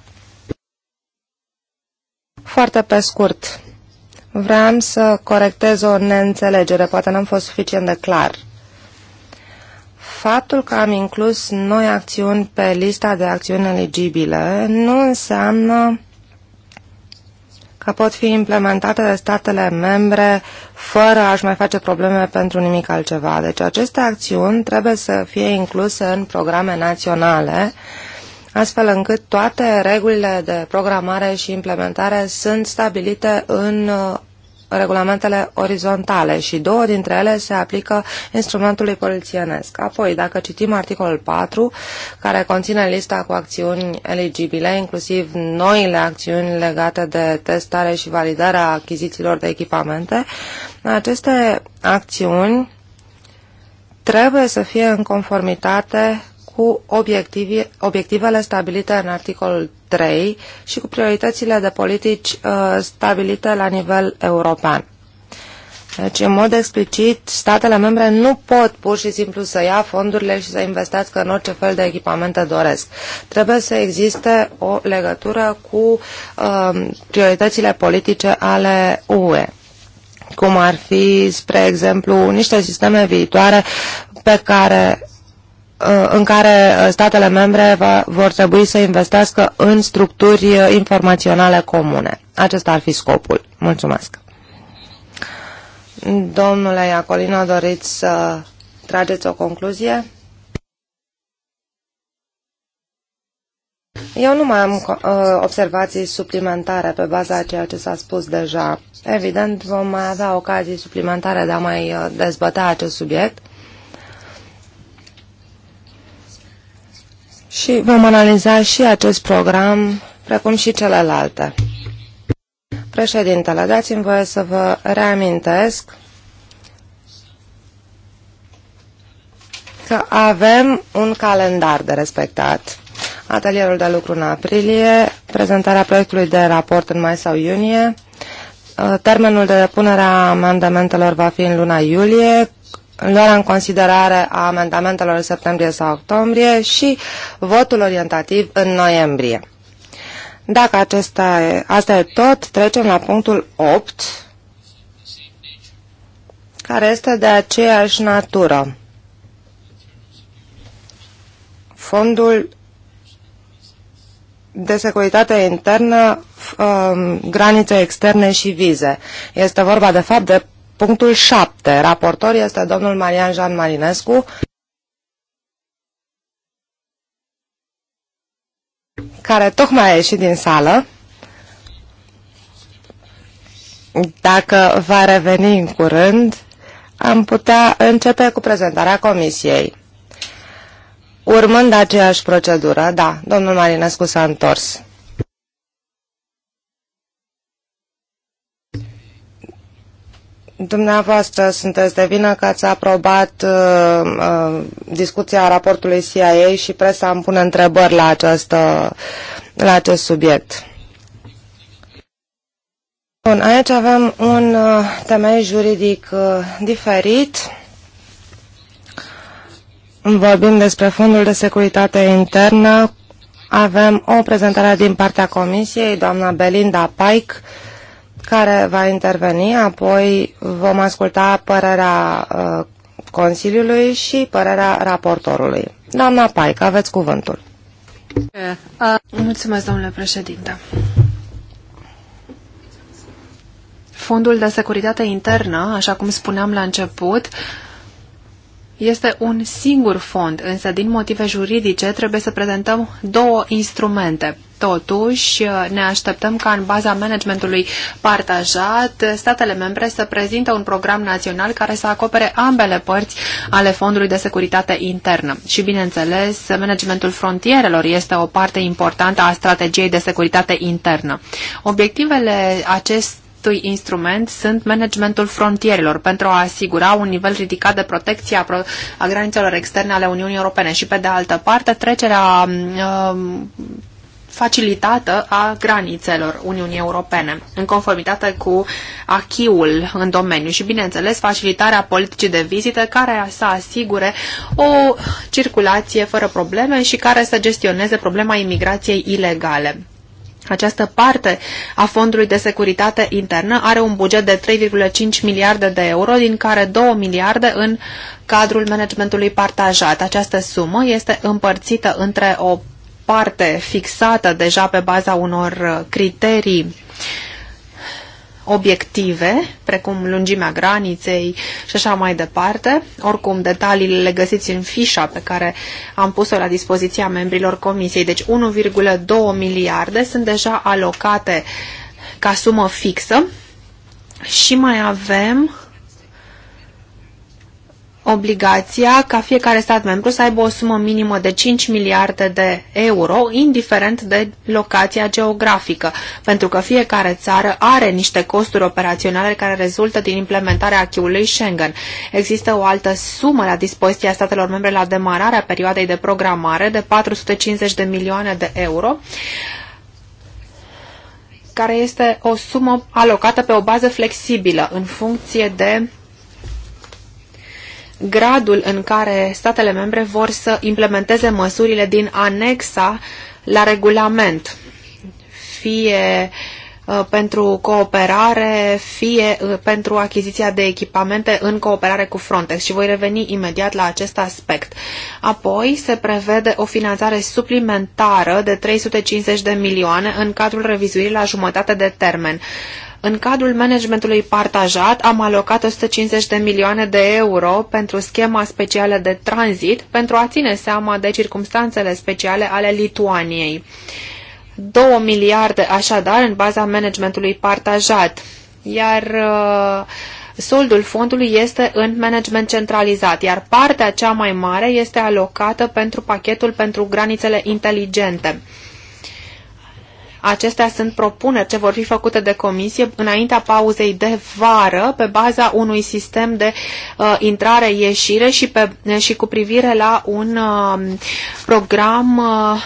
Foarte pe scurt. Vreau să corectez o neînțelegere, poate n-am fost suficient de clar faptul că am inclus noi acțiuni pe lista de acțiuni eligibile nu înseamnă că pot fi implementate de statele membre fără a-și mai face probleme pentru nimic altceva. Deci aceste acțiuni trebuie să fie incluse în programe naționale, astfel încât toate regulile de programare și implementare sunt stabilite în uh, regulamentele orizontale și două dintre ele se aplică instrumentului polițienesc. Apoi, dacă citim articolul 4, care conține lista cu acțiuni eligibile, inclusiv noile acțiuni legate de testare și validarea achizițiilor de echipamente, aceste acțiuni trebuie să fie în conformitate cu obiectivele stabilite în articolul 3 și cu prioritățile de politici uh, stabilite la nivel european. Deci, în mod explicit, statele membre nu pot pur și simplu să ia fondurile și să investească în orice fel de echipamente doresc. Trebuie să existe o legătură cu uh, prioritățile politice ale UE cum ar fi, spre exemplu, niște sisteme viitoare pe care Uh, în care uh, statele membre va, vor trebui să investească în structuri uh, informaționale comune. Acesta ar fi scopul. Mulțumesc. Domnule Iacolino, doriți să trageți o concluzie? Eu nu mai am uh, observații suplimentare pe baza a ceea ce s-a spus deja. Evident, vom mai avea ocazii suplimentare de a mai dezbătea acest subiect și vom analiza și acest program, precum și celelalte. Președintele, dați-mi voie să vă reamintesc că avem un calendar de respectat. Atelierul de lucru în aprilie, prezentarea proiectului de raport în mai sau iunie, termenul de depunere a amendamentelor va fi în luna iulie, luarea în considerare a amendamentelor în septembrie sau octombrie și votul orientativ în noiembrie. Dacă acesta e, asta e tot, trecem la punctul 8, care este de aceeași natură. Fondul de securitate internă, um, granițe externe și vize. Este vorba, de fapt, de Punctul 7. Raportor este domnul Marian Jean Marinescu. care tocmai a ieșit din sală. Dacă va reveni în curând, am putea începe cu prezentarea comisiei. Urmând aceeași procedură, da, domnul Marinescu s-a întors. Dumneavoastră sunteți de vină că ați aprobat uh, uh, discuția raportului CIA și presa îmi pune întrebări la, această, la acest subiect. Bun, aici avem un uh, temei juridic uh, diferit. Vorbim despre Fondul de Securitate Internă. Avem o prezentare din partea Comisiei, doamna Belinda Pike, uh, care va interveni, apoi vom asculta părerea uh, Consiliului și părerea raportorului. Doamna Paica, aveți cuvântul. Mulțumesc, domnule președinte. Fondul de securitate internă, așa cum spuneam la început, este un singur fond, însă din motive juridice trebuie să prezentăm două instrumente. Totuși, ne așteptăm ca în baza managementului partajat, statele membre să prezintă un program național care să acopere ambele părți ale Fondului de Securitate Internă. Și, bineînțeles, managementul frontierelor este o parte importantă a strategiei de securitate internă. Obiectivele acest acestui instrument sunt managementul frontierelor pentru a asigura un nivel ridicat de protecție a, pro- a granițelor externe ale Uniunii Europene și, pe de altă parte, trecerea uh, facilitată a granițelor Uniunii Europene, în conformitate cu achiul în domeniu și, bineînțeles, facilitarea politicii de vizită care să asigure o circulație fără probleme și care să gestioneze problema imigrației ilegale. Această parte a Fondului de Securitate Internă are un buget de 3,5 miliarde de euro, din care 2 miliarde în cadrul managementului partajat. Această sumă este împărțită între o parte fixată deja pe baza unor criterii obiective, precum lungimea graniței și așa mai departe. Oricum, detaliile le găsiți în fișa pe care am pus-o la dispoziția membrilor comisiei. Deci 1,2 miliarde sunt deja alocate ca sumă fixă și mai avem obligația ca fiecare stat membru să aibă o sumă minimă de 5 miliarde de euro, indiferent de locația geografică, pentru că fiecare țară are niște costuri operaționale care rezultă din implementarea acquis Schengen. Există o altă sumă la dispoziția statelor membre la demararea perioadei de programare de 450 de milioane de euro, care este o sumă alocată pe o bază flexibilă în funcție de gradul în care statele membre vor să implementeze măsurile din anexa la regulament, fie uh, Uh, pentru cooperare, fie uh, pentru achiziția de echipamente în cooperare cu Frontex și voi reveni imediat la acest aspect. Apoi se prevede o finanțare suplimentară de 350 de milioane în cadrul revizuirii la jumătate de termen. În cadrul managementului partajat am alocat 150 de milioane de euro pentru schema specială de tranzit pentru a ține seama de circumstanțele speciale ale Lituaniei. 2 miliarde așadar în baza managementului partajat, iar uh, soldul fondului este în management centralizat, iar partea cea mai mare este alocată pentru pachetul pentru granițele inteligente. Acestea sunt propuneri ce vor fi făcute de comisie înaintea pauzei de vară pe baza unui sistem de uh, intrare-ieșire și, pe, și cu privire la un uh, program uh,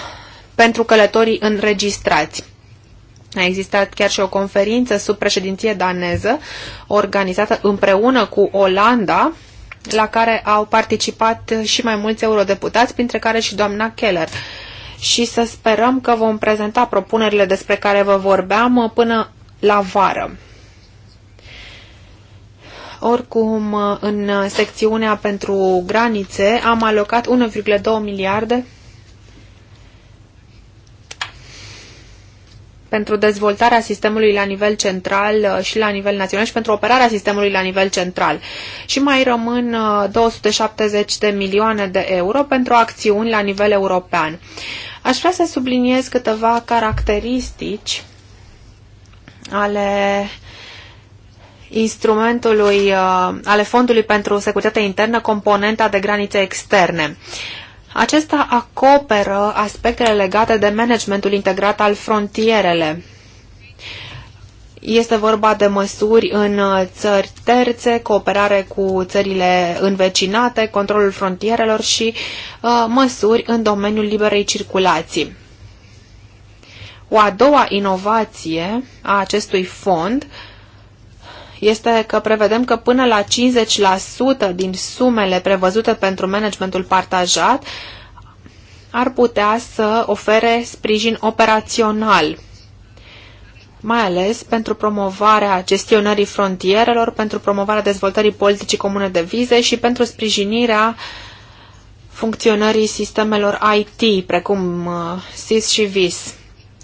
pentru călătorii înregistrați. A existat chiar și o conferință sub președinție daneză, organizată împreună cu Olanda, la care au participat și mai mulți eurodeputați, printre care și doamna Keller. Și să sperăm că vom prezenta propunerile despre care vă vorbeam până la vară. Oricum, în secțiunea pentru granițe am alocat 1,2 miliarde pentru dezvoltarea sistemului la nivel central uh, și la nivel național și pentru operarea sistemului la nivel central. Și mai rămân 270 uh, de milioane de euro pentru acțiuni la nivel european. Aș vrea să subliniez câteva caracteristici ale instrumentului, uh, ale Fondului pentru Securitate Internă, componenta de granițe externe. Acesta acoperă aspectele legate de managementul integrat al frontierele. Este vorba de măsuri în uh, țări terțe, cooperare cu țările învecinate, controlul frontierelor și uh, măsuri în domeniul liberei circulații. O a doua inovație a acestui fond este că prevedem că până la 50% din sumele prevăzute pentru managementul partajat ar putea să ofere sprijin operațional mai ales pentru promovarea gestionării frontierelor, pentru promovarea dezvoltării politicii comune de vize și pentru sprijinirea funcționării sistemelor IT, precum uh, SIS și VIS,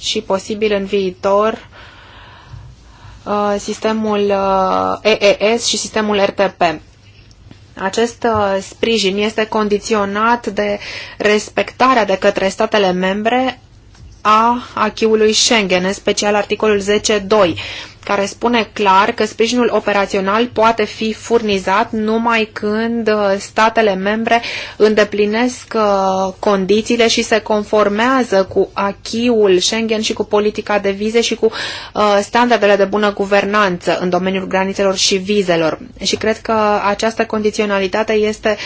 și posibil în viitor Uh, sistemul uh, EES și sistemul RTP. Acest uh, sprijin este condiționat de respectarea de către statele membre a achiului Schengen, în special articolul 10.2, care spune clar că sprijinul operațional poate fi furnizat numai când uh, statele membre îndeplinesc uh, condițiile și se conformează cu achiul Schengen și cu politica de vize și cu uh, standardele de bună guvernanță în domeniul granițelor și vizelor. Și cred că această condiționalitate este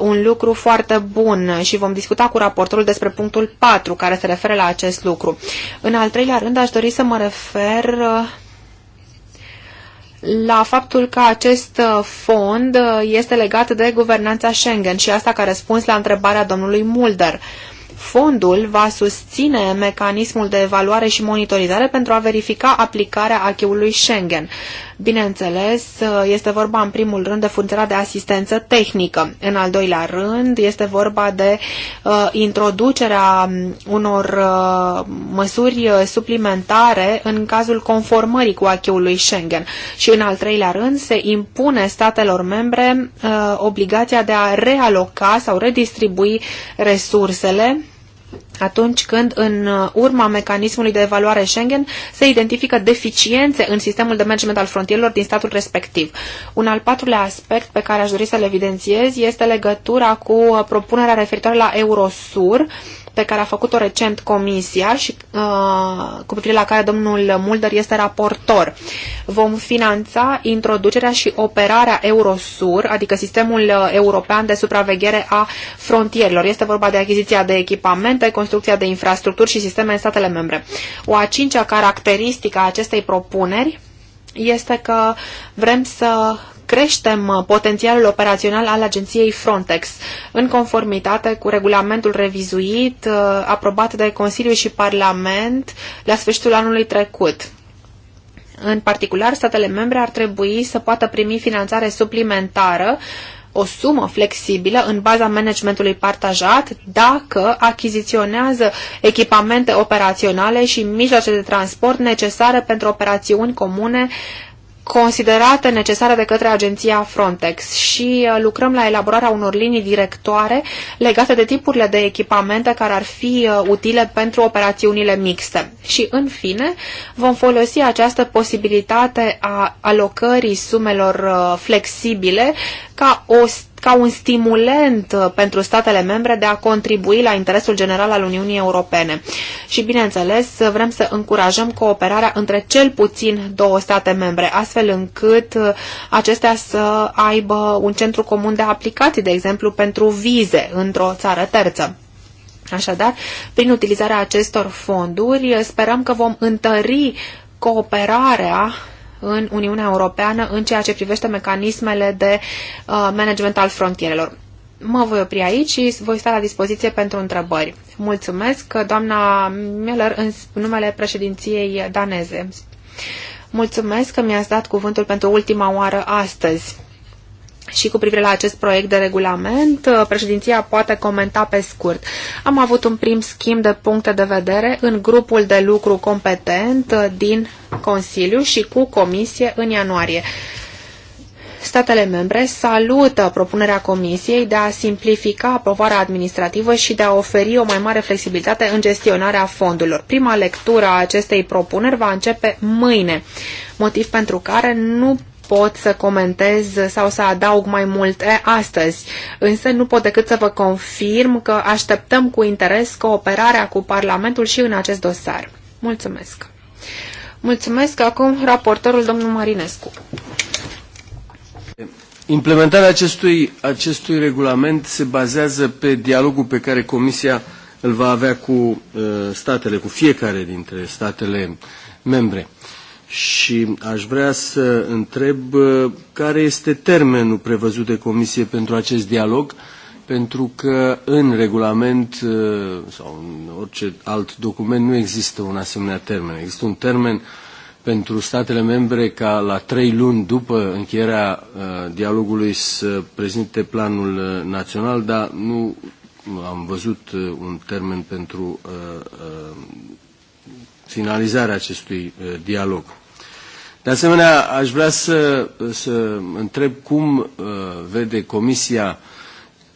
un lucru foarte bun și vom discuta cu raportorul despre punctul 4 care se referă la acest lucru. În al treilea rând aș dori să mă refer la faptul că acest uh, fond uh, este legat de guvernanța Schengen și asta ca răspuns la întrebarea domnului Mulder. Uh, Fondul va susține mecanismul de evaluare și monitorizare pentru a verifica aplicarea acheului Schengen. Bineînțeles, este vorba în primul rând de funcția de asistență tehnică. În al doilea rând, este vorba de uh, introducerea unor uh, măsuri suplimentare în cazul conformării cu acheului Schengen. Și în al treilea rând, se impune statelor membre uh, obligația de a realoca sau redistribui resursele atunci când în uh, urma mecanismului de evaluare Schengen se identifică deficiențe în sistemul de management al frontierilor din statul respectiv. Un al patrulea aspect pe care aș dori să-l evidențiez este legătura cu uh, propunerea referitoare la Eurosur, pe care a făcut-o recent comisia și uh, cu privire la care domnul Mulder este raportor. Vom finanța introducerea și operarea Eurosur, adică sistemul uh, european de supraveghere a frontierilor. Este vorba de achiziția de echipamente, construcția de infrastructuri și sisteme în statele membre. O a cincea caracteristică a acestei propuneri este că vrem să creștem uh, potențialul operațional al agenției Frontex, în conformitate cu regulamentul revizuit uh, aprobat de Consiliu și Parlament la sfârșitul anului trecut. În particular, statele membre ar trebui să poată primi finanțare suplimentară o sumă flexibilă în baza managementului partajat dacă achiziționează echipamente operaționale și mijloace de transport necesare pentru operațiuni comune considerate necesare de către agenția Frontex și uh, lucrăm la elaborarea unor linii directoare legate de tipurile de echipamente care ar fi uh, utile pentru operațiunile mixte. Și, în fine, vom folosi această posibilitate a alocării sumelor uh, flexibile ca o ca un stimulent uh, pentru statele membre de a contribui la interesul general al Uniunii Europene. Și, bineînțeles, uh, vrem să încurajăm cooperarea între cel puțin două state membre, astfel încât uh, acestea să aibă un centru comun de aplicații, de exemplu, pentru vize într-o țară terță. Așadar, prin utilizarea acestor fonduri, sperăm că vom întări cooperarea în Uniunea Europeană în ceea ce privește mecanismele de uh, management al frontierelor. Mă voi opri aici și voi sta la dispoziție pentru întrebări. Mulțumesc, doamna Miller, în numele președinției daneze. Mulțumesc că mi-ați dat cuvântul pentru ultima oară astăzi și cu privire la acest proiect de regulament, uh, președinția poate comenta pe scurt. Am avut un prim schimb de puncte de vedere în grupul de lucru competent uh, din Consiliu și cu Comisie în ianuarie. Statele membre salută propunerea Comisiei de a simplifica aprobarea administrativă și de a oferi o mai mare flexibilitate în gestionarea fondurilor. Prima lectură a acestei propuneri va începe mâine, motiv pentru care nu pot să comentez sau să adaug mai mult astăzi, însă nu pot decât să vă confirm că așteptăm cu interes cooperarea cu Parlamentul și în acest dosar. Mulțumesc! Mulțumesc acum raportorul domnul Marinescu. Implementarea acestui, acestui regulament se bazează pe dialogul pe care Comisia îl va avea cu uh, statele, cu fiecare dintre statele membre și aș vrea să întreb uh, care este termenul prevăzut de Comisie pentru acest dialog, pentru că în regulament uh, sau în orice alt document nu există un asemenea termen. Există un termen pentru statele membre ca la trei luni după încheierea uh, dialogului să prezinte planul național, dar nu am văzut un termen pentru finalizarea acestui uh, dialog. De asemenea, aș vrea să, să întreb cum uh, vede Comisia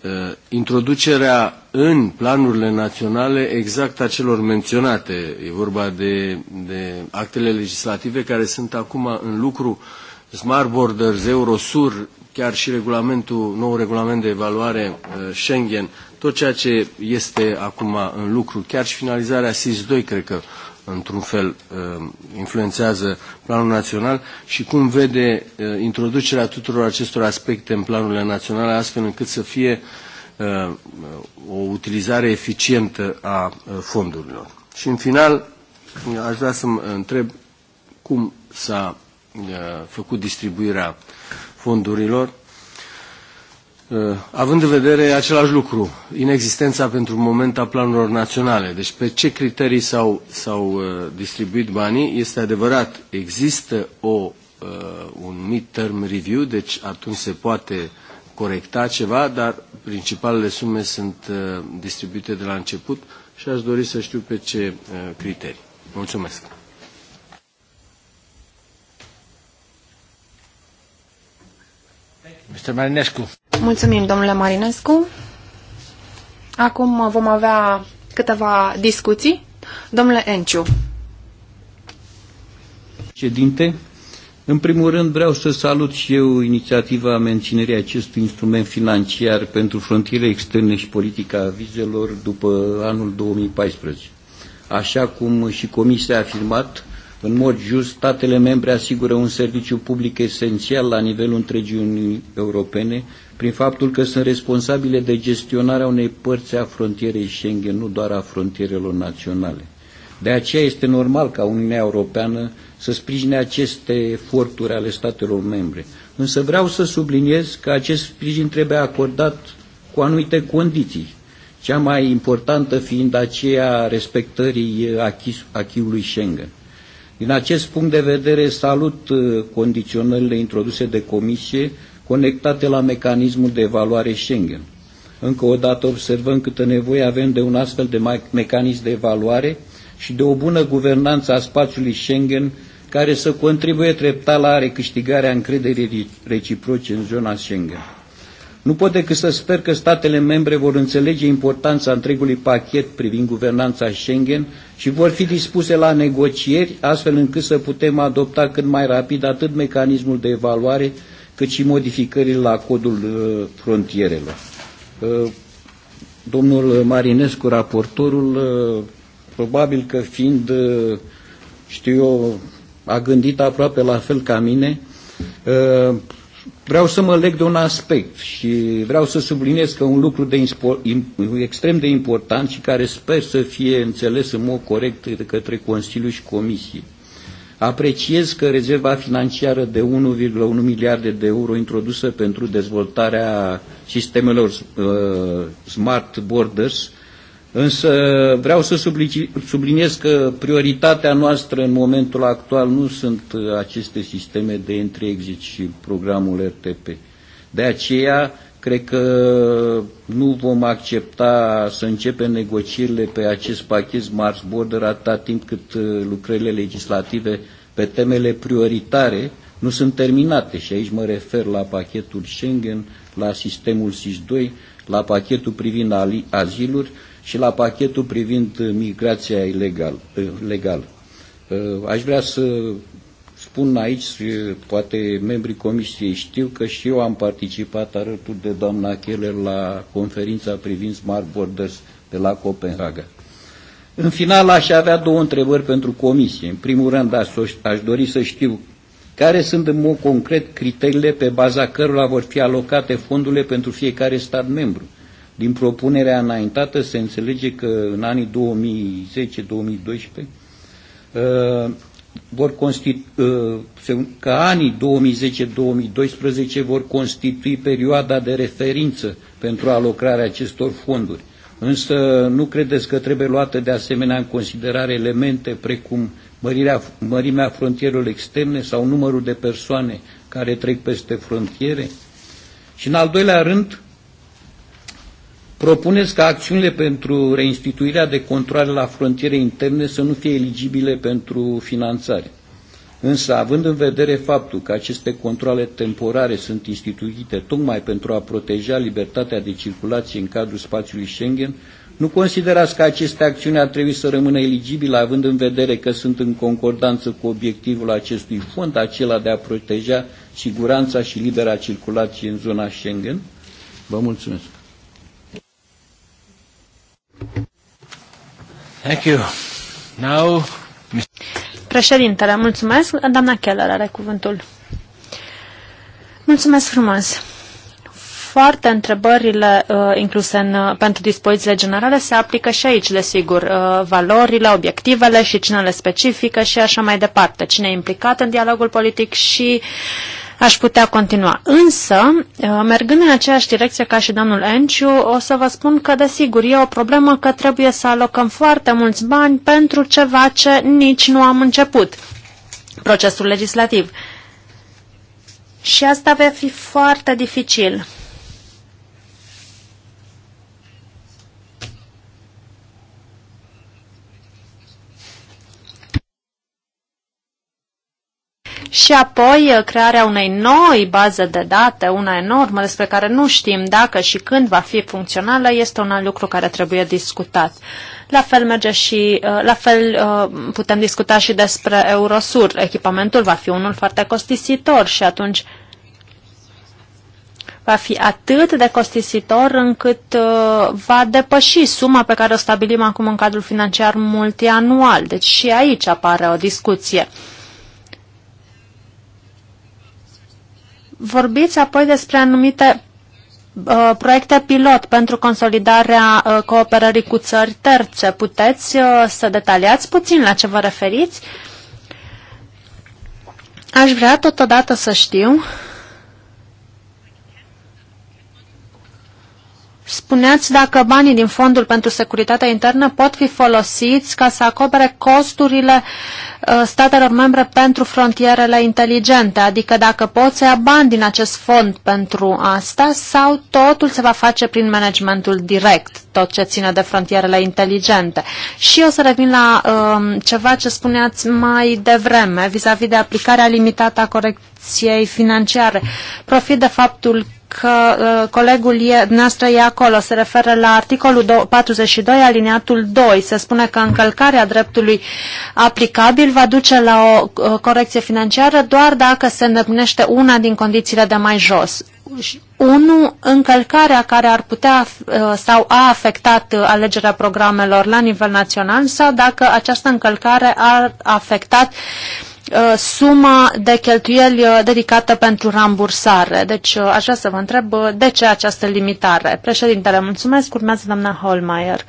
uh, introducerea în planurile naționale exact a celor menționate. E vorba de, de actele legislative care sunt acum în lucru, Smart Borders, Eurosur, chiar și regulamentul, nou regulament de evaluare Schengen, tot ceea ce este acum în lucru, chiar și finalizarea SIS-2, cred că într-un fel uh, influențează planul național și cum vede uh, introducerea tuturor acestor aspecte în planurile naționale astfel încât să fie uh, o utilizare eficientă a fondurilor. Și în final aș vrea să întreb cum s-a făcut distribuirea fondurilor Uh, având în vedere același lucru, inexistența pentru moment a planurilor naționale, deci pe ce criterii s-au, uh, distribuit banii, este adevărat, există o, uh, un mid-term review, deci atunci se poate corecta ceva, dar principalele sume sunt distribuite de la început și aș dori să știu pe ce criterii. Mulțumesc! Mr. Marinescu. Mulțumim, domnule Marinescu. Acum vom avea câteva discuții. Domnule Enciu. Ședinte, în primul rând vreau să salut și eu inițiativa menținerii acestui instrument financiar pentru frontiere externe și politica vizelor după anul 2014. Așa cum și Comisia a afirmat, în mod just, statele membre asigură un serviciu public esențial la nivelul întregii Uniunii Europene, prin faptul că sunt responsabile de gestionarea unei părți a frontierei Schengen, nu doar a frontierelor naționale. De aceea este normal ca Uniunea Europeană să sprijine aceste eforturi ale statelor membre. Însă vreau să subliniez că acest sprijin trebuie acordat cu anumite condiții, cea mai importantă fiind aceea respectării achiului Schengen. Din acest punct de vedere, salut uh, condiționările introduse de Comisie conectate la mecanismul de evaluare Schengen. Încă o dată observăm câtă nevoie avem de un astfel de mecanism de evaluare și de o bună guvernanță a spațiului Schengen care să contribuie treptat la recâștigarea încrederii reciproce în zona Schengen. Nu pot decât să sper că statele membre vor înțelege importanța întregului pachet privind guvernanța Schengen și vor fi dispuse la negocieri, astfel încât să putem adopta cât mai rapid atât mecanismul de evaluare, cât și modificările la codul uh, frontierelor. Uh, domnul Marinescu, raportorul, uh, probabil că fiind, știu eu, a gândit aproape la fel ca mine, vreau să mă leg de un aspect și vreau să subliniez că un lucru de extrem de important și care sper să fie înțeles în mod corect de către Consiliu și Comisie. Apreciez că rezerva financiară de 1,1 miliarde de euro introdusă pentru dezvoltarea sistemelor uh, Smart Borders, însă vreau să subliniez că prioritatea noastră în momentul actual nu sunt aceste sisteme de entry-exit și programul RTP. De aceea, Cred că nu vom accepta să începem negocierile pe acest pachet Smart Border atâta timp cât uh, lucrările legislative pe temele prioritare nu sunt terminate și aici mă refer la pachetul Schengen, la sistemul SIS-2, la pachetul privind aziluri și la pachetul privind uh, migrația ilegală. Uh, aș vrea să Spun aici, poate membrii comisiei știu că și eu am participat alături de doamna Keller la conferința privind Smart Borders de la Copenhaga. În final aș avea două întrebări pentru comisie. În primul rând aș dori să știu care sunt în mod concret criteriile pe baza cărora vor fi alocate fondurile pentru fiecare stat membru. Din propunerea înaintată se înțelege că în anii 2010-2012 vor ă, că anii 2010-2012 vor constitui perioada de referință pentru alocarea acestor fonduri. Însă nu credeți că trebuie luată de asemenea în considerare elemente precum mărirea, mărimea frontierelor externe sau numărul de persoane care trec peste frontiere? Și în al doilea rând, Propuneți ca acțiunile pentru reinstituirea de controle la frontiere interne să nu fie eligibile pentru finanțare. Însă, având în vedere faptul că aceste controle temporare sunt instituite tocmai pentru a proteja libertatea de circulație în cadrul spațiului Schengen, nu considerați că aceste acțiuni ar trebui să rămână eligibile, având în vedere că sunt în concordanță cu obiectivul acestui fond, acela de a proteja siguranța și libera circulație în zona Schengen? Vă mulțumesc. Thank you. Now... Președintele, mulțumesc. Doamna Keller are cuvântul. Mulțumesc frumos foarte întrebările uh, incluse în, uh, pentru dispozițiile generale se aplică și aici, desigur, uh, valorile, obiectivele și cine le specifică și așa mai departe, cine e implicat în dialogul politic și uh, Aș putea continua. Însă, uh, mergând în aceeași direcție ca și domnul Enciu, o să vă spun că, desigur, e o problemă că trebuie să alocăm foarte mulți bani pentru ceva ce nici nu am început, procesul legislativ. Și asta va fi foarte dificil. și apoi uh, crearea unei noi baze de date, una enormă, despre care nu știm dacă și când va fi funcțională, este un alt lucru care trebuie discutat. La fel, merge și, uh, la fel uh, putem discuta și despre Eurosur. Echipamentul va fi unul foarte costisitor și atunci va fi atât de costisitor încât va depăși suma pe care o stabilim acum în cadrul financiar multianual. Deci și aici apare o discuție. Vorbiți apoi despre anumite uh, proiecte pilot pentru consolidarea uh, cooperării cu țări terțe. Puteți uh, să detaliați puțin la ce vă referiți? Aș vrea totodată să știu uh, Spuneți dacă banii din Fondul pentru Securitatea Internă pot fi folosiți ca să acopere costurile uh, statelor membre pentru frontierele inteligente, adică dacă pot să ia bani din acest fond pentru asta sau totul se va face prin managementul direct, tot ce ține de frontierele inteligente. Și o să revin la uh, ceva ce spuneați mai devreme vis-a-vis -vis de aplicarea limitată a corecției financiare. Profit de faptul că uh, colegul e, noastră e acolo, se referă la articolul 42, alineatul 2. Se spune că încălcarea dreptului aplicabil va duce la o uh, corecție financiară doar dacă se îndeplinește una din condițiile de mai jos. 1. Încălcarea care ar putea uh, sau a afectat uh, alegerea programelor la nivel național sau dacă această încălcare ar afectat uh, Uh, suma de cheltuieli uh, dedicată pentru rambursare. Deci uh, aș vrea să vă întreb de ce această limitare. Președintele, mulțumesc. Urmează doamna Holmeier.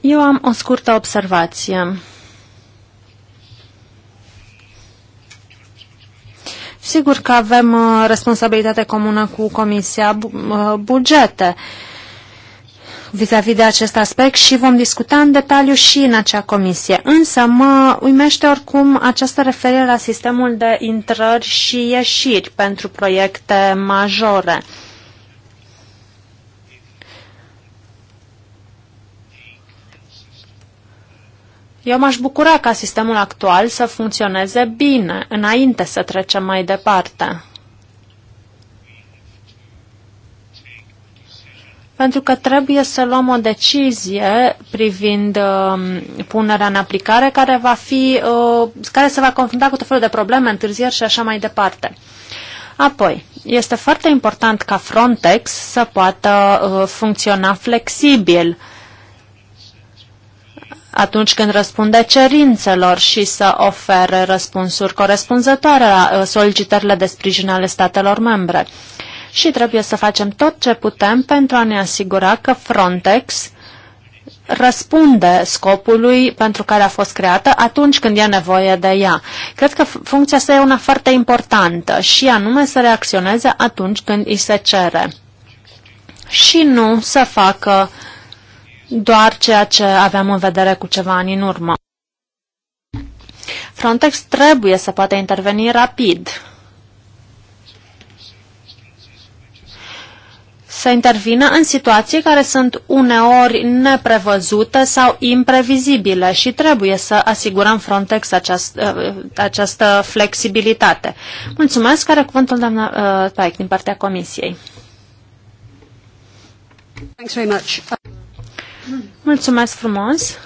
Eu am o scurtă observație. Sigur că avem responsabilitate comună cu Comisia Bugete. Uh, vis-a-vis -vis de acest aspect și vom discuta în detaliu și în acea comisie. Însă mă uimește oricum această referire la sistemul de intrări și ieșiri pentru proiecte majore. Eu m-aș bucura ca sistemul actual să funcționeze bine, înainte să trecem mai departe. pentru că trebuie să luăm o decizie privind uh, punerea în aplicare care, va fi, uh, care se va confrunta cu tot felul de probleme, întârzieri și așa mai departe. Apoi, este foarte important ca Frontex să poată uh, funcționa flexibil atunci când răspunde cerințelor și să ofere răspunsuri corespunzătoare la uh, solicitările de sprijin ale statelor membre. Uh, și trebuie să facem tot ce putem pentru a ne asigura că Frontex răspunde scopului pentru care a fost creată atunci când e nevoie de ea. Cred că funcția asta e una foarte importantă și anume să reacționeze atunci când îi se cere și nu să facă doar ceea ce aveam în vedere cu ceva ani în urmă. Frontex trebuie să poată interveni rapid să intervină în situații care sunt uneori neprevăzute sau imprevizibile și trebuie să asigurăm Frontex această, această flexibilitate. Mulțumesc, care cuvântul doamna ă, Taic din partea Comisiei. Mulțumesc frumos.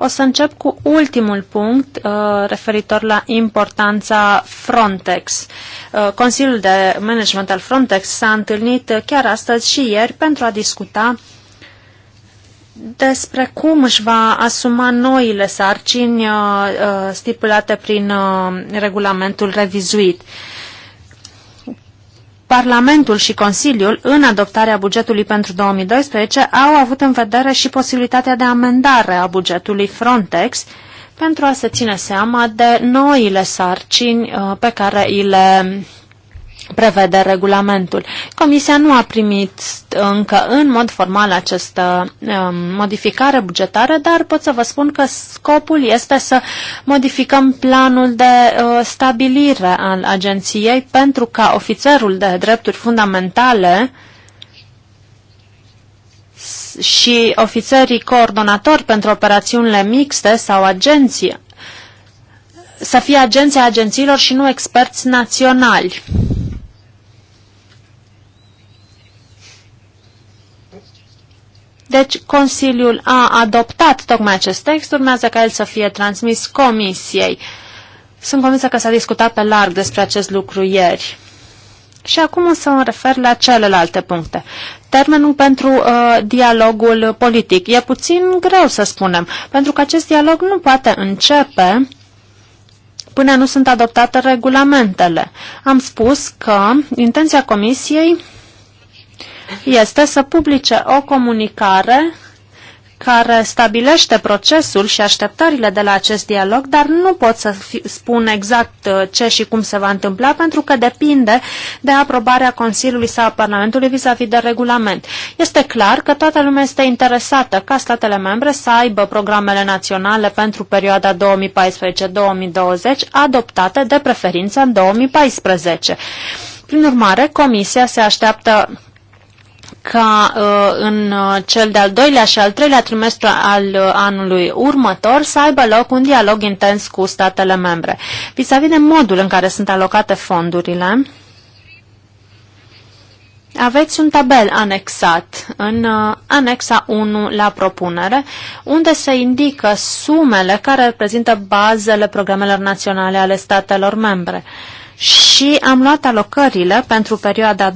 O să încep cu ultimul punct uh, referitor la importanța Frontex. Uh, Consiliul de Management al Frontex s-a întâlnit chiar astăzi și ieri pentru a discuta despre cum își va asuma noile sarcini uh, stipulate prin regulamentul revizuit. Parlamentul și Consiliul, în adoptarea bugetului pentru 2012, au avut în vedere și posibilitatea de amendare a bugetului Frontex pentru a se ține seama de noile sarcini uh, pe care îi le prevede regulamentul. Comisia nu a primit încă în mod formal această um, modificare bugetară, dar pot să vă spun că scopul este să modificăm planul de uh, stabilire al agenției pentru ca ofițerul de drepturi fundamentale și ofițerii coordonatori pentru operațiunile mixte sau agenții să fie agenții agențiilor și nu experți naționali. Deci, Consiliul a adoptat tocmai acest text, urmează ca el să fie transmis Comisiei. Sunt convinsă că s-a discutat pe larg despre acest lucru ieri. Și acum să mă refer la celelalte puncte. Termenul pentru uh, dialogul politic e puțin greu să spunem, pentru că acest dialog nu poate începe până nu sunt adoptate regulamentele. Am spus că intenția Comisiei este să publice o comunicare care stabilește procesul și așteptările de la acest dialog, dar nu pot să spun exact uh, ce și cum se va întâmpla, pentru că depinde de aprobarea Consiliului sau a Parlamentului vis-a-vis -vis de regulament. Este clar că toată lumea este interesată ca statele membre să aibă programele naționale pentru perioada 2014-2020 adoptate de preferință în 2014. Prin urmare, Comisia se așteaptă ca uh, în uh, cel de-al doilea și al treilea trimestru al uh, anului următor să aibă loc un dialog intens cu statele membre. Vis-a-vis de modul în care sunt alocate fondurile, aveți un tabel anexat în anexa 1 la propunere, unde se indică sumele care reprezintă bazele programelor naționale ale statelor membre. Uh, și am luat alocările pentru perioada 2010-2012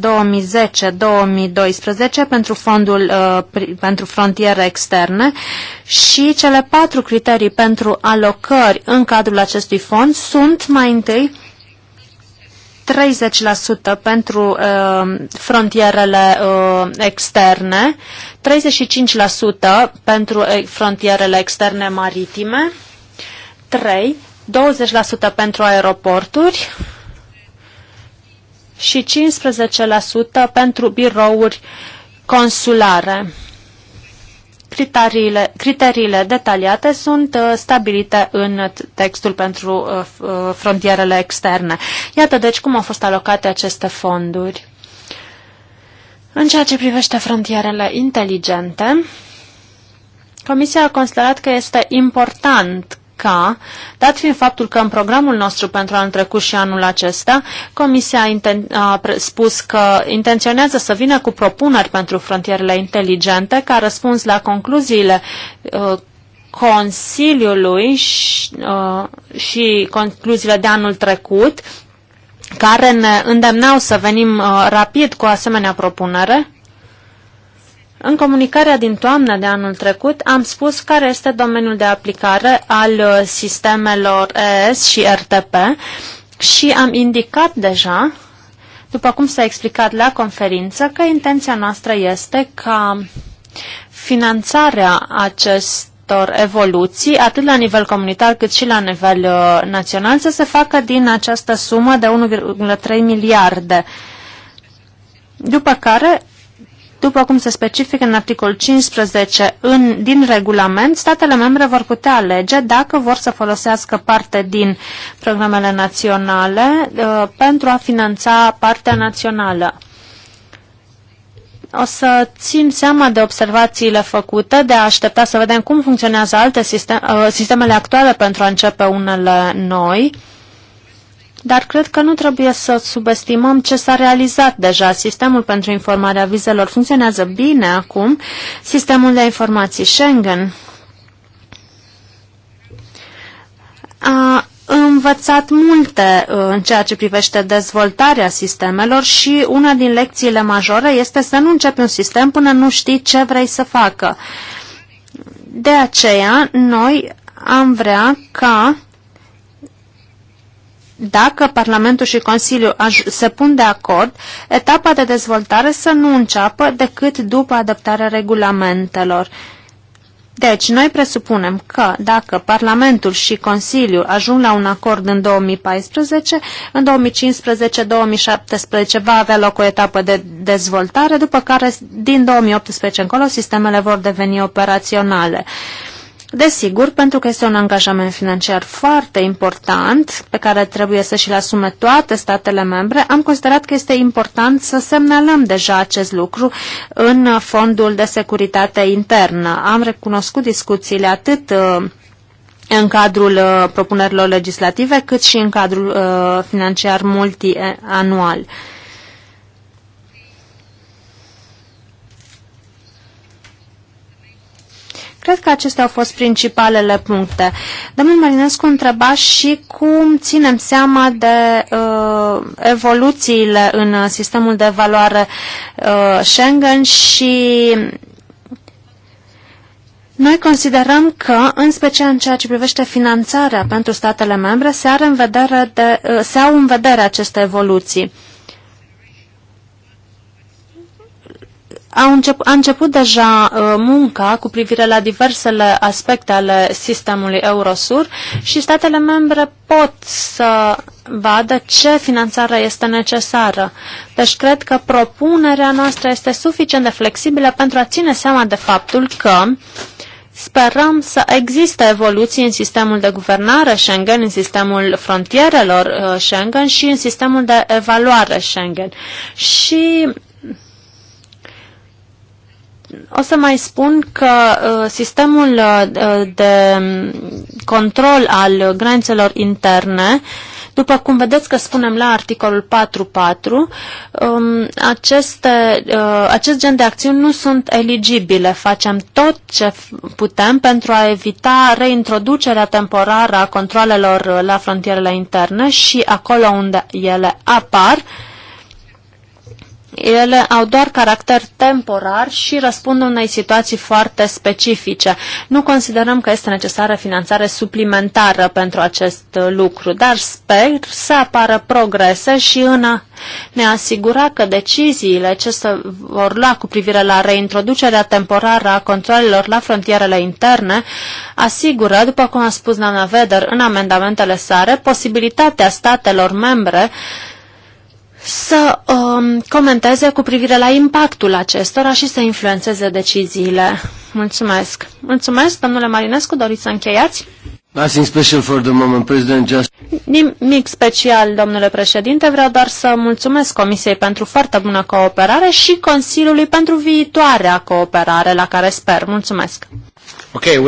pentru fondul uh, pentru frontiere externe și cele patru criterii pentru alocări în cadrul acestui fond sunt mai întâi 30% pentru uh, frontierele uh, externe, 35% pentru uh, frontierele externe maritime, 3, 20% pentru aeroporturi, și 15% pentru birouri consulare. Criteriile, criteriile detaliate sunt uh, stabilite în textul pentru uh, uh, frontierele externe. Iată deci cum au fost alocate aceste fonduri. În ceea ce privește frontierele inteligente, Comisia a considerat că este important ca, dat fiind faptul că în programul nostru pentru anul trecut și anul acesta, Comisia a, a spus că intenționează să vină cu propuneri pentru frontierele inteligente ca răspuns la concluziile uh, Consiliului și, uh, și concluziile de anul trecut, care ne îndemnau să venim uh, rapid cu asemenea propunere. În comunicarea din toamna de anul trecut am spus care este domeniul de aplicare al uh, sistemelor ES și RTP și am indicat deja, după cum s-a explicat la conferință, că intenția noastră este ca finanțarea acestor evoluții, atât la nivel comunitar cât și la nivel uh, național, să se facă din această sumă de 1,3 miliarde. După care după cum se specifică în articol 15 în, din regulament, statele membre vor putea alege dacă vor să folosească parte din programele naționale uh, pentru a finanța partea națională. O să țin seama de observațiile făcute, de a aștepta să vedem cum funcționează alte sistem, uh, sistemele actuale pentru a începe unele noi. Uh, dar cred că nu trebuie să subestimăm ce s-a realizat deja. Sistemul pentru informarea vizelor funcționează bine acum, sistemul de informații Schengen a învățat multe uh, în ceea ce privește dezvoltarea sistemelor și una din lecțiile majore este să nu începi un sistem până nu știi ce vrei să facă. De aceea, noi am vrea ca dacă Parlamentul și Consiliul se pun de acord, etapa de dezvoltare să nu înceapă decât după adaptarea regulamentelor. Deci, noi presupunem că dacă Parlamentul și Consiliul ajung la un acord în 2014, în 2015-2017 va avea loc o etapă de dezvoltare, după care din 2018 încolo sistemele vor deveni operaționale. Uh, Desigur, pentru că este un angajament financiar foarte important, pe care trebuie să și-l asume toate statele membre, am considerat că este important să semnalăm deja acest lucru în fondul de securitate internă. Am recunoscut discuțiile atât uh, în cadrul uh, propunerilor legislative, cât și în cadrul uh, financiar multianual. Cred că acestea au fost principalele puncte. Domnul Marinescu întreba și cum ținem seama de uh, evoluțiile în sistemul de valoare uh, Schengen și noi considerăm că, în special în ceea ce privește finanțarea pentru statele membre, se, are în vedere de, uh, se au în vedere aceste evoluții. a început, a început deja uh, munca cu privire la diversele aspecte ale sistemului Eurosur și statele membre pot să vadă ce finanțare este necesară. Deci cred că propunerea noastră este suficient de flexibilă pentru a ține seama de faptul că sperăm să existe evoluții în sistemul de guvernare Schengen, în sistemul frontierelor uh, Schengen și în sistemul de evaluare Schengen. Și o să mai spun că uh, sistemul uh, de control al granițelor interne, după cum vedeți că spunem la articolul 4.4, um, aceste, uh, acest gen de acțiuni nu sunt eligibile. Facem tot ce putem pentru a evita reintroducerea temporară a controlelor la frontierele interne și acolo unde ele apar, ele au doar caracter temporar și răspund unei situații foarte specifice. Nu considerăm că este necesară finanțare suplimentară pentru acest lucru, dar sper să apară progrese și în a ne asigura că deciziile ce se vor lua cu privire la reintroducerea temporară a controlelor la frontierele interne asigură, după cum a spus doamna Veder în amendamentele sare, posibilitatea statelor membre să um, comenteze cu privire la impactul acestora și să influențeze deciziile. Mulțumesc. Mulțumesc, domnule Marinescu, doriți să încheiați? Nothing special for the moment, President, just... Nimic special, domnule președinte, vreau doar să mulțumesc Comisiei pentru foarte bună cooperare și Consiliului pentru viitoarea cooperare la care sper. Mulțumesc. Ok, we,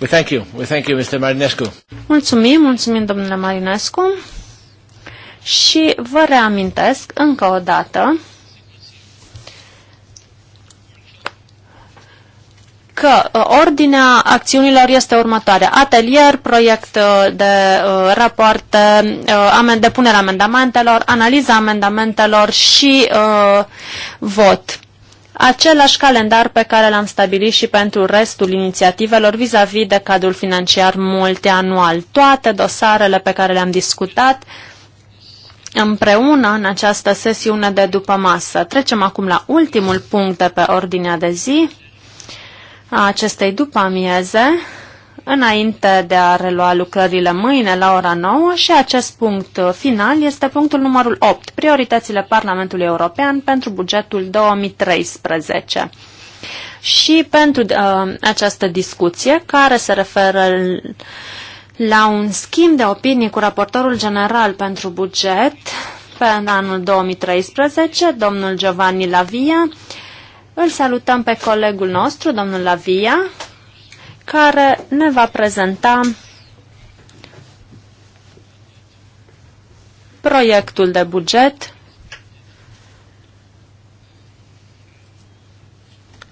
we thank you. We thank you, Mr. Marinescu. Mulțumim, mulțumim, domnule Marinescu și vă reamintesc încă o dată că uh, ordinea acțiunilor este următoarea. Atelier, proiect uh, de uh, rapoarte, uh, depunerea amendamentelor, analiza amendamentelor și uh, vot. Același calendar pe care l-am stabilit și pentru restul inițiativelor vis-a-vis -vis de cadrul financiar multianual. Toate dosarele pe care le-am discutat uh, împreună în această sesiune de după masă. Trecem acum la ultimul punct de pe ordinea de zi a acestei după amieze, înainte de a relua lucrările mâine la ora 9 și acest punct final este punctul numărul 8, prioritățile Parlamentului European pentru bugetul 2013. Și pentru uh, această discuție care se referă la un schimb de opinii cu raportorul general pentru buget pe anul 2013, domnul Giovanni Lavia. Îl salutăm pe colegul nostru, domnul Lavia, care ne va prezenta proiectul de buget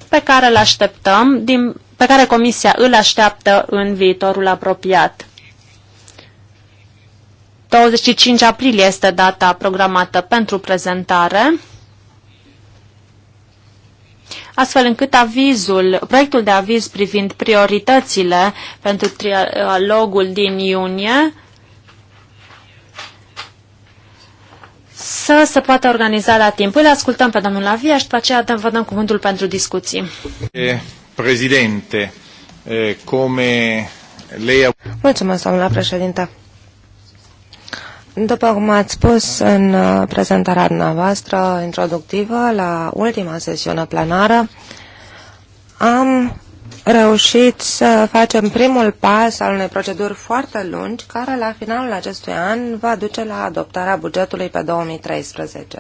pe care îl așteptăm, din, pe care Comisia îl așteaptă în viitorul apropiat. 25 aprilie este data programată pentru prezentare, astfel încât avizul, proiectul de aviz privind prioritățile pentru trialogul din iunie să se poată organiza la timp. Îl ascultăm pe domnul Avia și după aceea vă dăm cuvântul pentru discuții. Președinte, come lei... Mulțumesc, doamna președinte. După cum ați spus în uh, prezentarea dumneavoastră introductivă la ultima sesiune plenară, am reușit să facem primul pas al unei proceduri foarte lungi, care la finalul acestui an va duce la adoptarea bugetului pe 2013.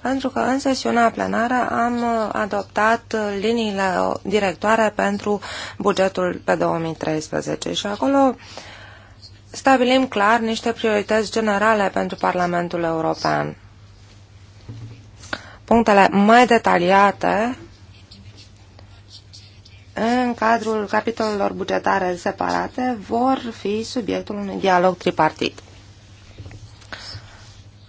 Pentru că în sesiunea plenară am uh, adoptat uh, liniile directoare pentru bugetul pe 2013 și acolo uh, stabilim clar niște priorități generale pentru Parlamentul European. Punctele mai detaliate în cadrul capitolelor bugetare separate vor fi subiectul unui dialog tripartit.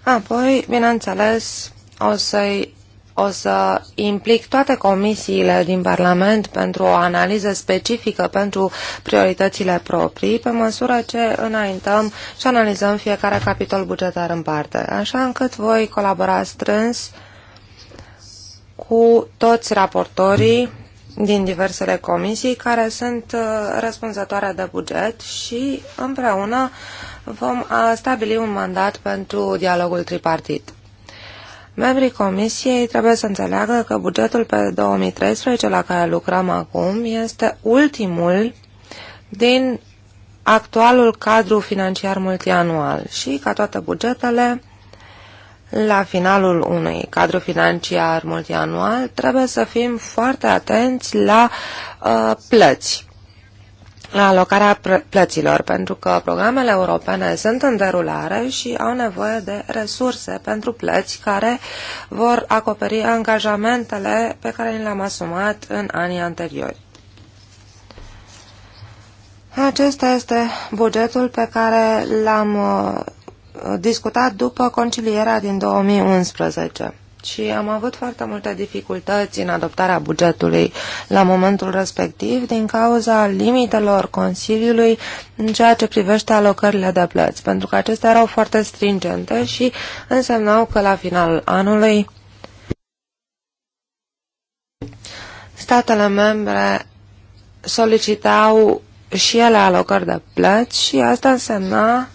Apoi, bineînțeles, o să-i o să implic toate comisiile din Parlament pentru o analiză specifică pentru prioritățile proprii, pe măsură ce înaintăm și analizăm fiecare capitol bugetar în parte, așa încât voi colabora strâns cu toți raportorii din diversele comisii care sunt uh, răspunzătoare de buget și împreună vom uh, stabili un mandat pentru dialogul tripartit. Membrii Comisiei trebuie să înțeleagă că bugetul pe 2013 la care lucrăm acum este ultimul din actualul cadru financiar multianual și, ca toate bugetele, la finalul unui cadru financiar multianual trebuie să fim foarte atenți la uh, plăți la alocarea plăților, pentru că programele europene sunt în derulare și au nevoie de resurse pentru plăți care vor acoperi angajamentele pe care ni le-am asumat în anii anteriori. Acesta este bugetul pe care l-am uh, discutat după concilierea din 2011 și am avut foarte multe dificultăți în adoptarea bugetului la momentul respectiv din cauza limitelor Consiliului în ceea ce privește alocările de plăți, pentru că acestea erau foarte stringente și însemnau că la finalul anului statele membre solicitau și ele alocări de plăți și asta însemna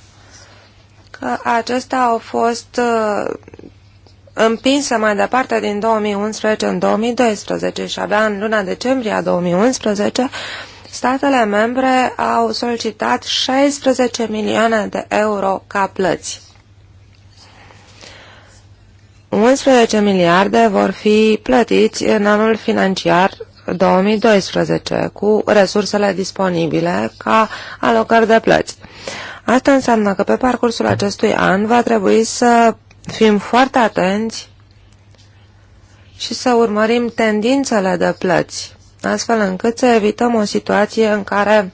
că acestea au fost împinsă mai departe din 2011 în 2012 și abia în luna decembrie a 2011 statele membre au solicitat 16 milioane de euro ca plăți. 11 miliarde vor fi plătiți în anul financiar 2012 cu resursele disponibile ca alocări de plăți. Asta înseamnă că pe parcursul acestui an va trebui să fim foarte atenți și să urmărim tendințele de plăți, astfel încât să evităm o situație în care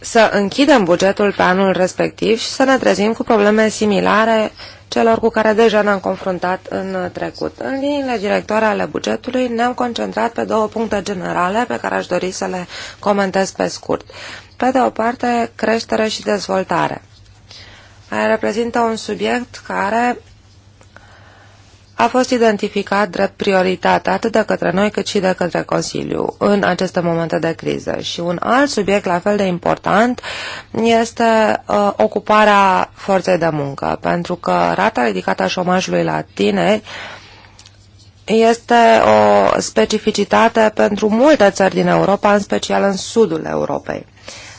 să închidem bugetul pe anul respectiv și să ne trezim cu probleme similare celor cu care deja ne-am confruntat în trecut. În liniile directoare ale bugetului ne-am concentrat pe două puncte generale pe care aș dori să le comentez pe scurt. Pe de o parte, creștere și dezvoltare reprezintă un subiect care a fost identificat drept prioritate atât de către noi cât și de către Consiliu în aceste momente de criză. Și un alt subiect la fel de important este uh, ocuparea forței de muncă, pentru că rata ridicată a șomajului la tineri este o specificitate pentru multe țări din Europa, în special în sudul Europei.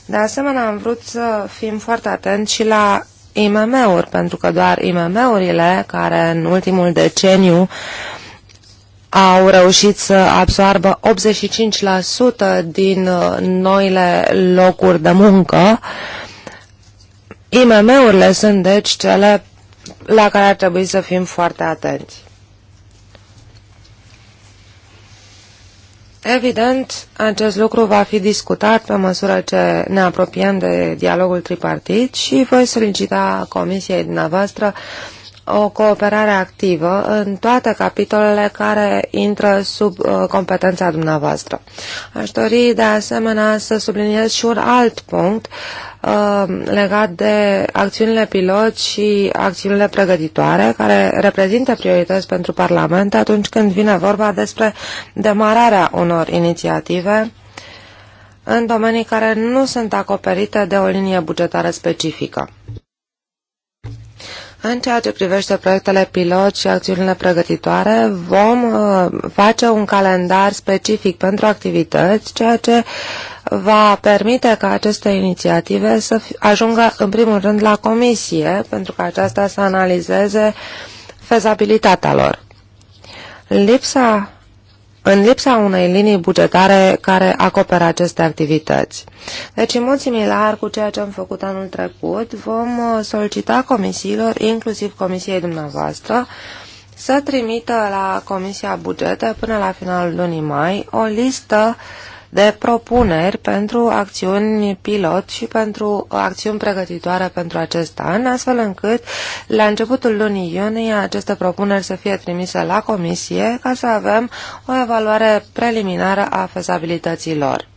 De asemenea, am vrut să fim foarte atenți și la IMM-uri, pentru că doar IMM-urile care în ultimul deceniu au reușit să absoarbă 85% din uh, noile locuri de muncă. IMM-urile sunt deci cele la care ar trebui să fim foarte atenți. Evident, acest lucru va fi discutat pe măsură ce ne apropiem de dialogul tripartit și voi solicita Comisiei dumneavoastră o cooperare activă în toate capitolele care intră sub uh, competența dumneavoastră. Aș dori de asemenea să subliniez și un alt punct Uh, legat de acțiunile pilot și acțiunile pregătitoare, care reprezintă priorități pentru Parlament atunci când vine vorba despre demararea unor inițiative în domenii care nu sunt acoperite de o linie bugetară specifică. În ceea ce privește proiectele pilot și acțiunile pregătitoare, vom uh, face un calendar specific pentru activități, ceea ce va permite ca aceste inițiative să ajungă în primul rând la comisie, pentru că aceasta să analizeze fezabilitatea lor. Lipsa în lipsa unei linii bugetare care acoperă aceste activități. Deci, în mod similar cu ceea ce am făcut anul trecut, vom uh, solicita comisiilor, inclusiv comisiei dumneavoastră, să trimită la Comisia Bugete până la finalul lunii mai o listă uh, de propuneri pentru acțiuni pilot și pentru acțiuni pregătitoare pentru acest an, astfel încât la începutul lunii iunie aceste propuneri să fie trimise la comisie ca să avem o evaluare preliminară a fezabilității lor.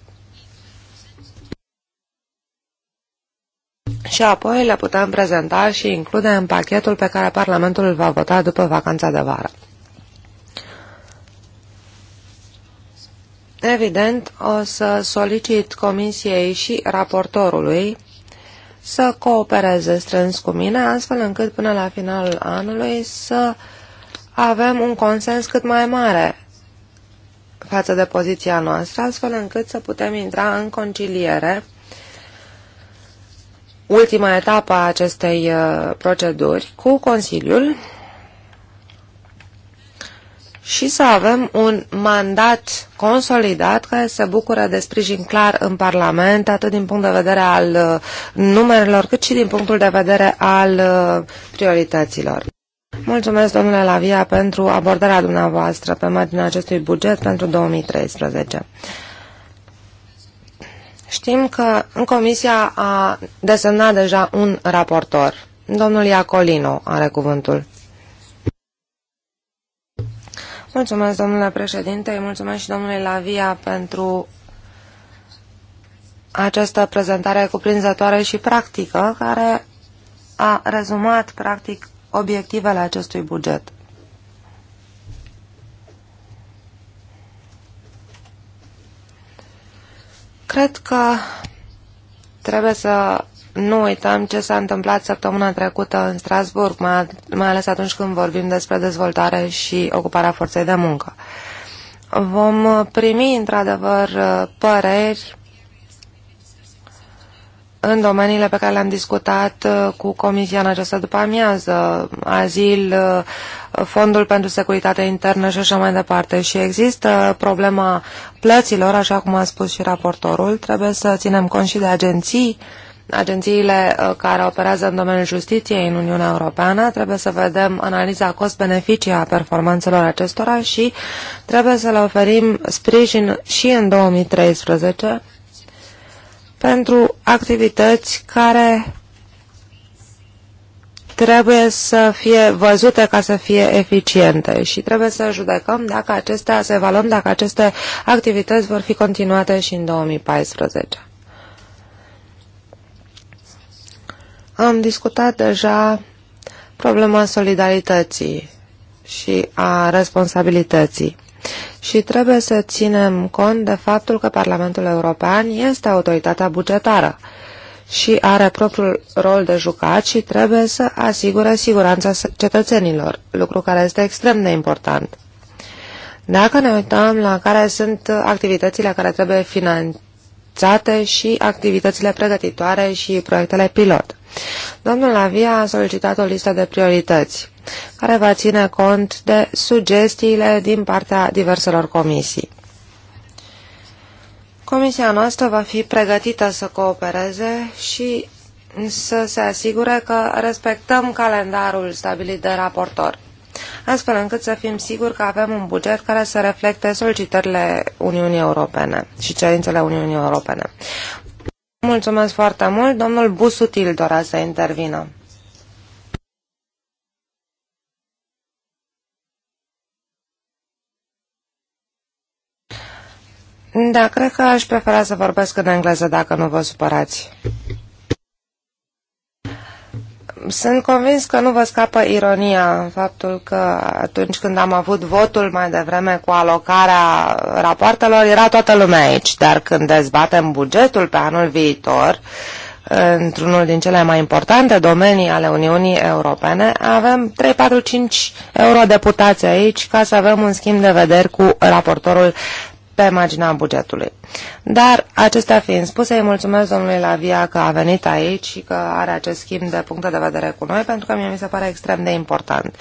și apoi le putem prezenta și include în pachetul pe care Parlamentul îl va vota după vacanța de vară. Evident, o să solicit Comisiei și raportorului să coopereze strâns cu mine, astfel încât până la finalul anului să avem un consens cât mai mare față de poziția noastră, astfel încât să putem intra în conciliere ultima etapă a acestei uh, proceduri cu Consiliul și să avem un mandat consolidat care se bucură de sprijin clar în Parlament, atât din punct de vedere al uh, numerelor, cât și din punctul de vedere al uh, priorităților. Mulțumesc, domnule Lavia, pentru abordarea dumneavoastră pe marginea acestui buget pentru 2013. Știm că în Comisia a desemnat deja un raportor. Domnul Iacolino are cuvântul. Mulțumesc, domnule președinte, mulțumesc și domnului Lavia pentru această prezentare cuprinzătoare și practică, care a rezumat, practic, obiectivele acestui buget. Cred că trebuie să nu uităm ce s-a întâmplat săptămâna trecută în Strasburg, mai ales atunci când vorbim despre dezvoltare și ocuparea forței de muncă. Vom uh, primi, într-adevăr, uh, păreri în domeniile pe care le-am discutat uh, cu Comisia în această după-amiază, azil, fondul pentru securitate internă și așa mai departe. Și există problema plăților, așa cum a spus și raportorul, trebuie să ținem cont și de agenții uh, agențiile uh, care operează în domeniul justiției în Uniunea Europeană. Trebuie să vedem analiza cost-beneficii a performanțelor acestora și trebuie să le oferim sprijin și în 2013 pentru activități care trebuie să fie văzute ca să fie eficiente și trebuie să judecăm dacă acestea, să evaluăm dacă aceste activități vor fi continuate și în 2014. Am discutat deja problema solidarității și a responsabilității. Și trebuie să ținem cont de faptul că Parlamentul European este autoritatea bugetară și are propriul rol de jucat și trebuie să asigure siguranța cetățenilor, lucru care este extrem de important. Dacă ne uităm la care sunt activitățile care trebuie finanțate și activitățile pregătitoare și proiectele pilot. Domnul Lavia a solicitat o listă de priorități, care va ține cont de sugestiile din partea diverselor comisii. Comisia noastră va fi pregătită să coopereze și să se asigure că respectăm calendarul stabilit de raportor, astfel încât să fim siguri că avem un buget care să reflecte solicitările Uniunii Europene și cerințele Uniunii Europene. Mulțumesc foarte mult. Domnul Busutil dorea să intervină. Da, cred că aș prefera să vorbesc în engleză dacă nu vă supărați. Sunt convins că nu vă scapă ironia în faptul că atunci când am avut votul mai devreme cu alocarea rapoartelor, era toată lumea aici, dar când dezbatem bugetul pe anul viitor, într-unul din cele mai importante domenii ale Uniunii Europene, avem 3, 4, 5 eurodeputați aici ca să avem un schimb de vederi cu raportorul pe marginea bugetului. Dar, acestea fiind spuse, îi mulțumesc domnului Lavia că a venit aici și că are acest schimb de puncte de vedere cu noi, pentru că mie mi se pare extrem de important.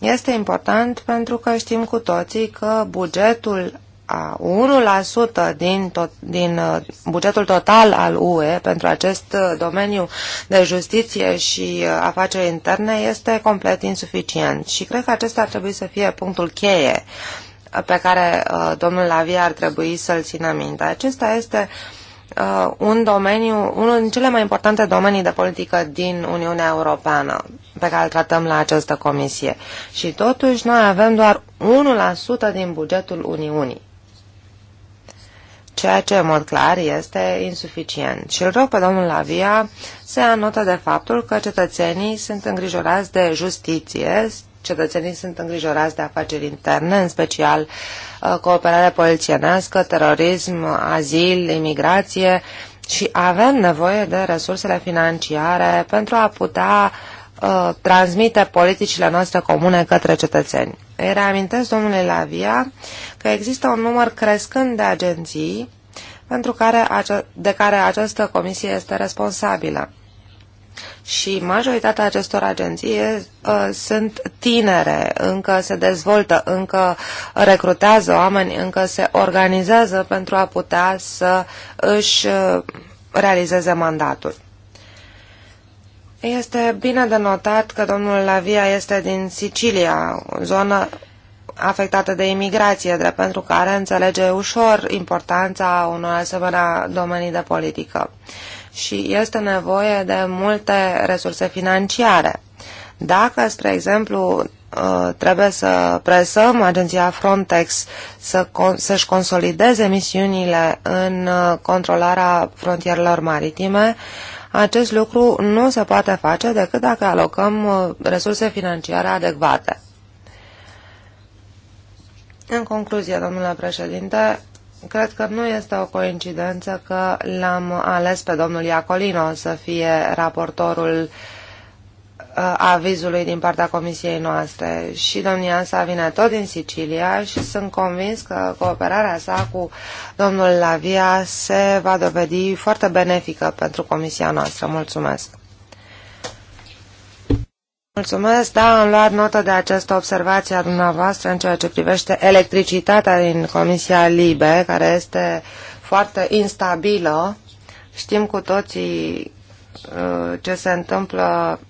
Este important pentru că știm cu toții că bugetul a 1% din, tot, din uh, bugetul total al UE pentru acest uh, domeniu de justiție și uh, afaceri interne este complet insuficient și cred că acesta ar trebui să fie punctul cheie uh, pe care uh, domnul Lavia ar trebui să-l țină minte. Acesta este uh, un domeniu, unul din cele mai importante domenii de politică din Uniunea Europeană pe care îl tratăm la această comisie. Și totuși noi avem doar 1% din bugetul Uniunii ceea ce, în mod clar, este insuficient. Și îl rog pe domnul Lavia să ia notă de faptul că cetățenii sunt îngrijorați de justiție, cetățenii sunt îngrijorați de afaceri interne, în special uh, cooperare polițienească, terorism, azil, imigrație și avem nevoie de resursele financiare pentru a putea uh, transmite politicile noastre comune către cetățeni. Îi reamintesc, domnule Lavia, că există un număr crescând de agenții pentru care, de care această comisie este responsabilă și majoritatea acestor agenții uh, sunt tinere, încă se dezvoltă, încă recrutează oameni, încă se organizează pentru a putea să își ă, realizeze mandatul. Este bine de notat că domnul Lavia este din Sicilia, o zonă afectată de imigrație, drept pentru care înțelege ușor importanța unor asemenea domenii de politică. Uh, și este nevoie de multe resurse financiare. Dacă, spre exemplu, uh, trebuie să presăm agenția Frontex să și consolideze misiunile în uh, controlarea frontierelor maritime, acest lucru nu se poate face decât dacă alocăm uh, resurse financiare adecvate. În concluzie, domnule președinte, Cred că nu este o coincidență că l-am ales pe domnul Iacolino să fie raportorul uh, avizului din partea comisiei noastre și domnia sa vine tot din Sicilia și sunt convins că cooperarea sa cu domnul Lavia se va dovedi foarte benefică pentru comisia noastră. Mulțumesc! Mulțumesc, da, am luat notă de această observație a dumneavoastră în ceea ce privește electricitatea din Comisia Libe, care este foarte instabilă. Știm cu toții uh, ce se întâmplă,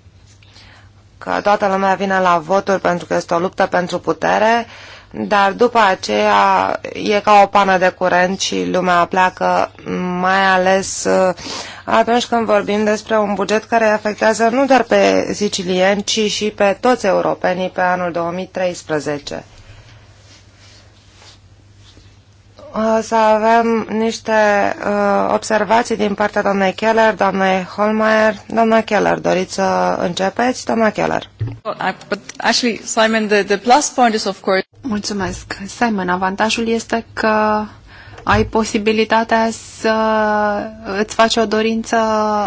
că toată lumea vine la voturi pentru că este o luptă pentru putere dar după aceea e ca o pană de curent și lumea pleacă, mai ales uh, atunci când vorbim despre un buget care afectează nu doar pe sicilieni, ci și pe toți europenii pe anul 2013. să avem niște uh, observații din partea doamnei Keller, doamnei Holmeier. Doamna Keller, doriți să începeți? Doamna Keller. But actually, Simon, the, the plus point is of course... Mulțumesc. Simon, avantajul este că ai posibilitatea să îți faci o dorință,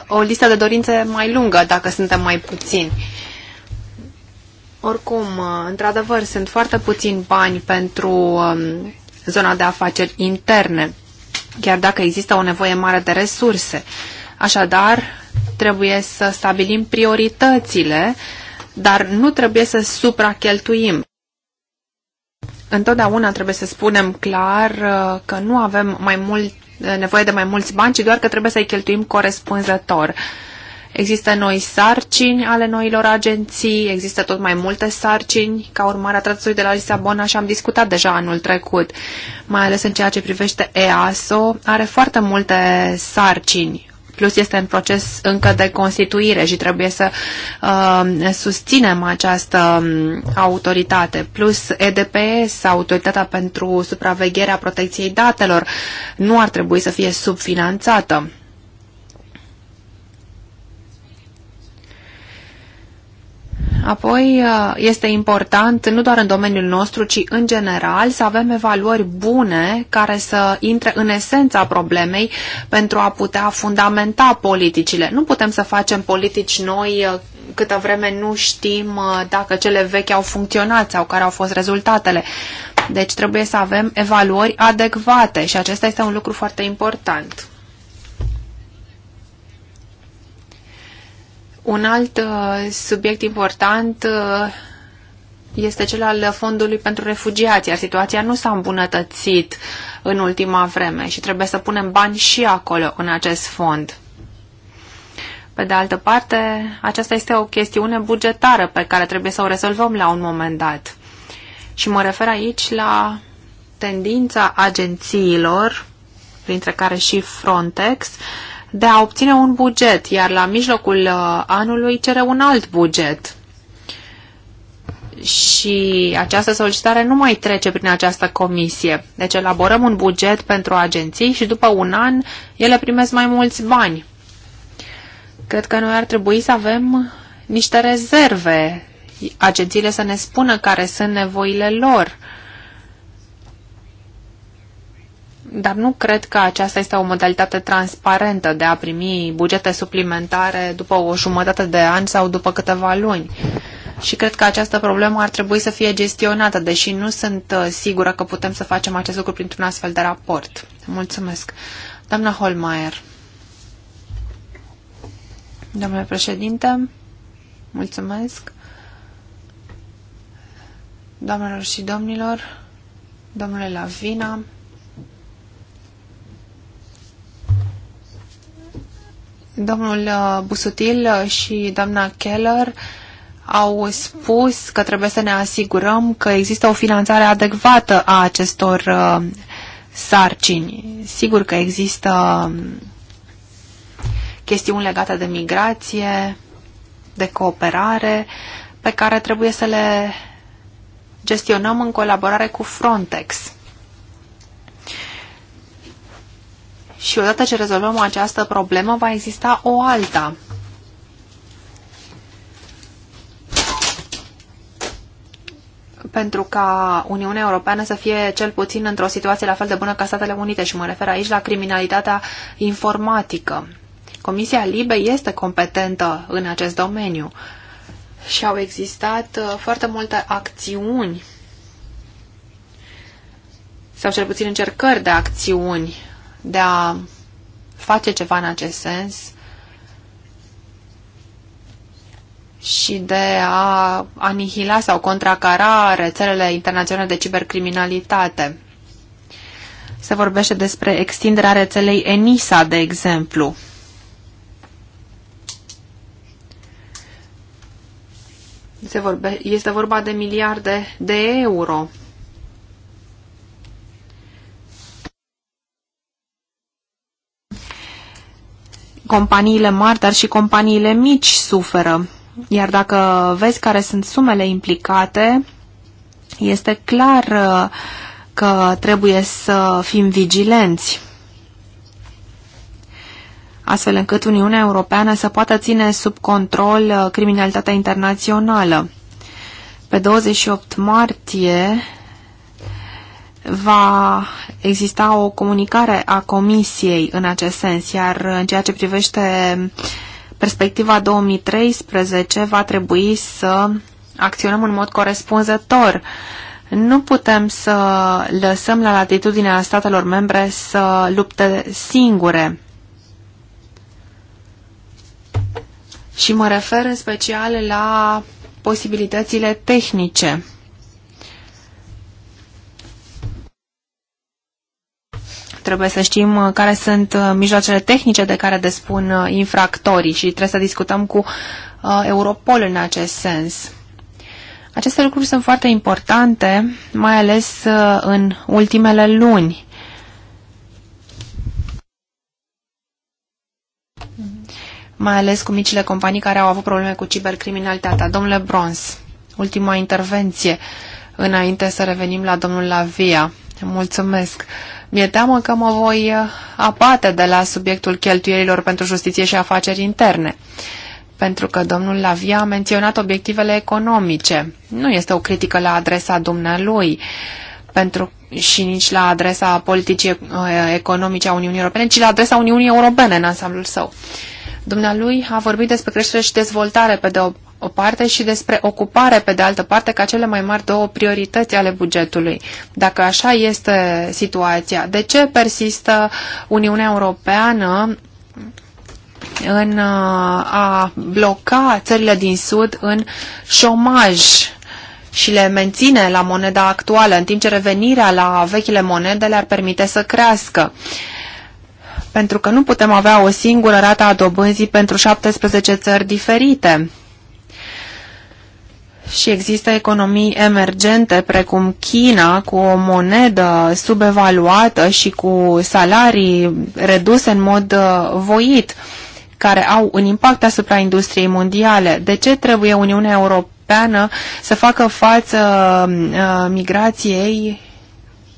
o listă de dorințe mai lungă dacă suntem mai puțini. Oricum, uh, într-adevăr, sunt foarte puțini bani pentru um, zona de afaceri interne, chiar dacă există o nevoie mare de resurse. Așadar, trebuie să stabilim prioritățile, dar nu trebuie să supracheltuim. Întotdeauna trebuie să spunem clar uh, că nu avem mai mult, nevoie de mai mulți bani, ci doar că trebuie să-i cheltuim corespunzător. Există noi sarcini ale noilor agenții, există tot mai multe sarcini ca urmare a tratatului de la Lisabona și am discutat deja anul trecut, mai ales în ceea ce privește EASO, are foarte multe sarcini plus este în proces încă de constituire și trebuie să uh, susținem această um, autoritate. Plus EDPS, Autoritatea pentru Supravegherea Protecției Datelor, nu ar trebui să fie subfinanțată. Apoi uh, este important, nu doar în domeniul nostru, ci în general, să avem evaluări bune care să intre în esența problemei pentru a putea fundamenta politicile. Nu putem să facem politici noi uh, câtă vreme nu știm uh, dacă cele vechi au funcționat sau care au fost rezultatele. Deci trebuie să avem evaluări adecvate și acesta este un lucru foarte important. Un alt uh, subiect important uh, este cel al fondului pentru refugiați, iar situația nu s-a îmbunătățit în ultima vreme și trebuie să punem bani și acolo, în acest fond. Pe de altă parte, aceasta este o chestiune bugetară pe care trebuie să o rezolvăm la un moment dat. Și mă refer aici la tendința agențiilor, printre care și Frontex, de a obține un buget, iar la mijlocul uh, anului cere un alt buget. Și această solicitare nu mai trece prin această comisie. Deci elaborăm un buget pentru agenții și după un an ele primesc mai mulți bani. Cred că noi ar trebui să avem niște rezerve, agențiile să ne spună care sunt nevoile lor dar nu cred că aceasta este o modalitate transparentă de a primi bugete suplimentare după o jumătate de ani sau după câteva luni. Și cred că această problemă ar trebui să fie gestionată, deși nu sunt uh, sigură că putem să facem acest lucru printr-un astfel de raport. Mulțumesc. Doamna Holmeier. Domnule președinte, mulțumesc. Doamnelor și domnilor, domnule Lavina, Domnul uh, Busutil și doamna Keller au spus că trebuie să ne asigurăm că există o finanțare adecvată a acestor uh, sarcini. Sigur că există um, chestiuni legate de migrație, de cooperare, pe care trebuie să le gestionăm în colaborare cu Frontex. Și odată ce rezolvăm această problemă, va exista o alta. pentru ca Uniunea Europeană să fie cel puțin într-o situație la fel de bună ca Statele Unite și mă refer aici la criminalitatea informatică. Comisia Libe este competentă în acest domeniu și au existat uh, foarte multe acțiuni sau cel puțin încercări de acțiuni de a face ceva în acest sens și de a anihila sau contracara rețelele internaționale de cibercriminalitate. Se vorbește despre extinderea rețelei ENISA, de exemplu. Se vorbe, este vorba de miliarde de euro companiile mari, dar și companiile mici suferă. Iar dacă vezi care sunt sumele implicate, este clar uh, că trebuie să fim vigilenți astfel încât Uniunea Europeană să poată ține sub control uh, criminalitatea internațională. Pe 28 martie va exista o comunicare a Comisiei în acest sens, iar în ceea ce privește perspectiva 2013 va trebui să acționăm în mod corespunzător. Nu putem să lăsăm la latitudinea statelor membre să lupte singure. Și mă refer în special la posibilitățile tehnice. Trebuie să știm uh, care sunt uh, mijloacele tehnice de care despun uh, infractorii și trebuie să discutăm cu Europol în acest sens. Aceste lucruri sunt foarte importante, mai ales în ultimele luni. mai ales cu micile companii care au avut probleme cu cibercriminalitatea. Domnule Brons, ultima intervenție înainte să revenim la domnul Lavia. Mulțumesc. Mi-e teamă că mă voi uh, apate de la subiectul cheltuielilor pentru justiție și afaceri interne, pentru că domnul Lavia a menționat obiectivele economice. Nu este o critică la adresa dumnealui pentru, și nici la adresa politicii uh, economice a Uniunii Europene, ci la adresa Uniunii Europene în ansamblul său. Dumnealui a vorbit despre creștere și dezvoltare pe de o o parte și despre ocupare pe de altă parte ca cele mai mari două priorități ale bugetului. Dacă așa este situația, de ce persistă Uniunea Europeană în uh, a bloca țările din Sud în șomaj și le menține la moneda actuală, în timp ce revenirea la vechile monede le-ar permite să crească pentru că nu putem avea o singură rată a dobânzii pentru 17 țări diferite și există economii emergente precum China cu o monedă subevaluată și cu salarii reduse în mod uh, voit care au un impact asupra industriei mondiale. De ce trebuie Uniunea Europeană să facă față uh, migrației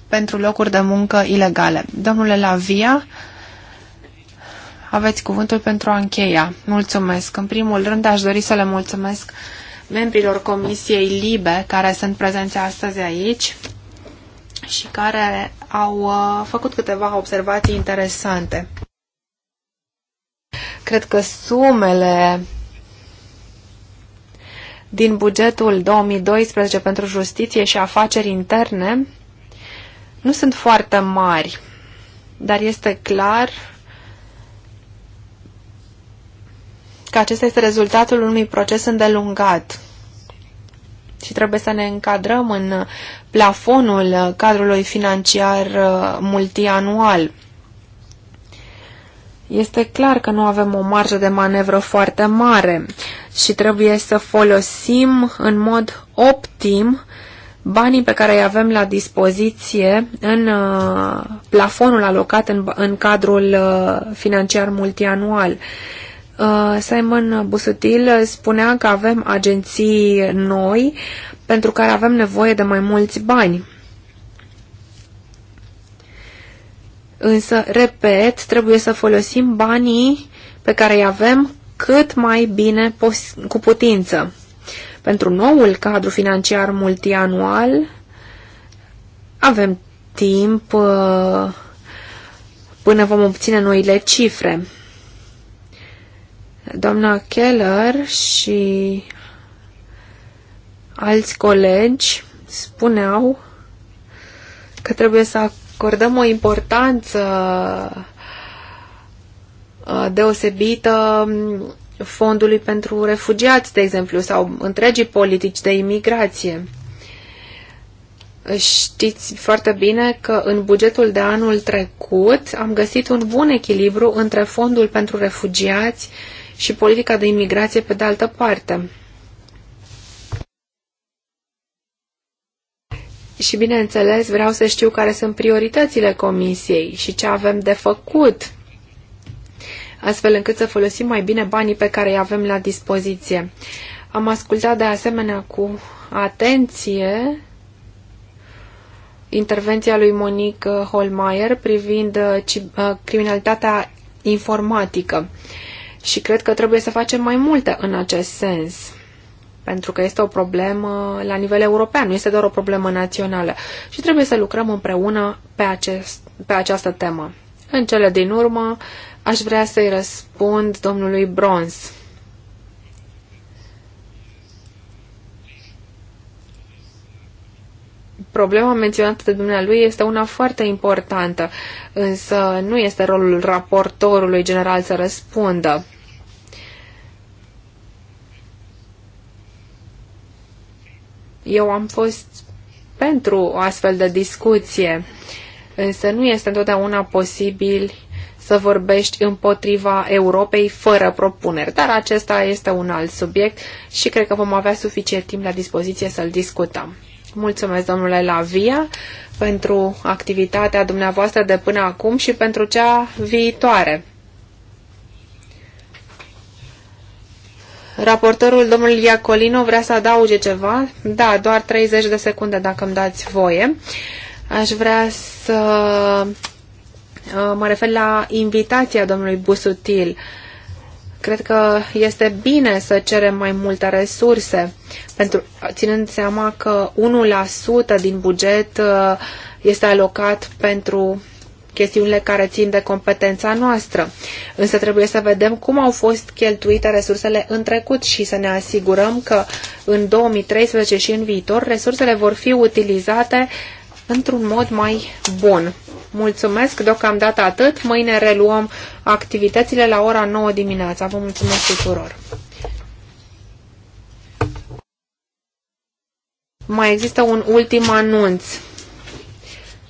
pentru locuri de muncă ilegale? Domnule Lavia, aveți cuvântul pentru a încheia. Mulțumesc. În primul rând aș dori să le mulțumesc membrilor Comisiei Libe care sunt prezenți astăzi aici și care au uh, făcut câteva observații interesante. Cred că sumele din bugetul 2012 pentru justiție și afaceri interne nu sunt foarte mari, dar este clar că acesta este rezultatul unui proces îndelungat și trebuie să ne încadrăm în plafonul cadrului financiar uh, multianual. Este clar că nu avem o marjă de manevră foarte mare și trebuie să folosim în mod optim banii pe care îi avem la dispoziție în uh, plafonul alocat în, în cadrul uh, financiar multianual. Uh, Simon Busutil spunea că avem agenții noi pentru care avem nevoie de mai mulți bani. Însă, repet, trebuie să folosim banii pe care îi avem cât mai bine cu putință. Pentru noul cadru financiar multianual avem timp uh, până vom obține noile cifre. Doamna Keller și alți colegi spuneau că trebuie să acordăm o importanță uh, deosebită um, fondului pentru refugiați, de exemplu, sau întregii politici de imigrație. Știți foarte bine că în bugetul de anul trecut am găsit un bun echilibru între fondul pentru refugiați și politica de imigrație pe de altă parte. Și bineînțeles, vreau să știu care sunt prioritățile comisiei și ce avem de făcut, astfel încât să folosim mai bine banii pe care îi avem la dispoziție. Am ascultat de asemenea cu atenție intervenția lui Monique Holmeier privind uh, uh, criminalitatea informatică. Și cred că trebuie să facem mai multe în acest sens. Pentru că este o problemă la nivel european, nu este doar o problemă națională. Și trebuie să lucrăm împreună pe, acest, pe această temă. În cele din urmă, aș vrea să-i răspund domnului Bronz. Problema menționată de dumnealui este una foarte importantă, însă nu este rolul raportorului general să răspundă. Eu am fost pentru o astfel de discuție, însă nu este întotdeauna posibil să vorbești împotriva Europei fără propuneri. Dar acesta este un alt subiect și cred că vom avea suficient timp la dispoziție să-l discutăm. Mulțumesc, domnule Lavia, pentru activitatea dumneavoastră de până acum și pentru cea viitoare. Raportorul, domnul Iacolino, vrea să adauge ceva? Da, doar 30 de secunde, dacă îmi dați voie. Aș vrea să uh, mă refer la invitația domnului Busutil. Cred că este bine să cerem mai multe resurse, pentru, ținând seama că 1% din buget uh, este alocat pentru chestiunile care țin de competența noastră. Însă trebuie să vedem cum au fost cheltuite resursele în trecut și să ne asigurăm că în 2013 și în viitor resursele vor fi utilizate într-un mod mai bun. Mulțumesc deocamdată atât. Mâine reluăm activitățile la ora 9 dimineața. Vă mulțumesc tuturor! Mai există un ultim anunț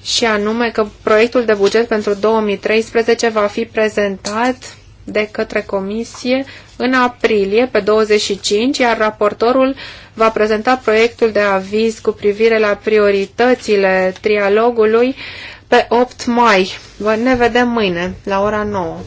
și anume că proiectul de buget pentru 2013 va fi prezentat de către comisie în aprilie, pe 25, iar raportorul va prezenta proiectul de aviz cu privire la prioritățile trialogului pe 8 mai. ne vedem mâine, la ora 9.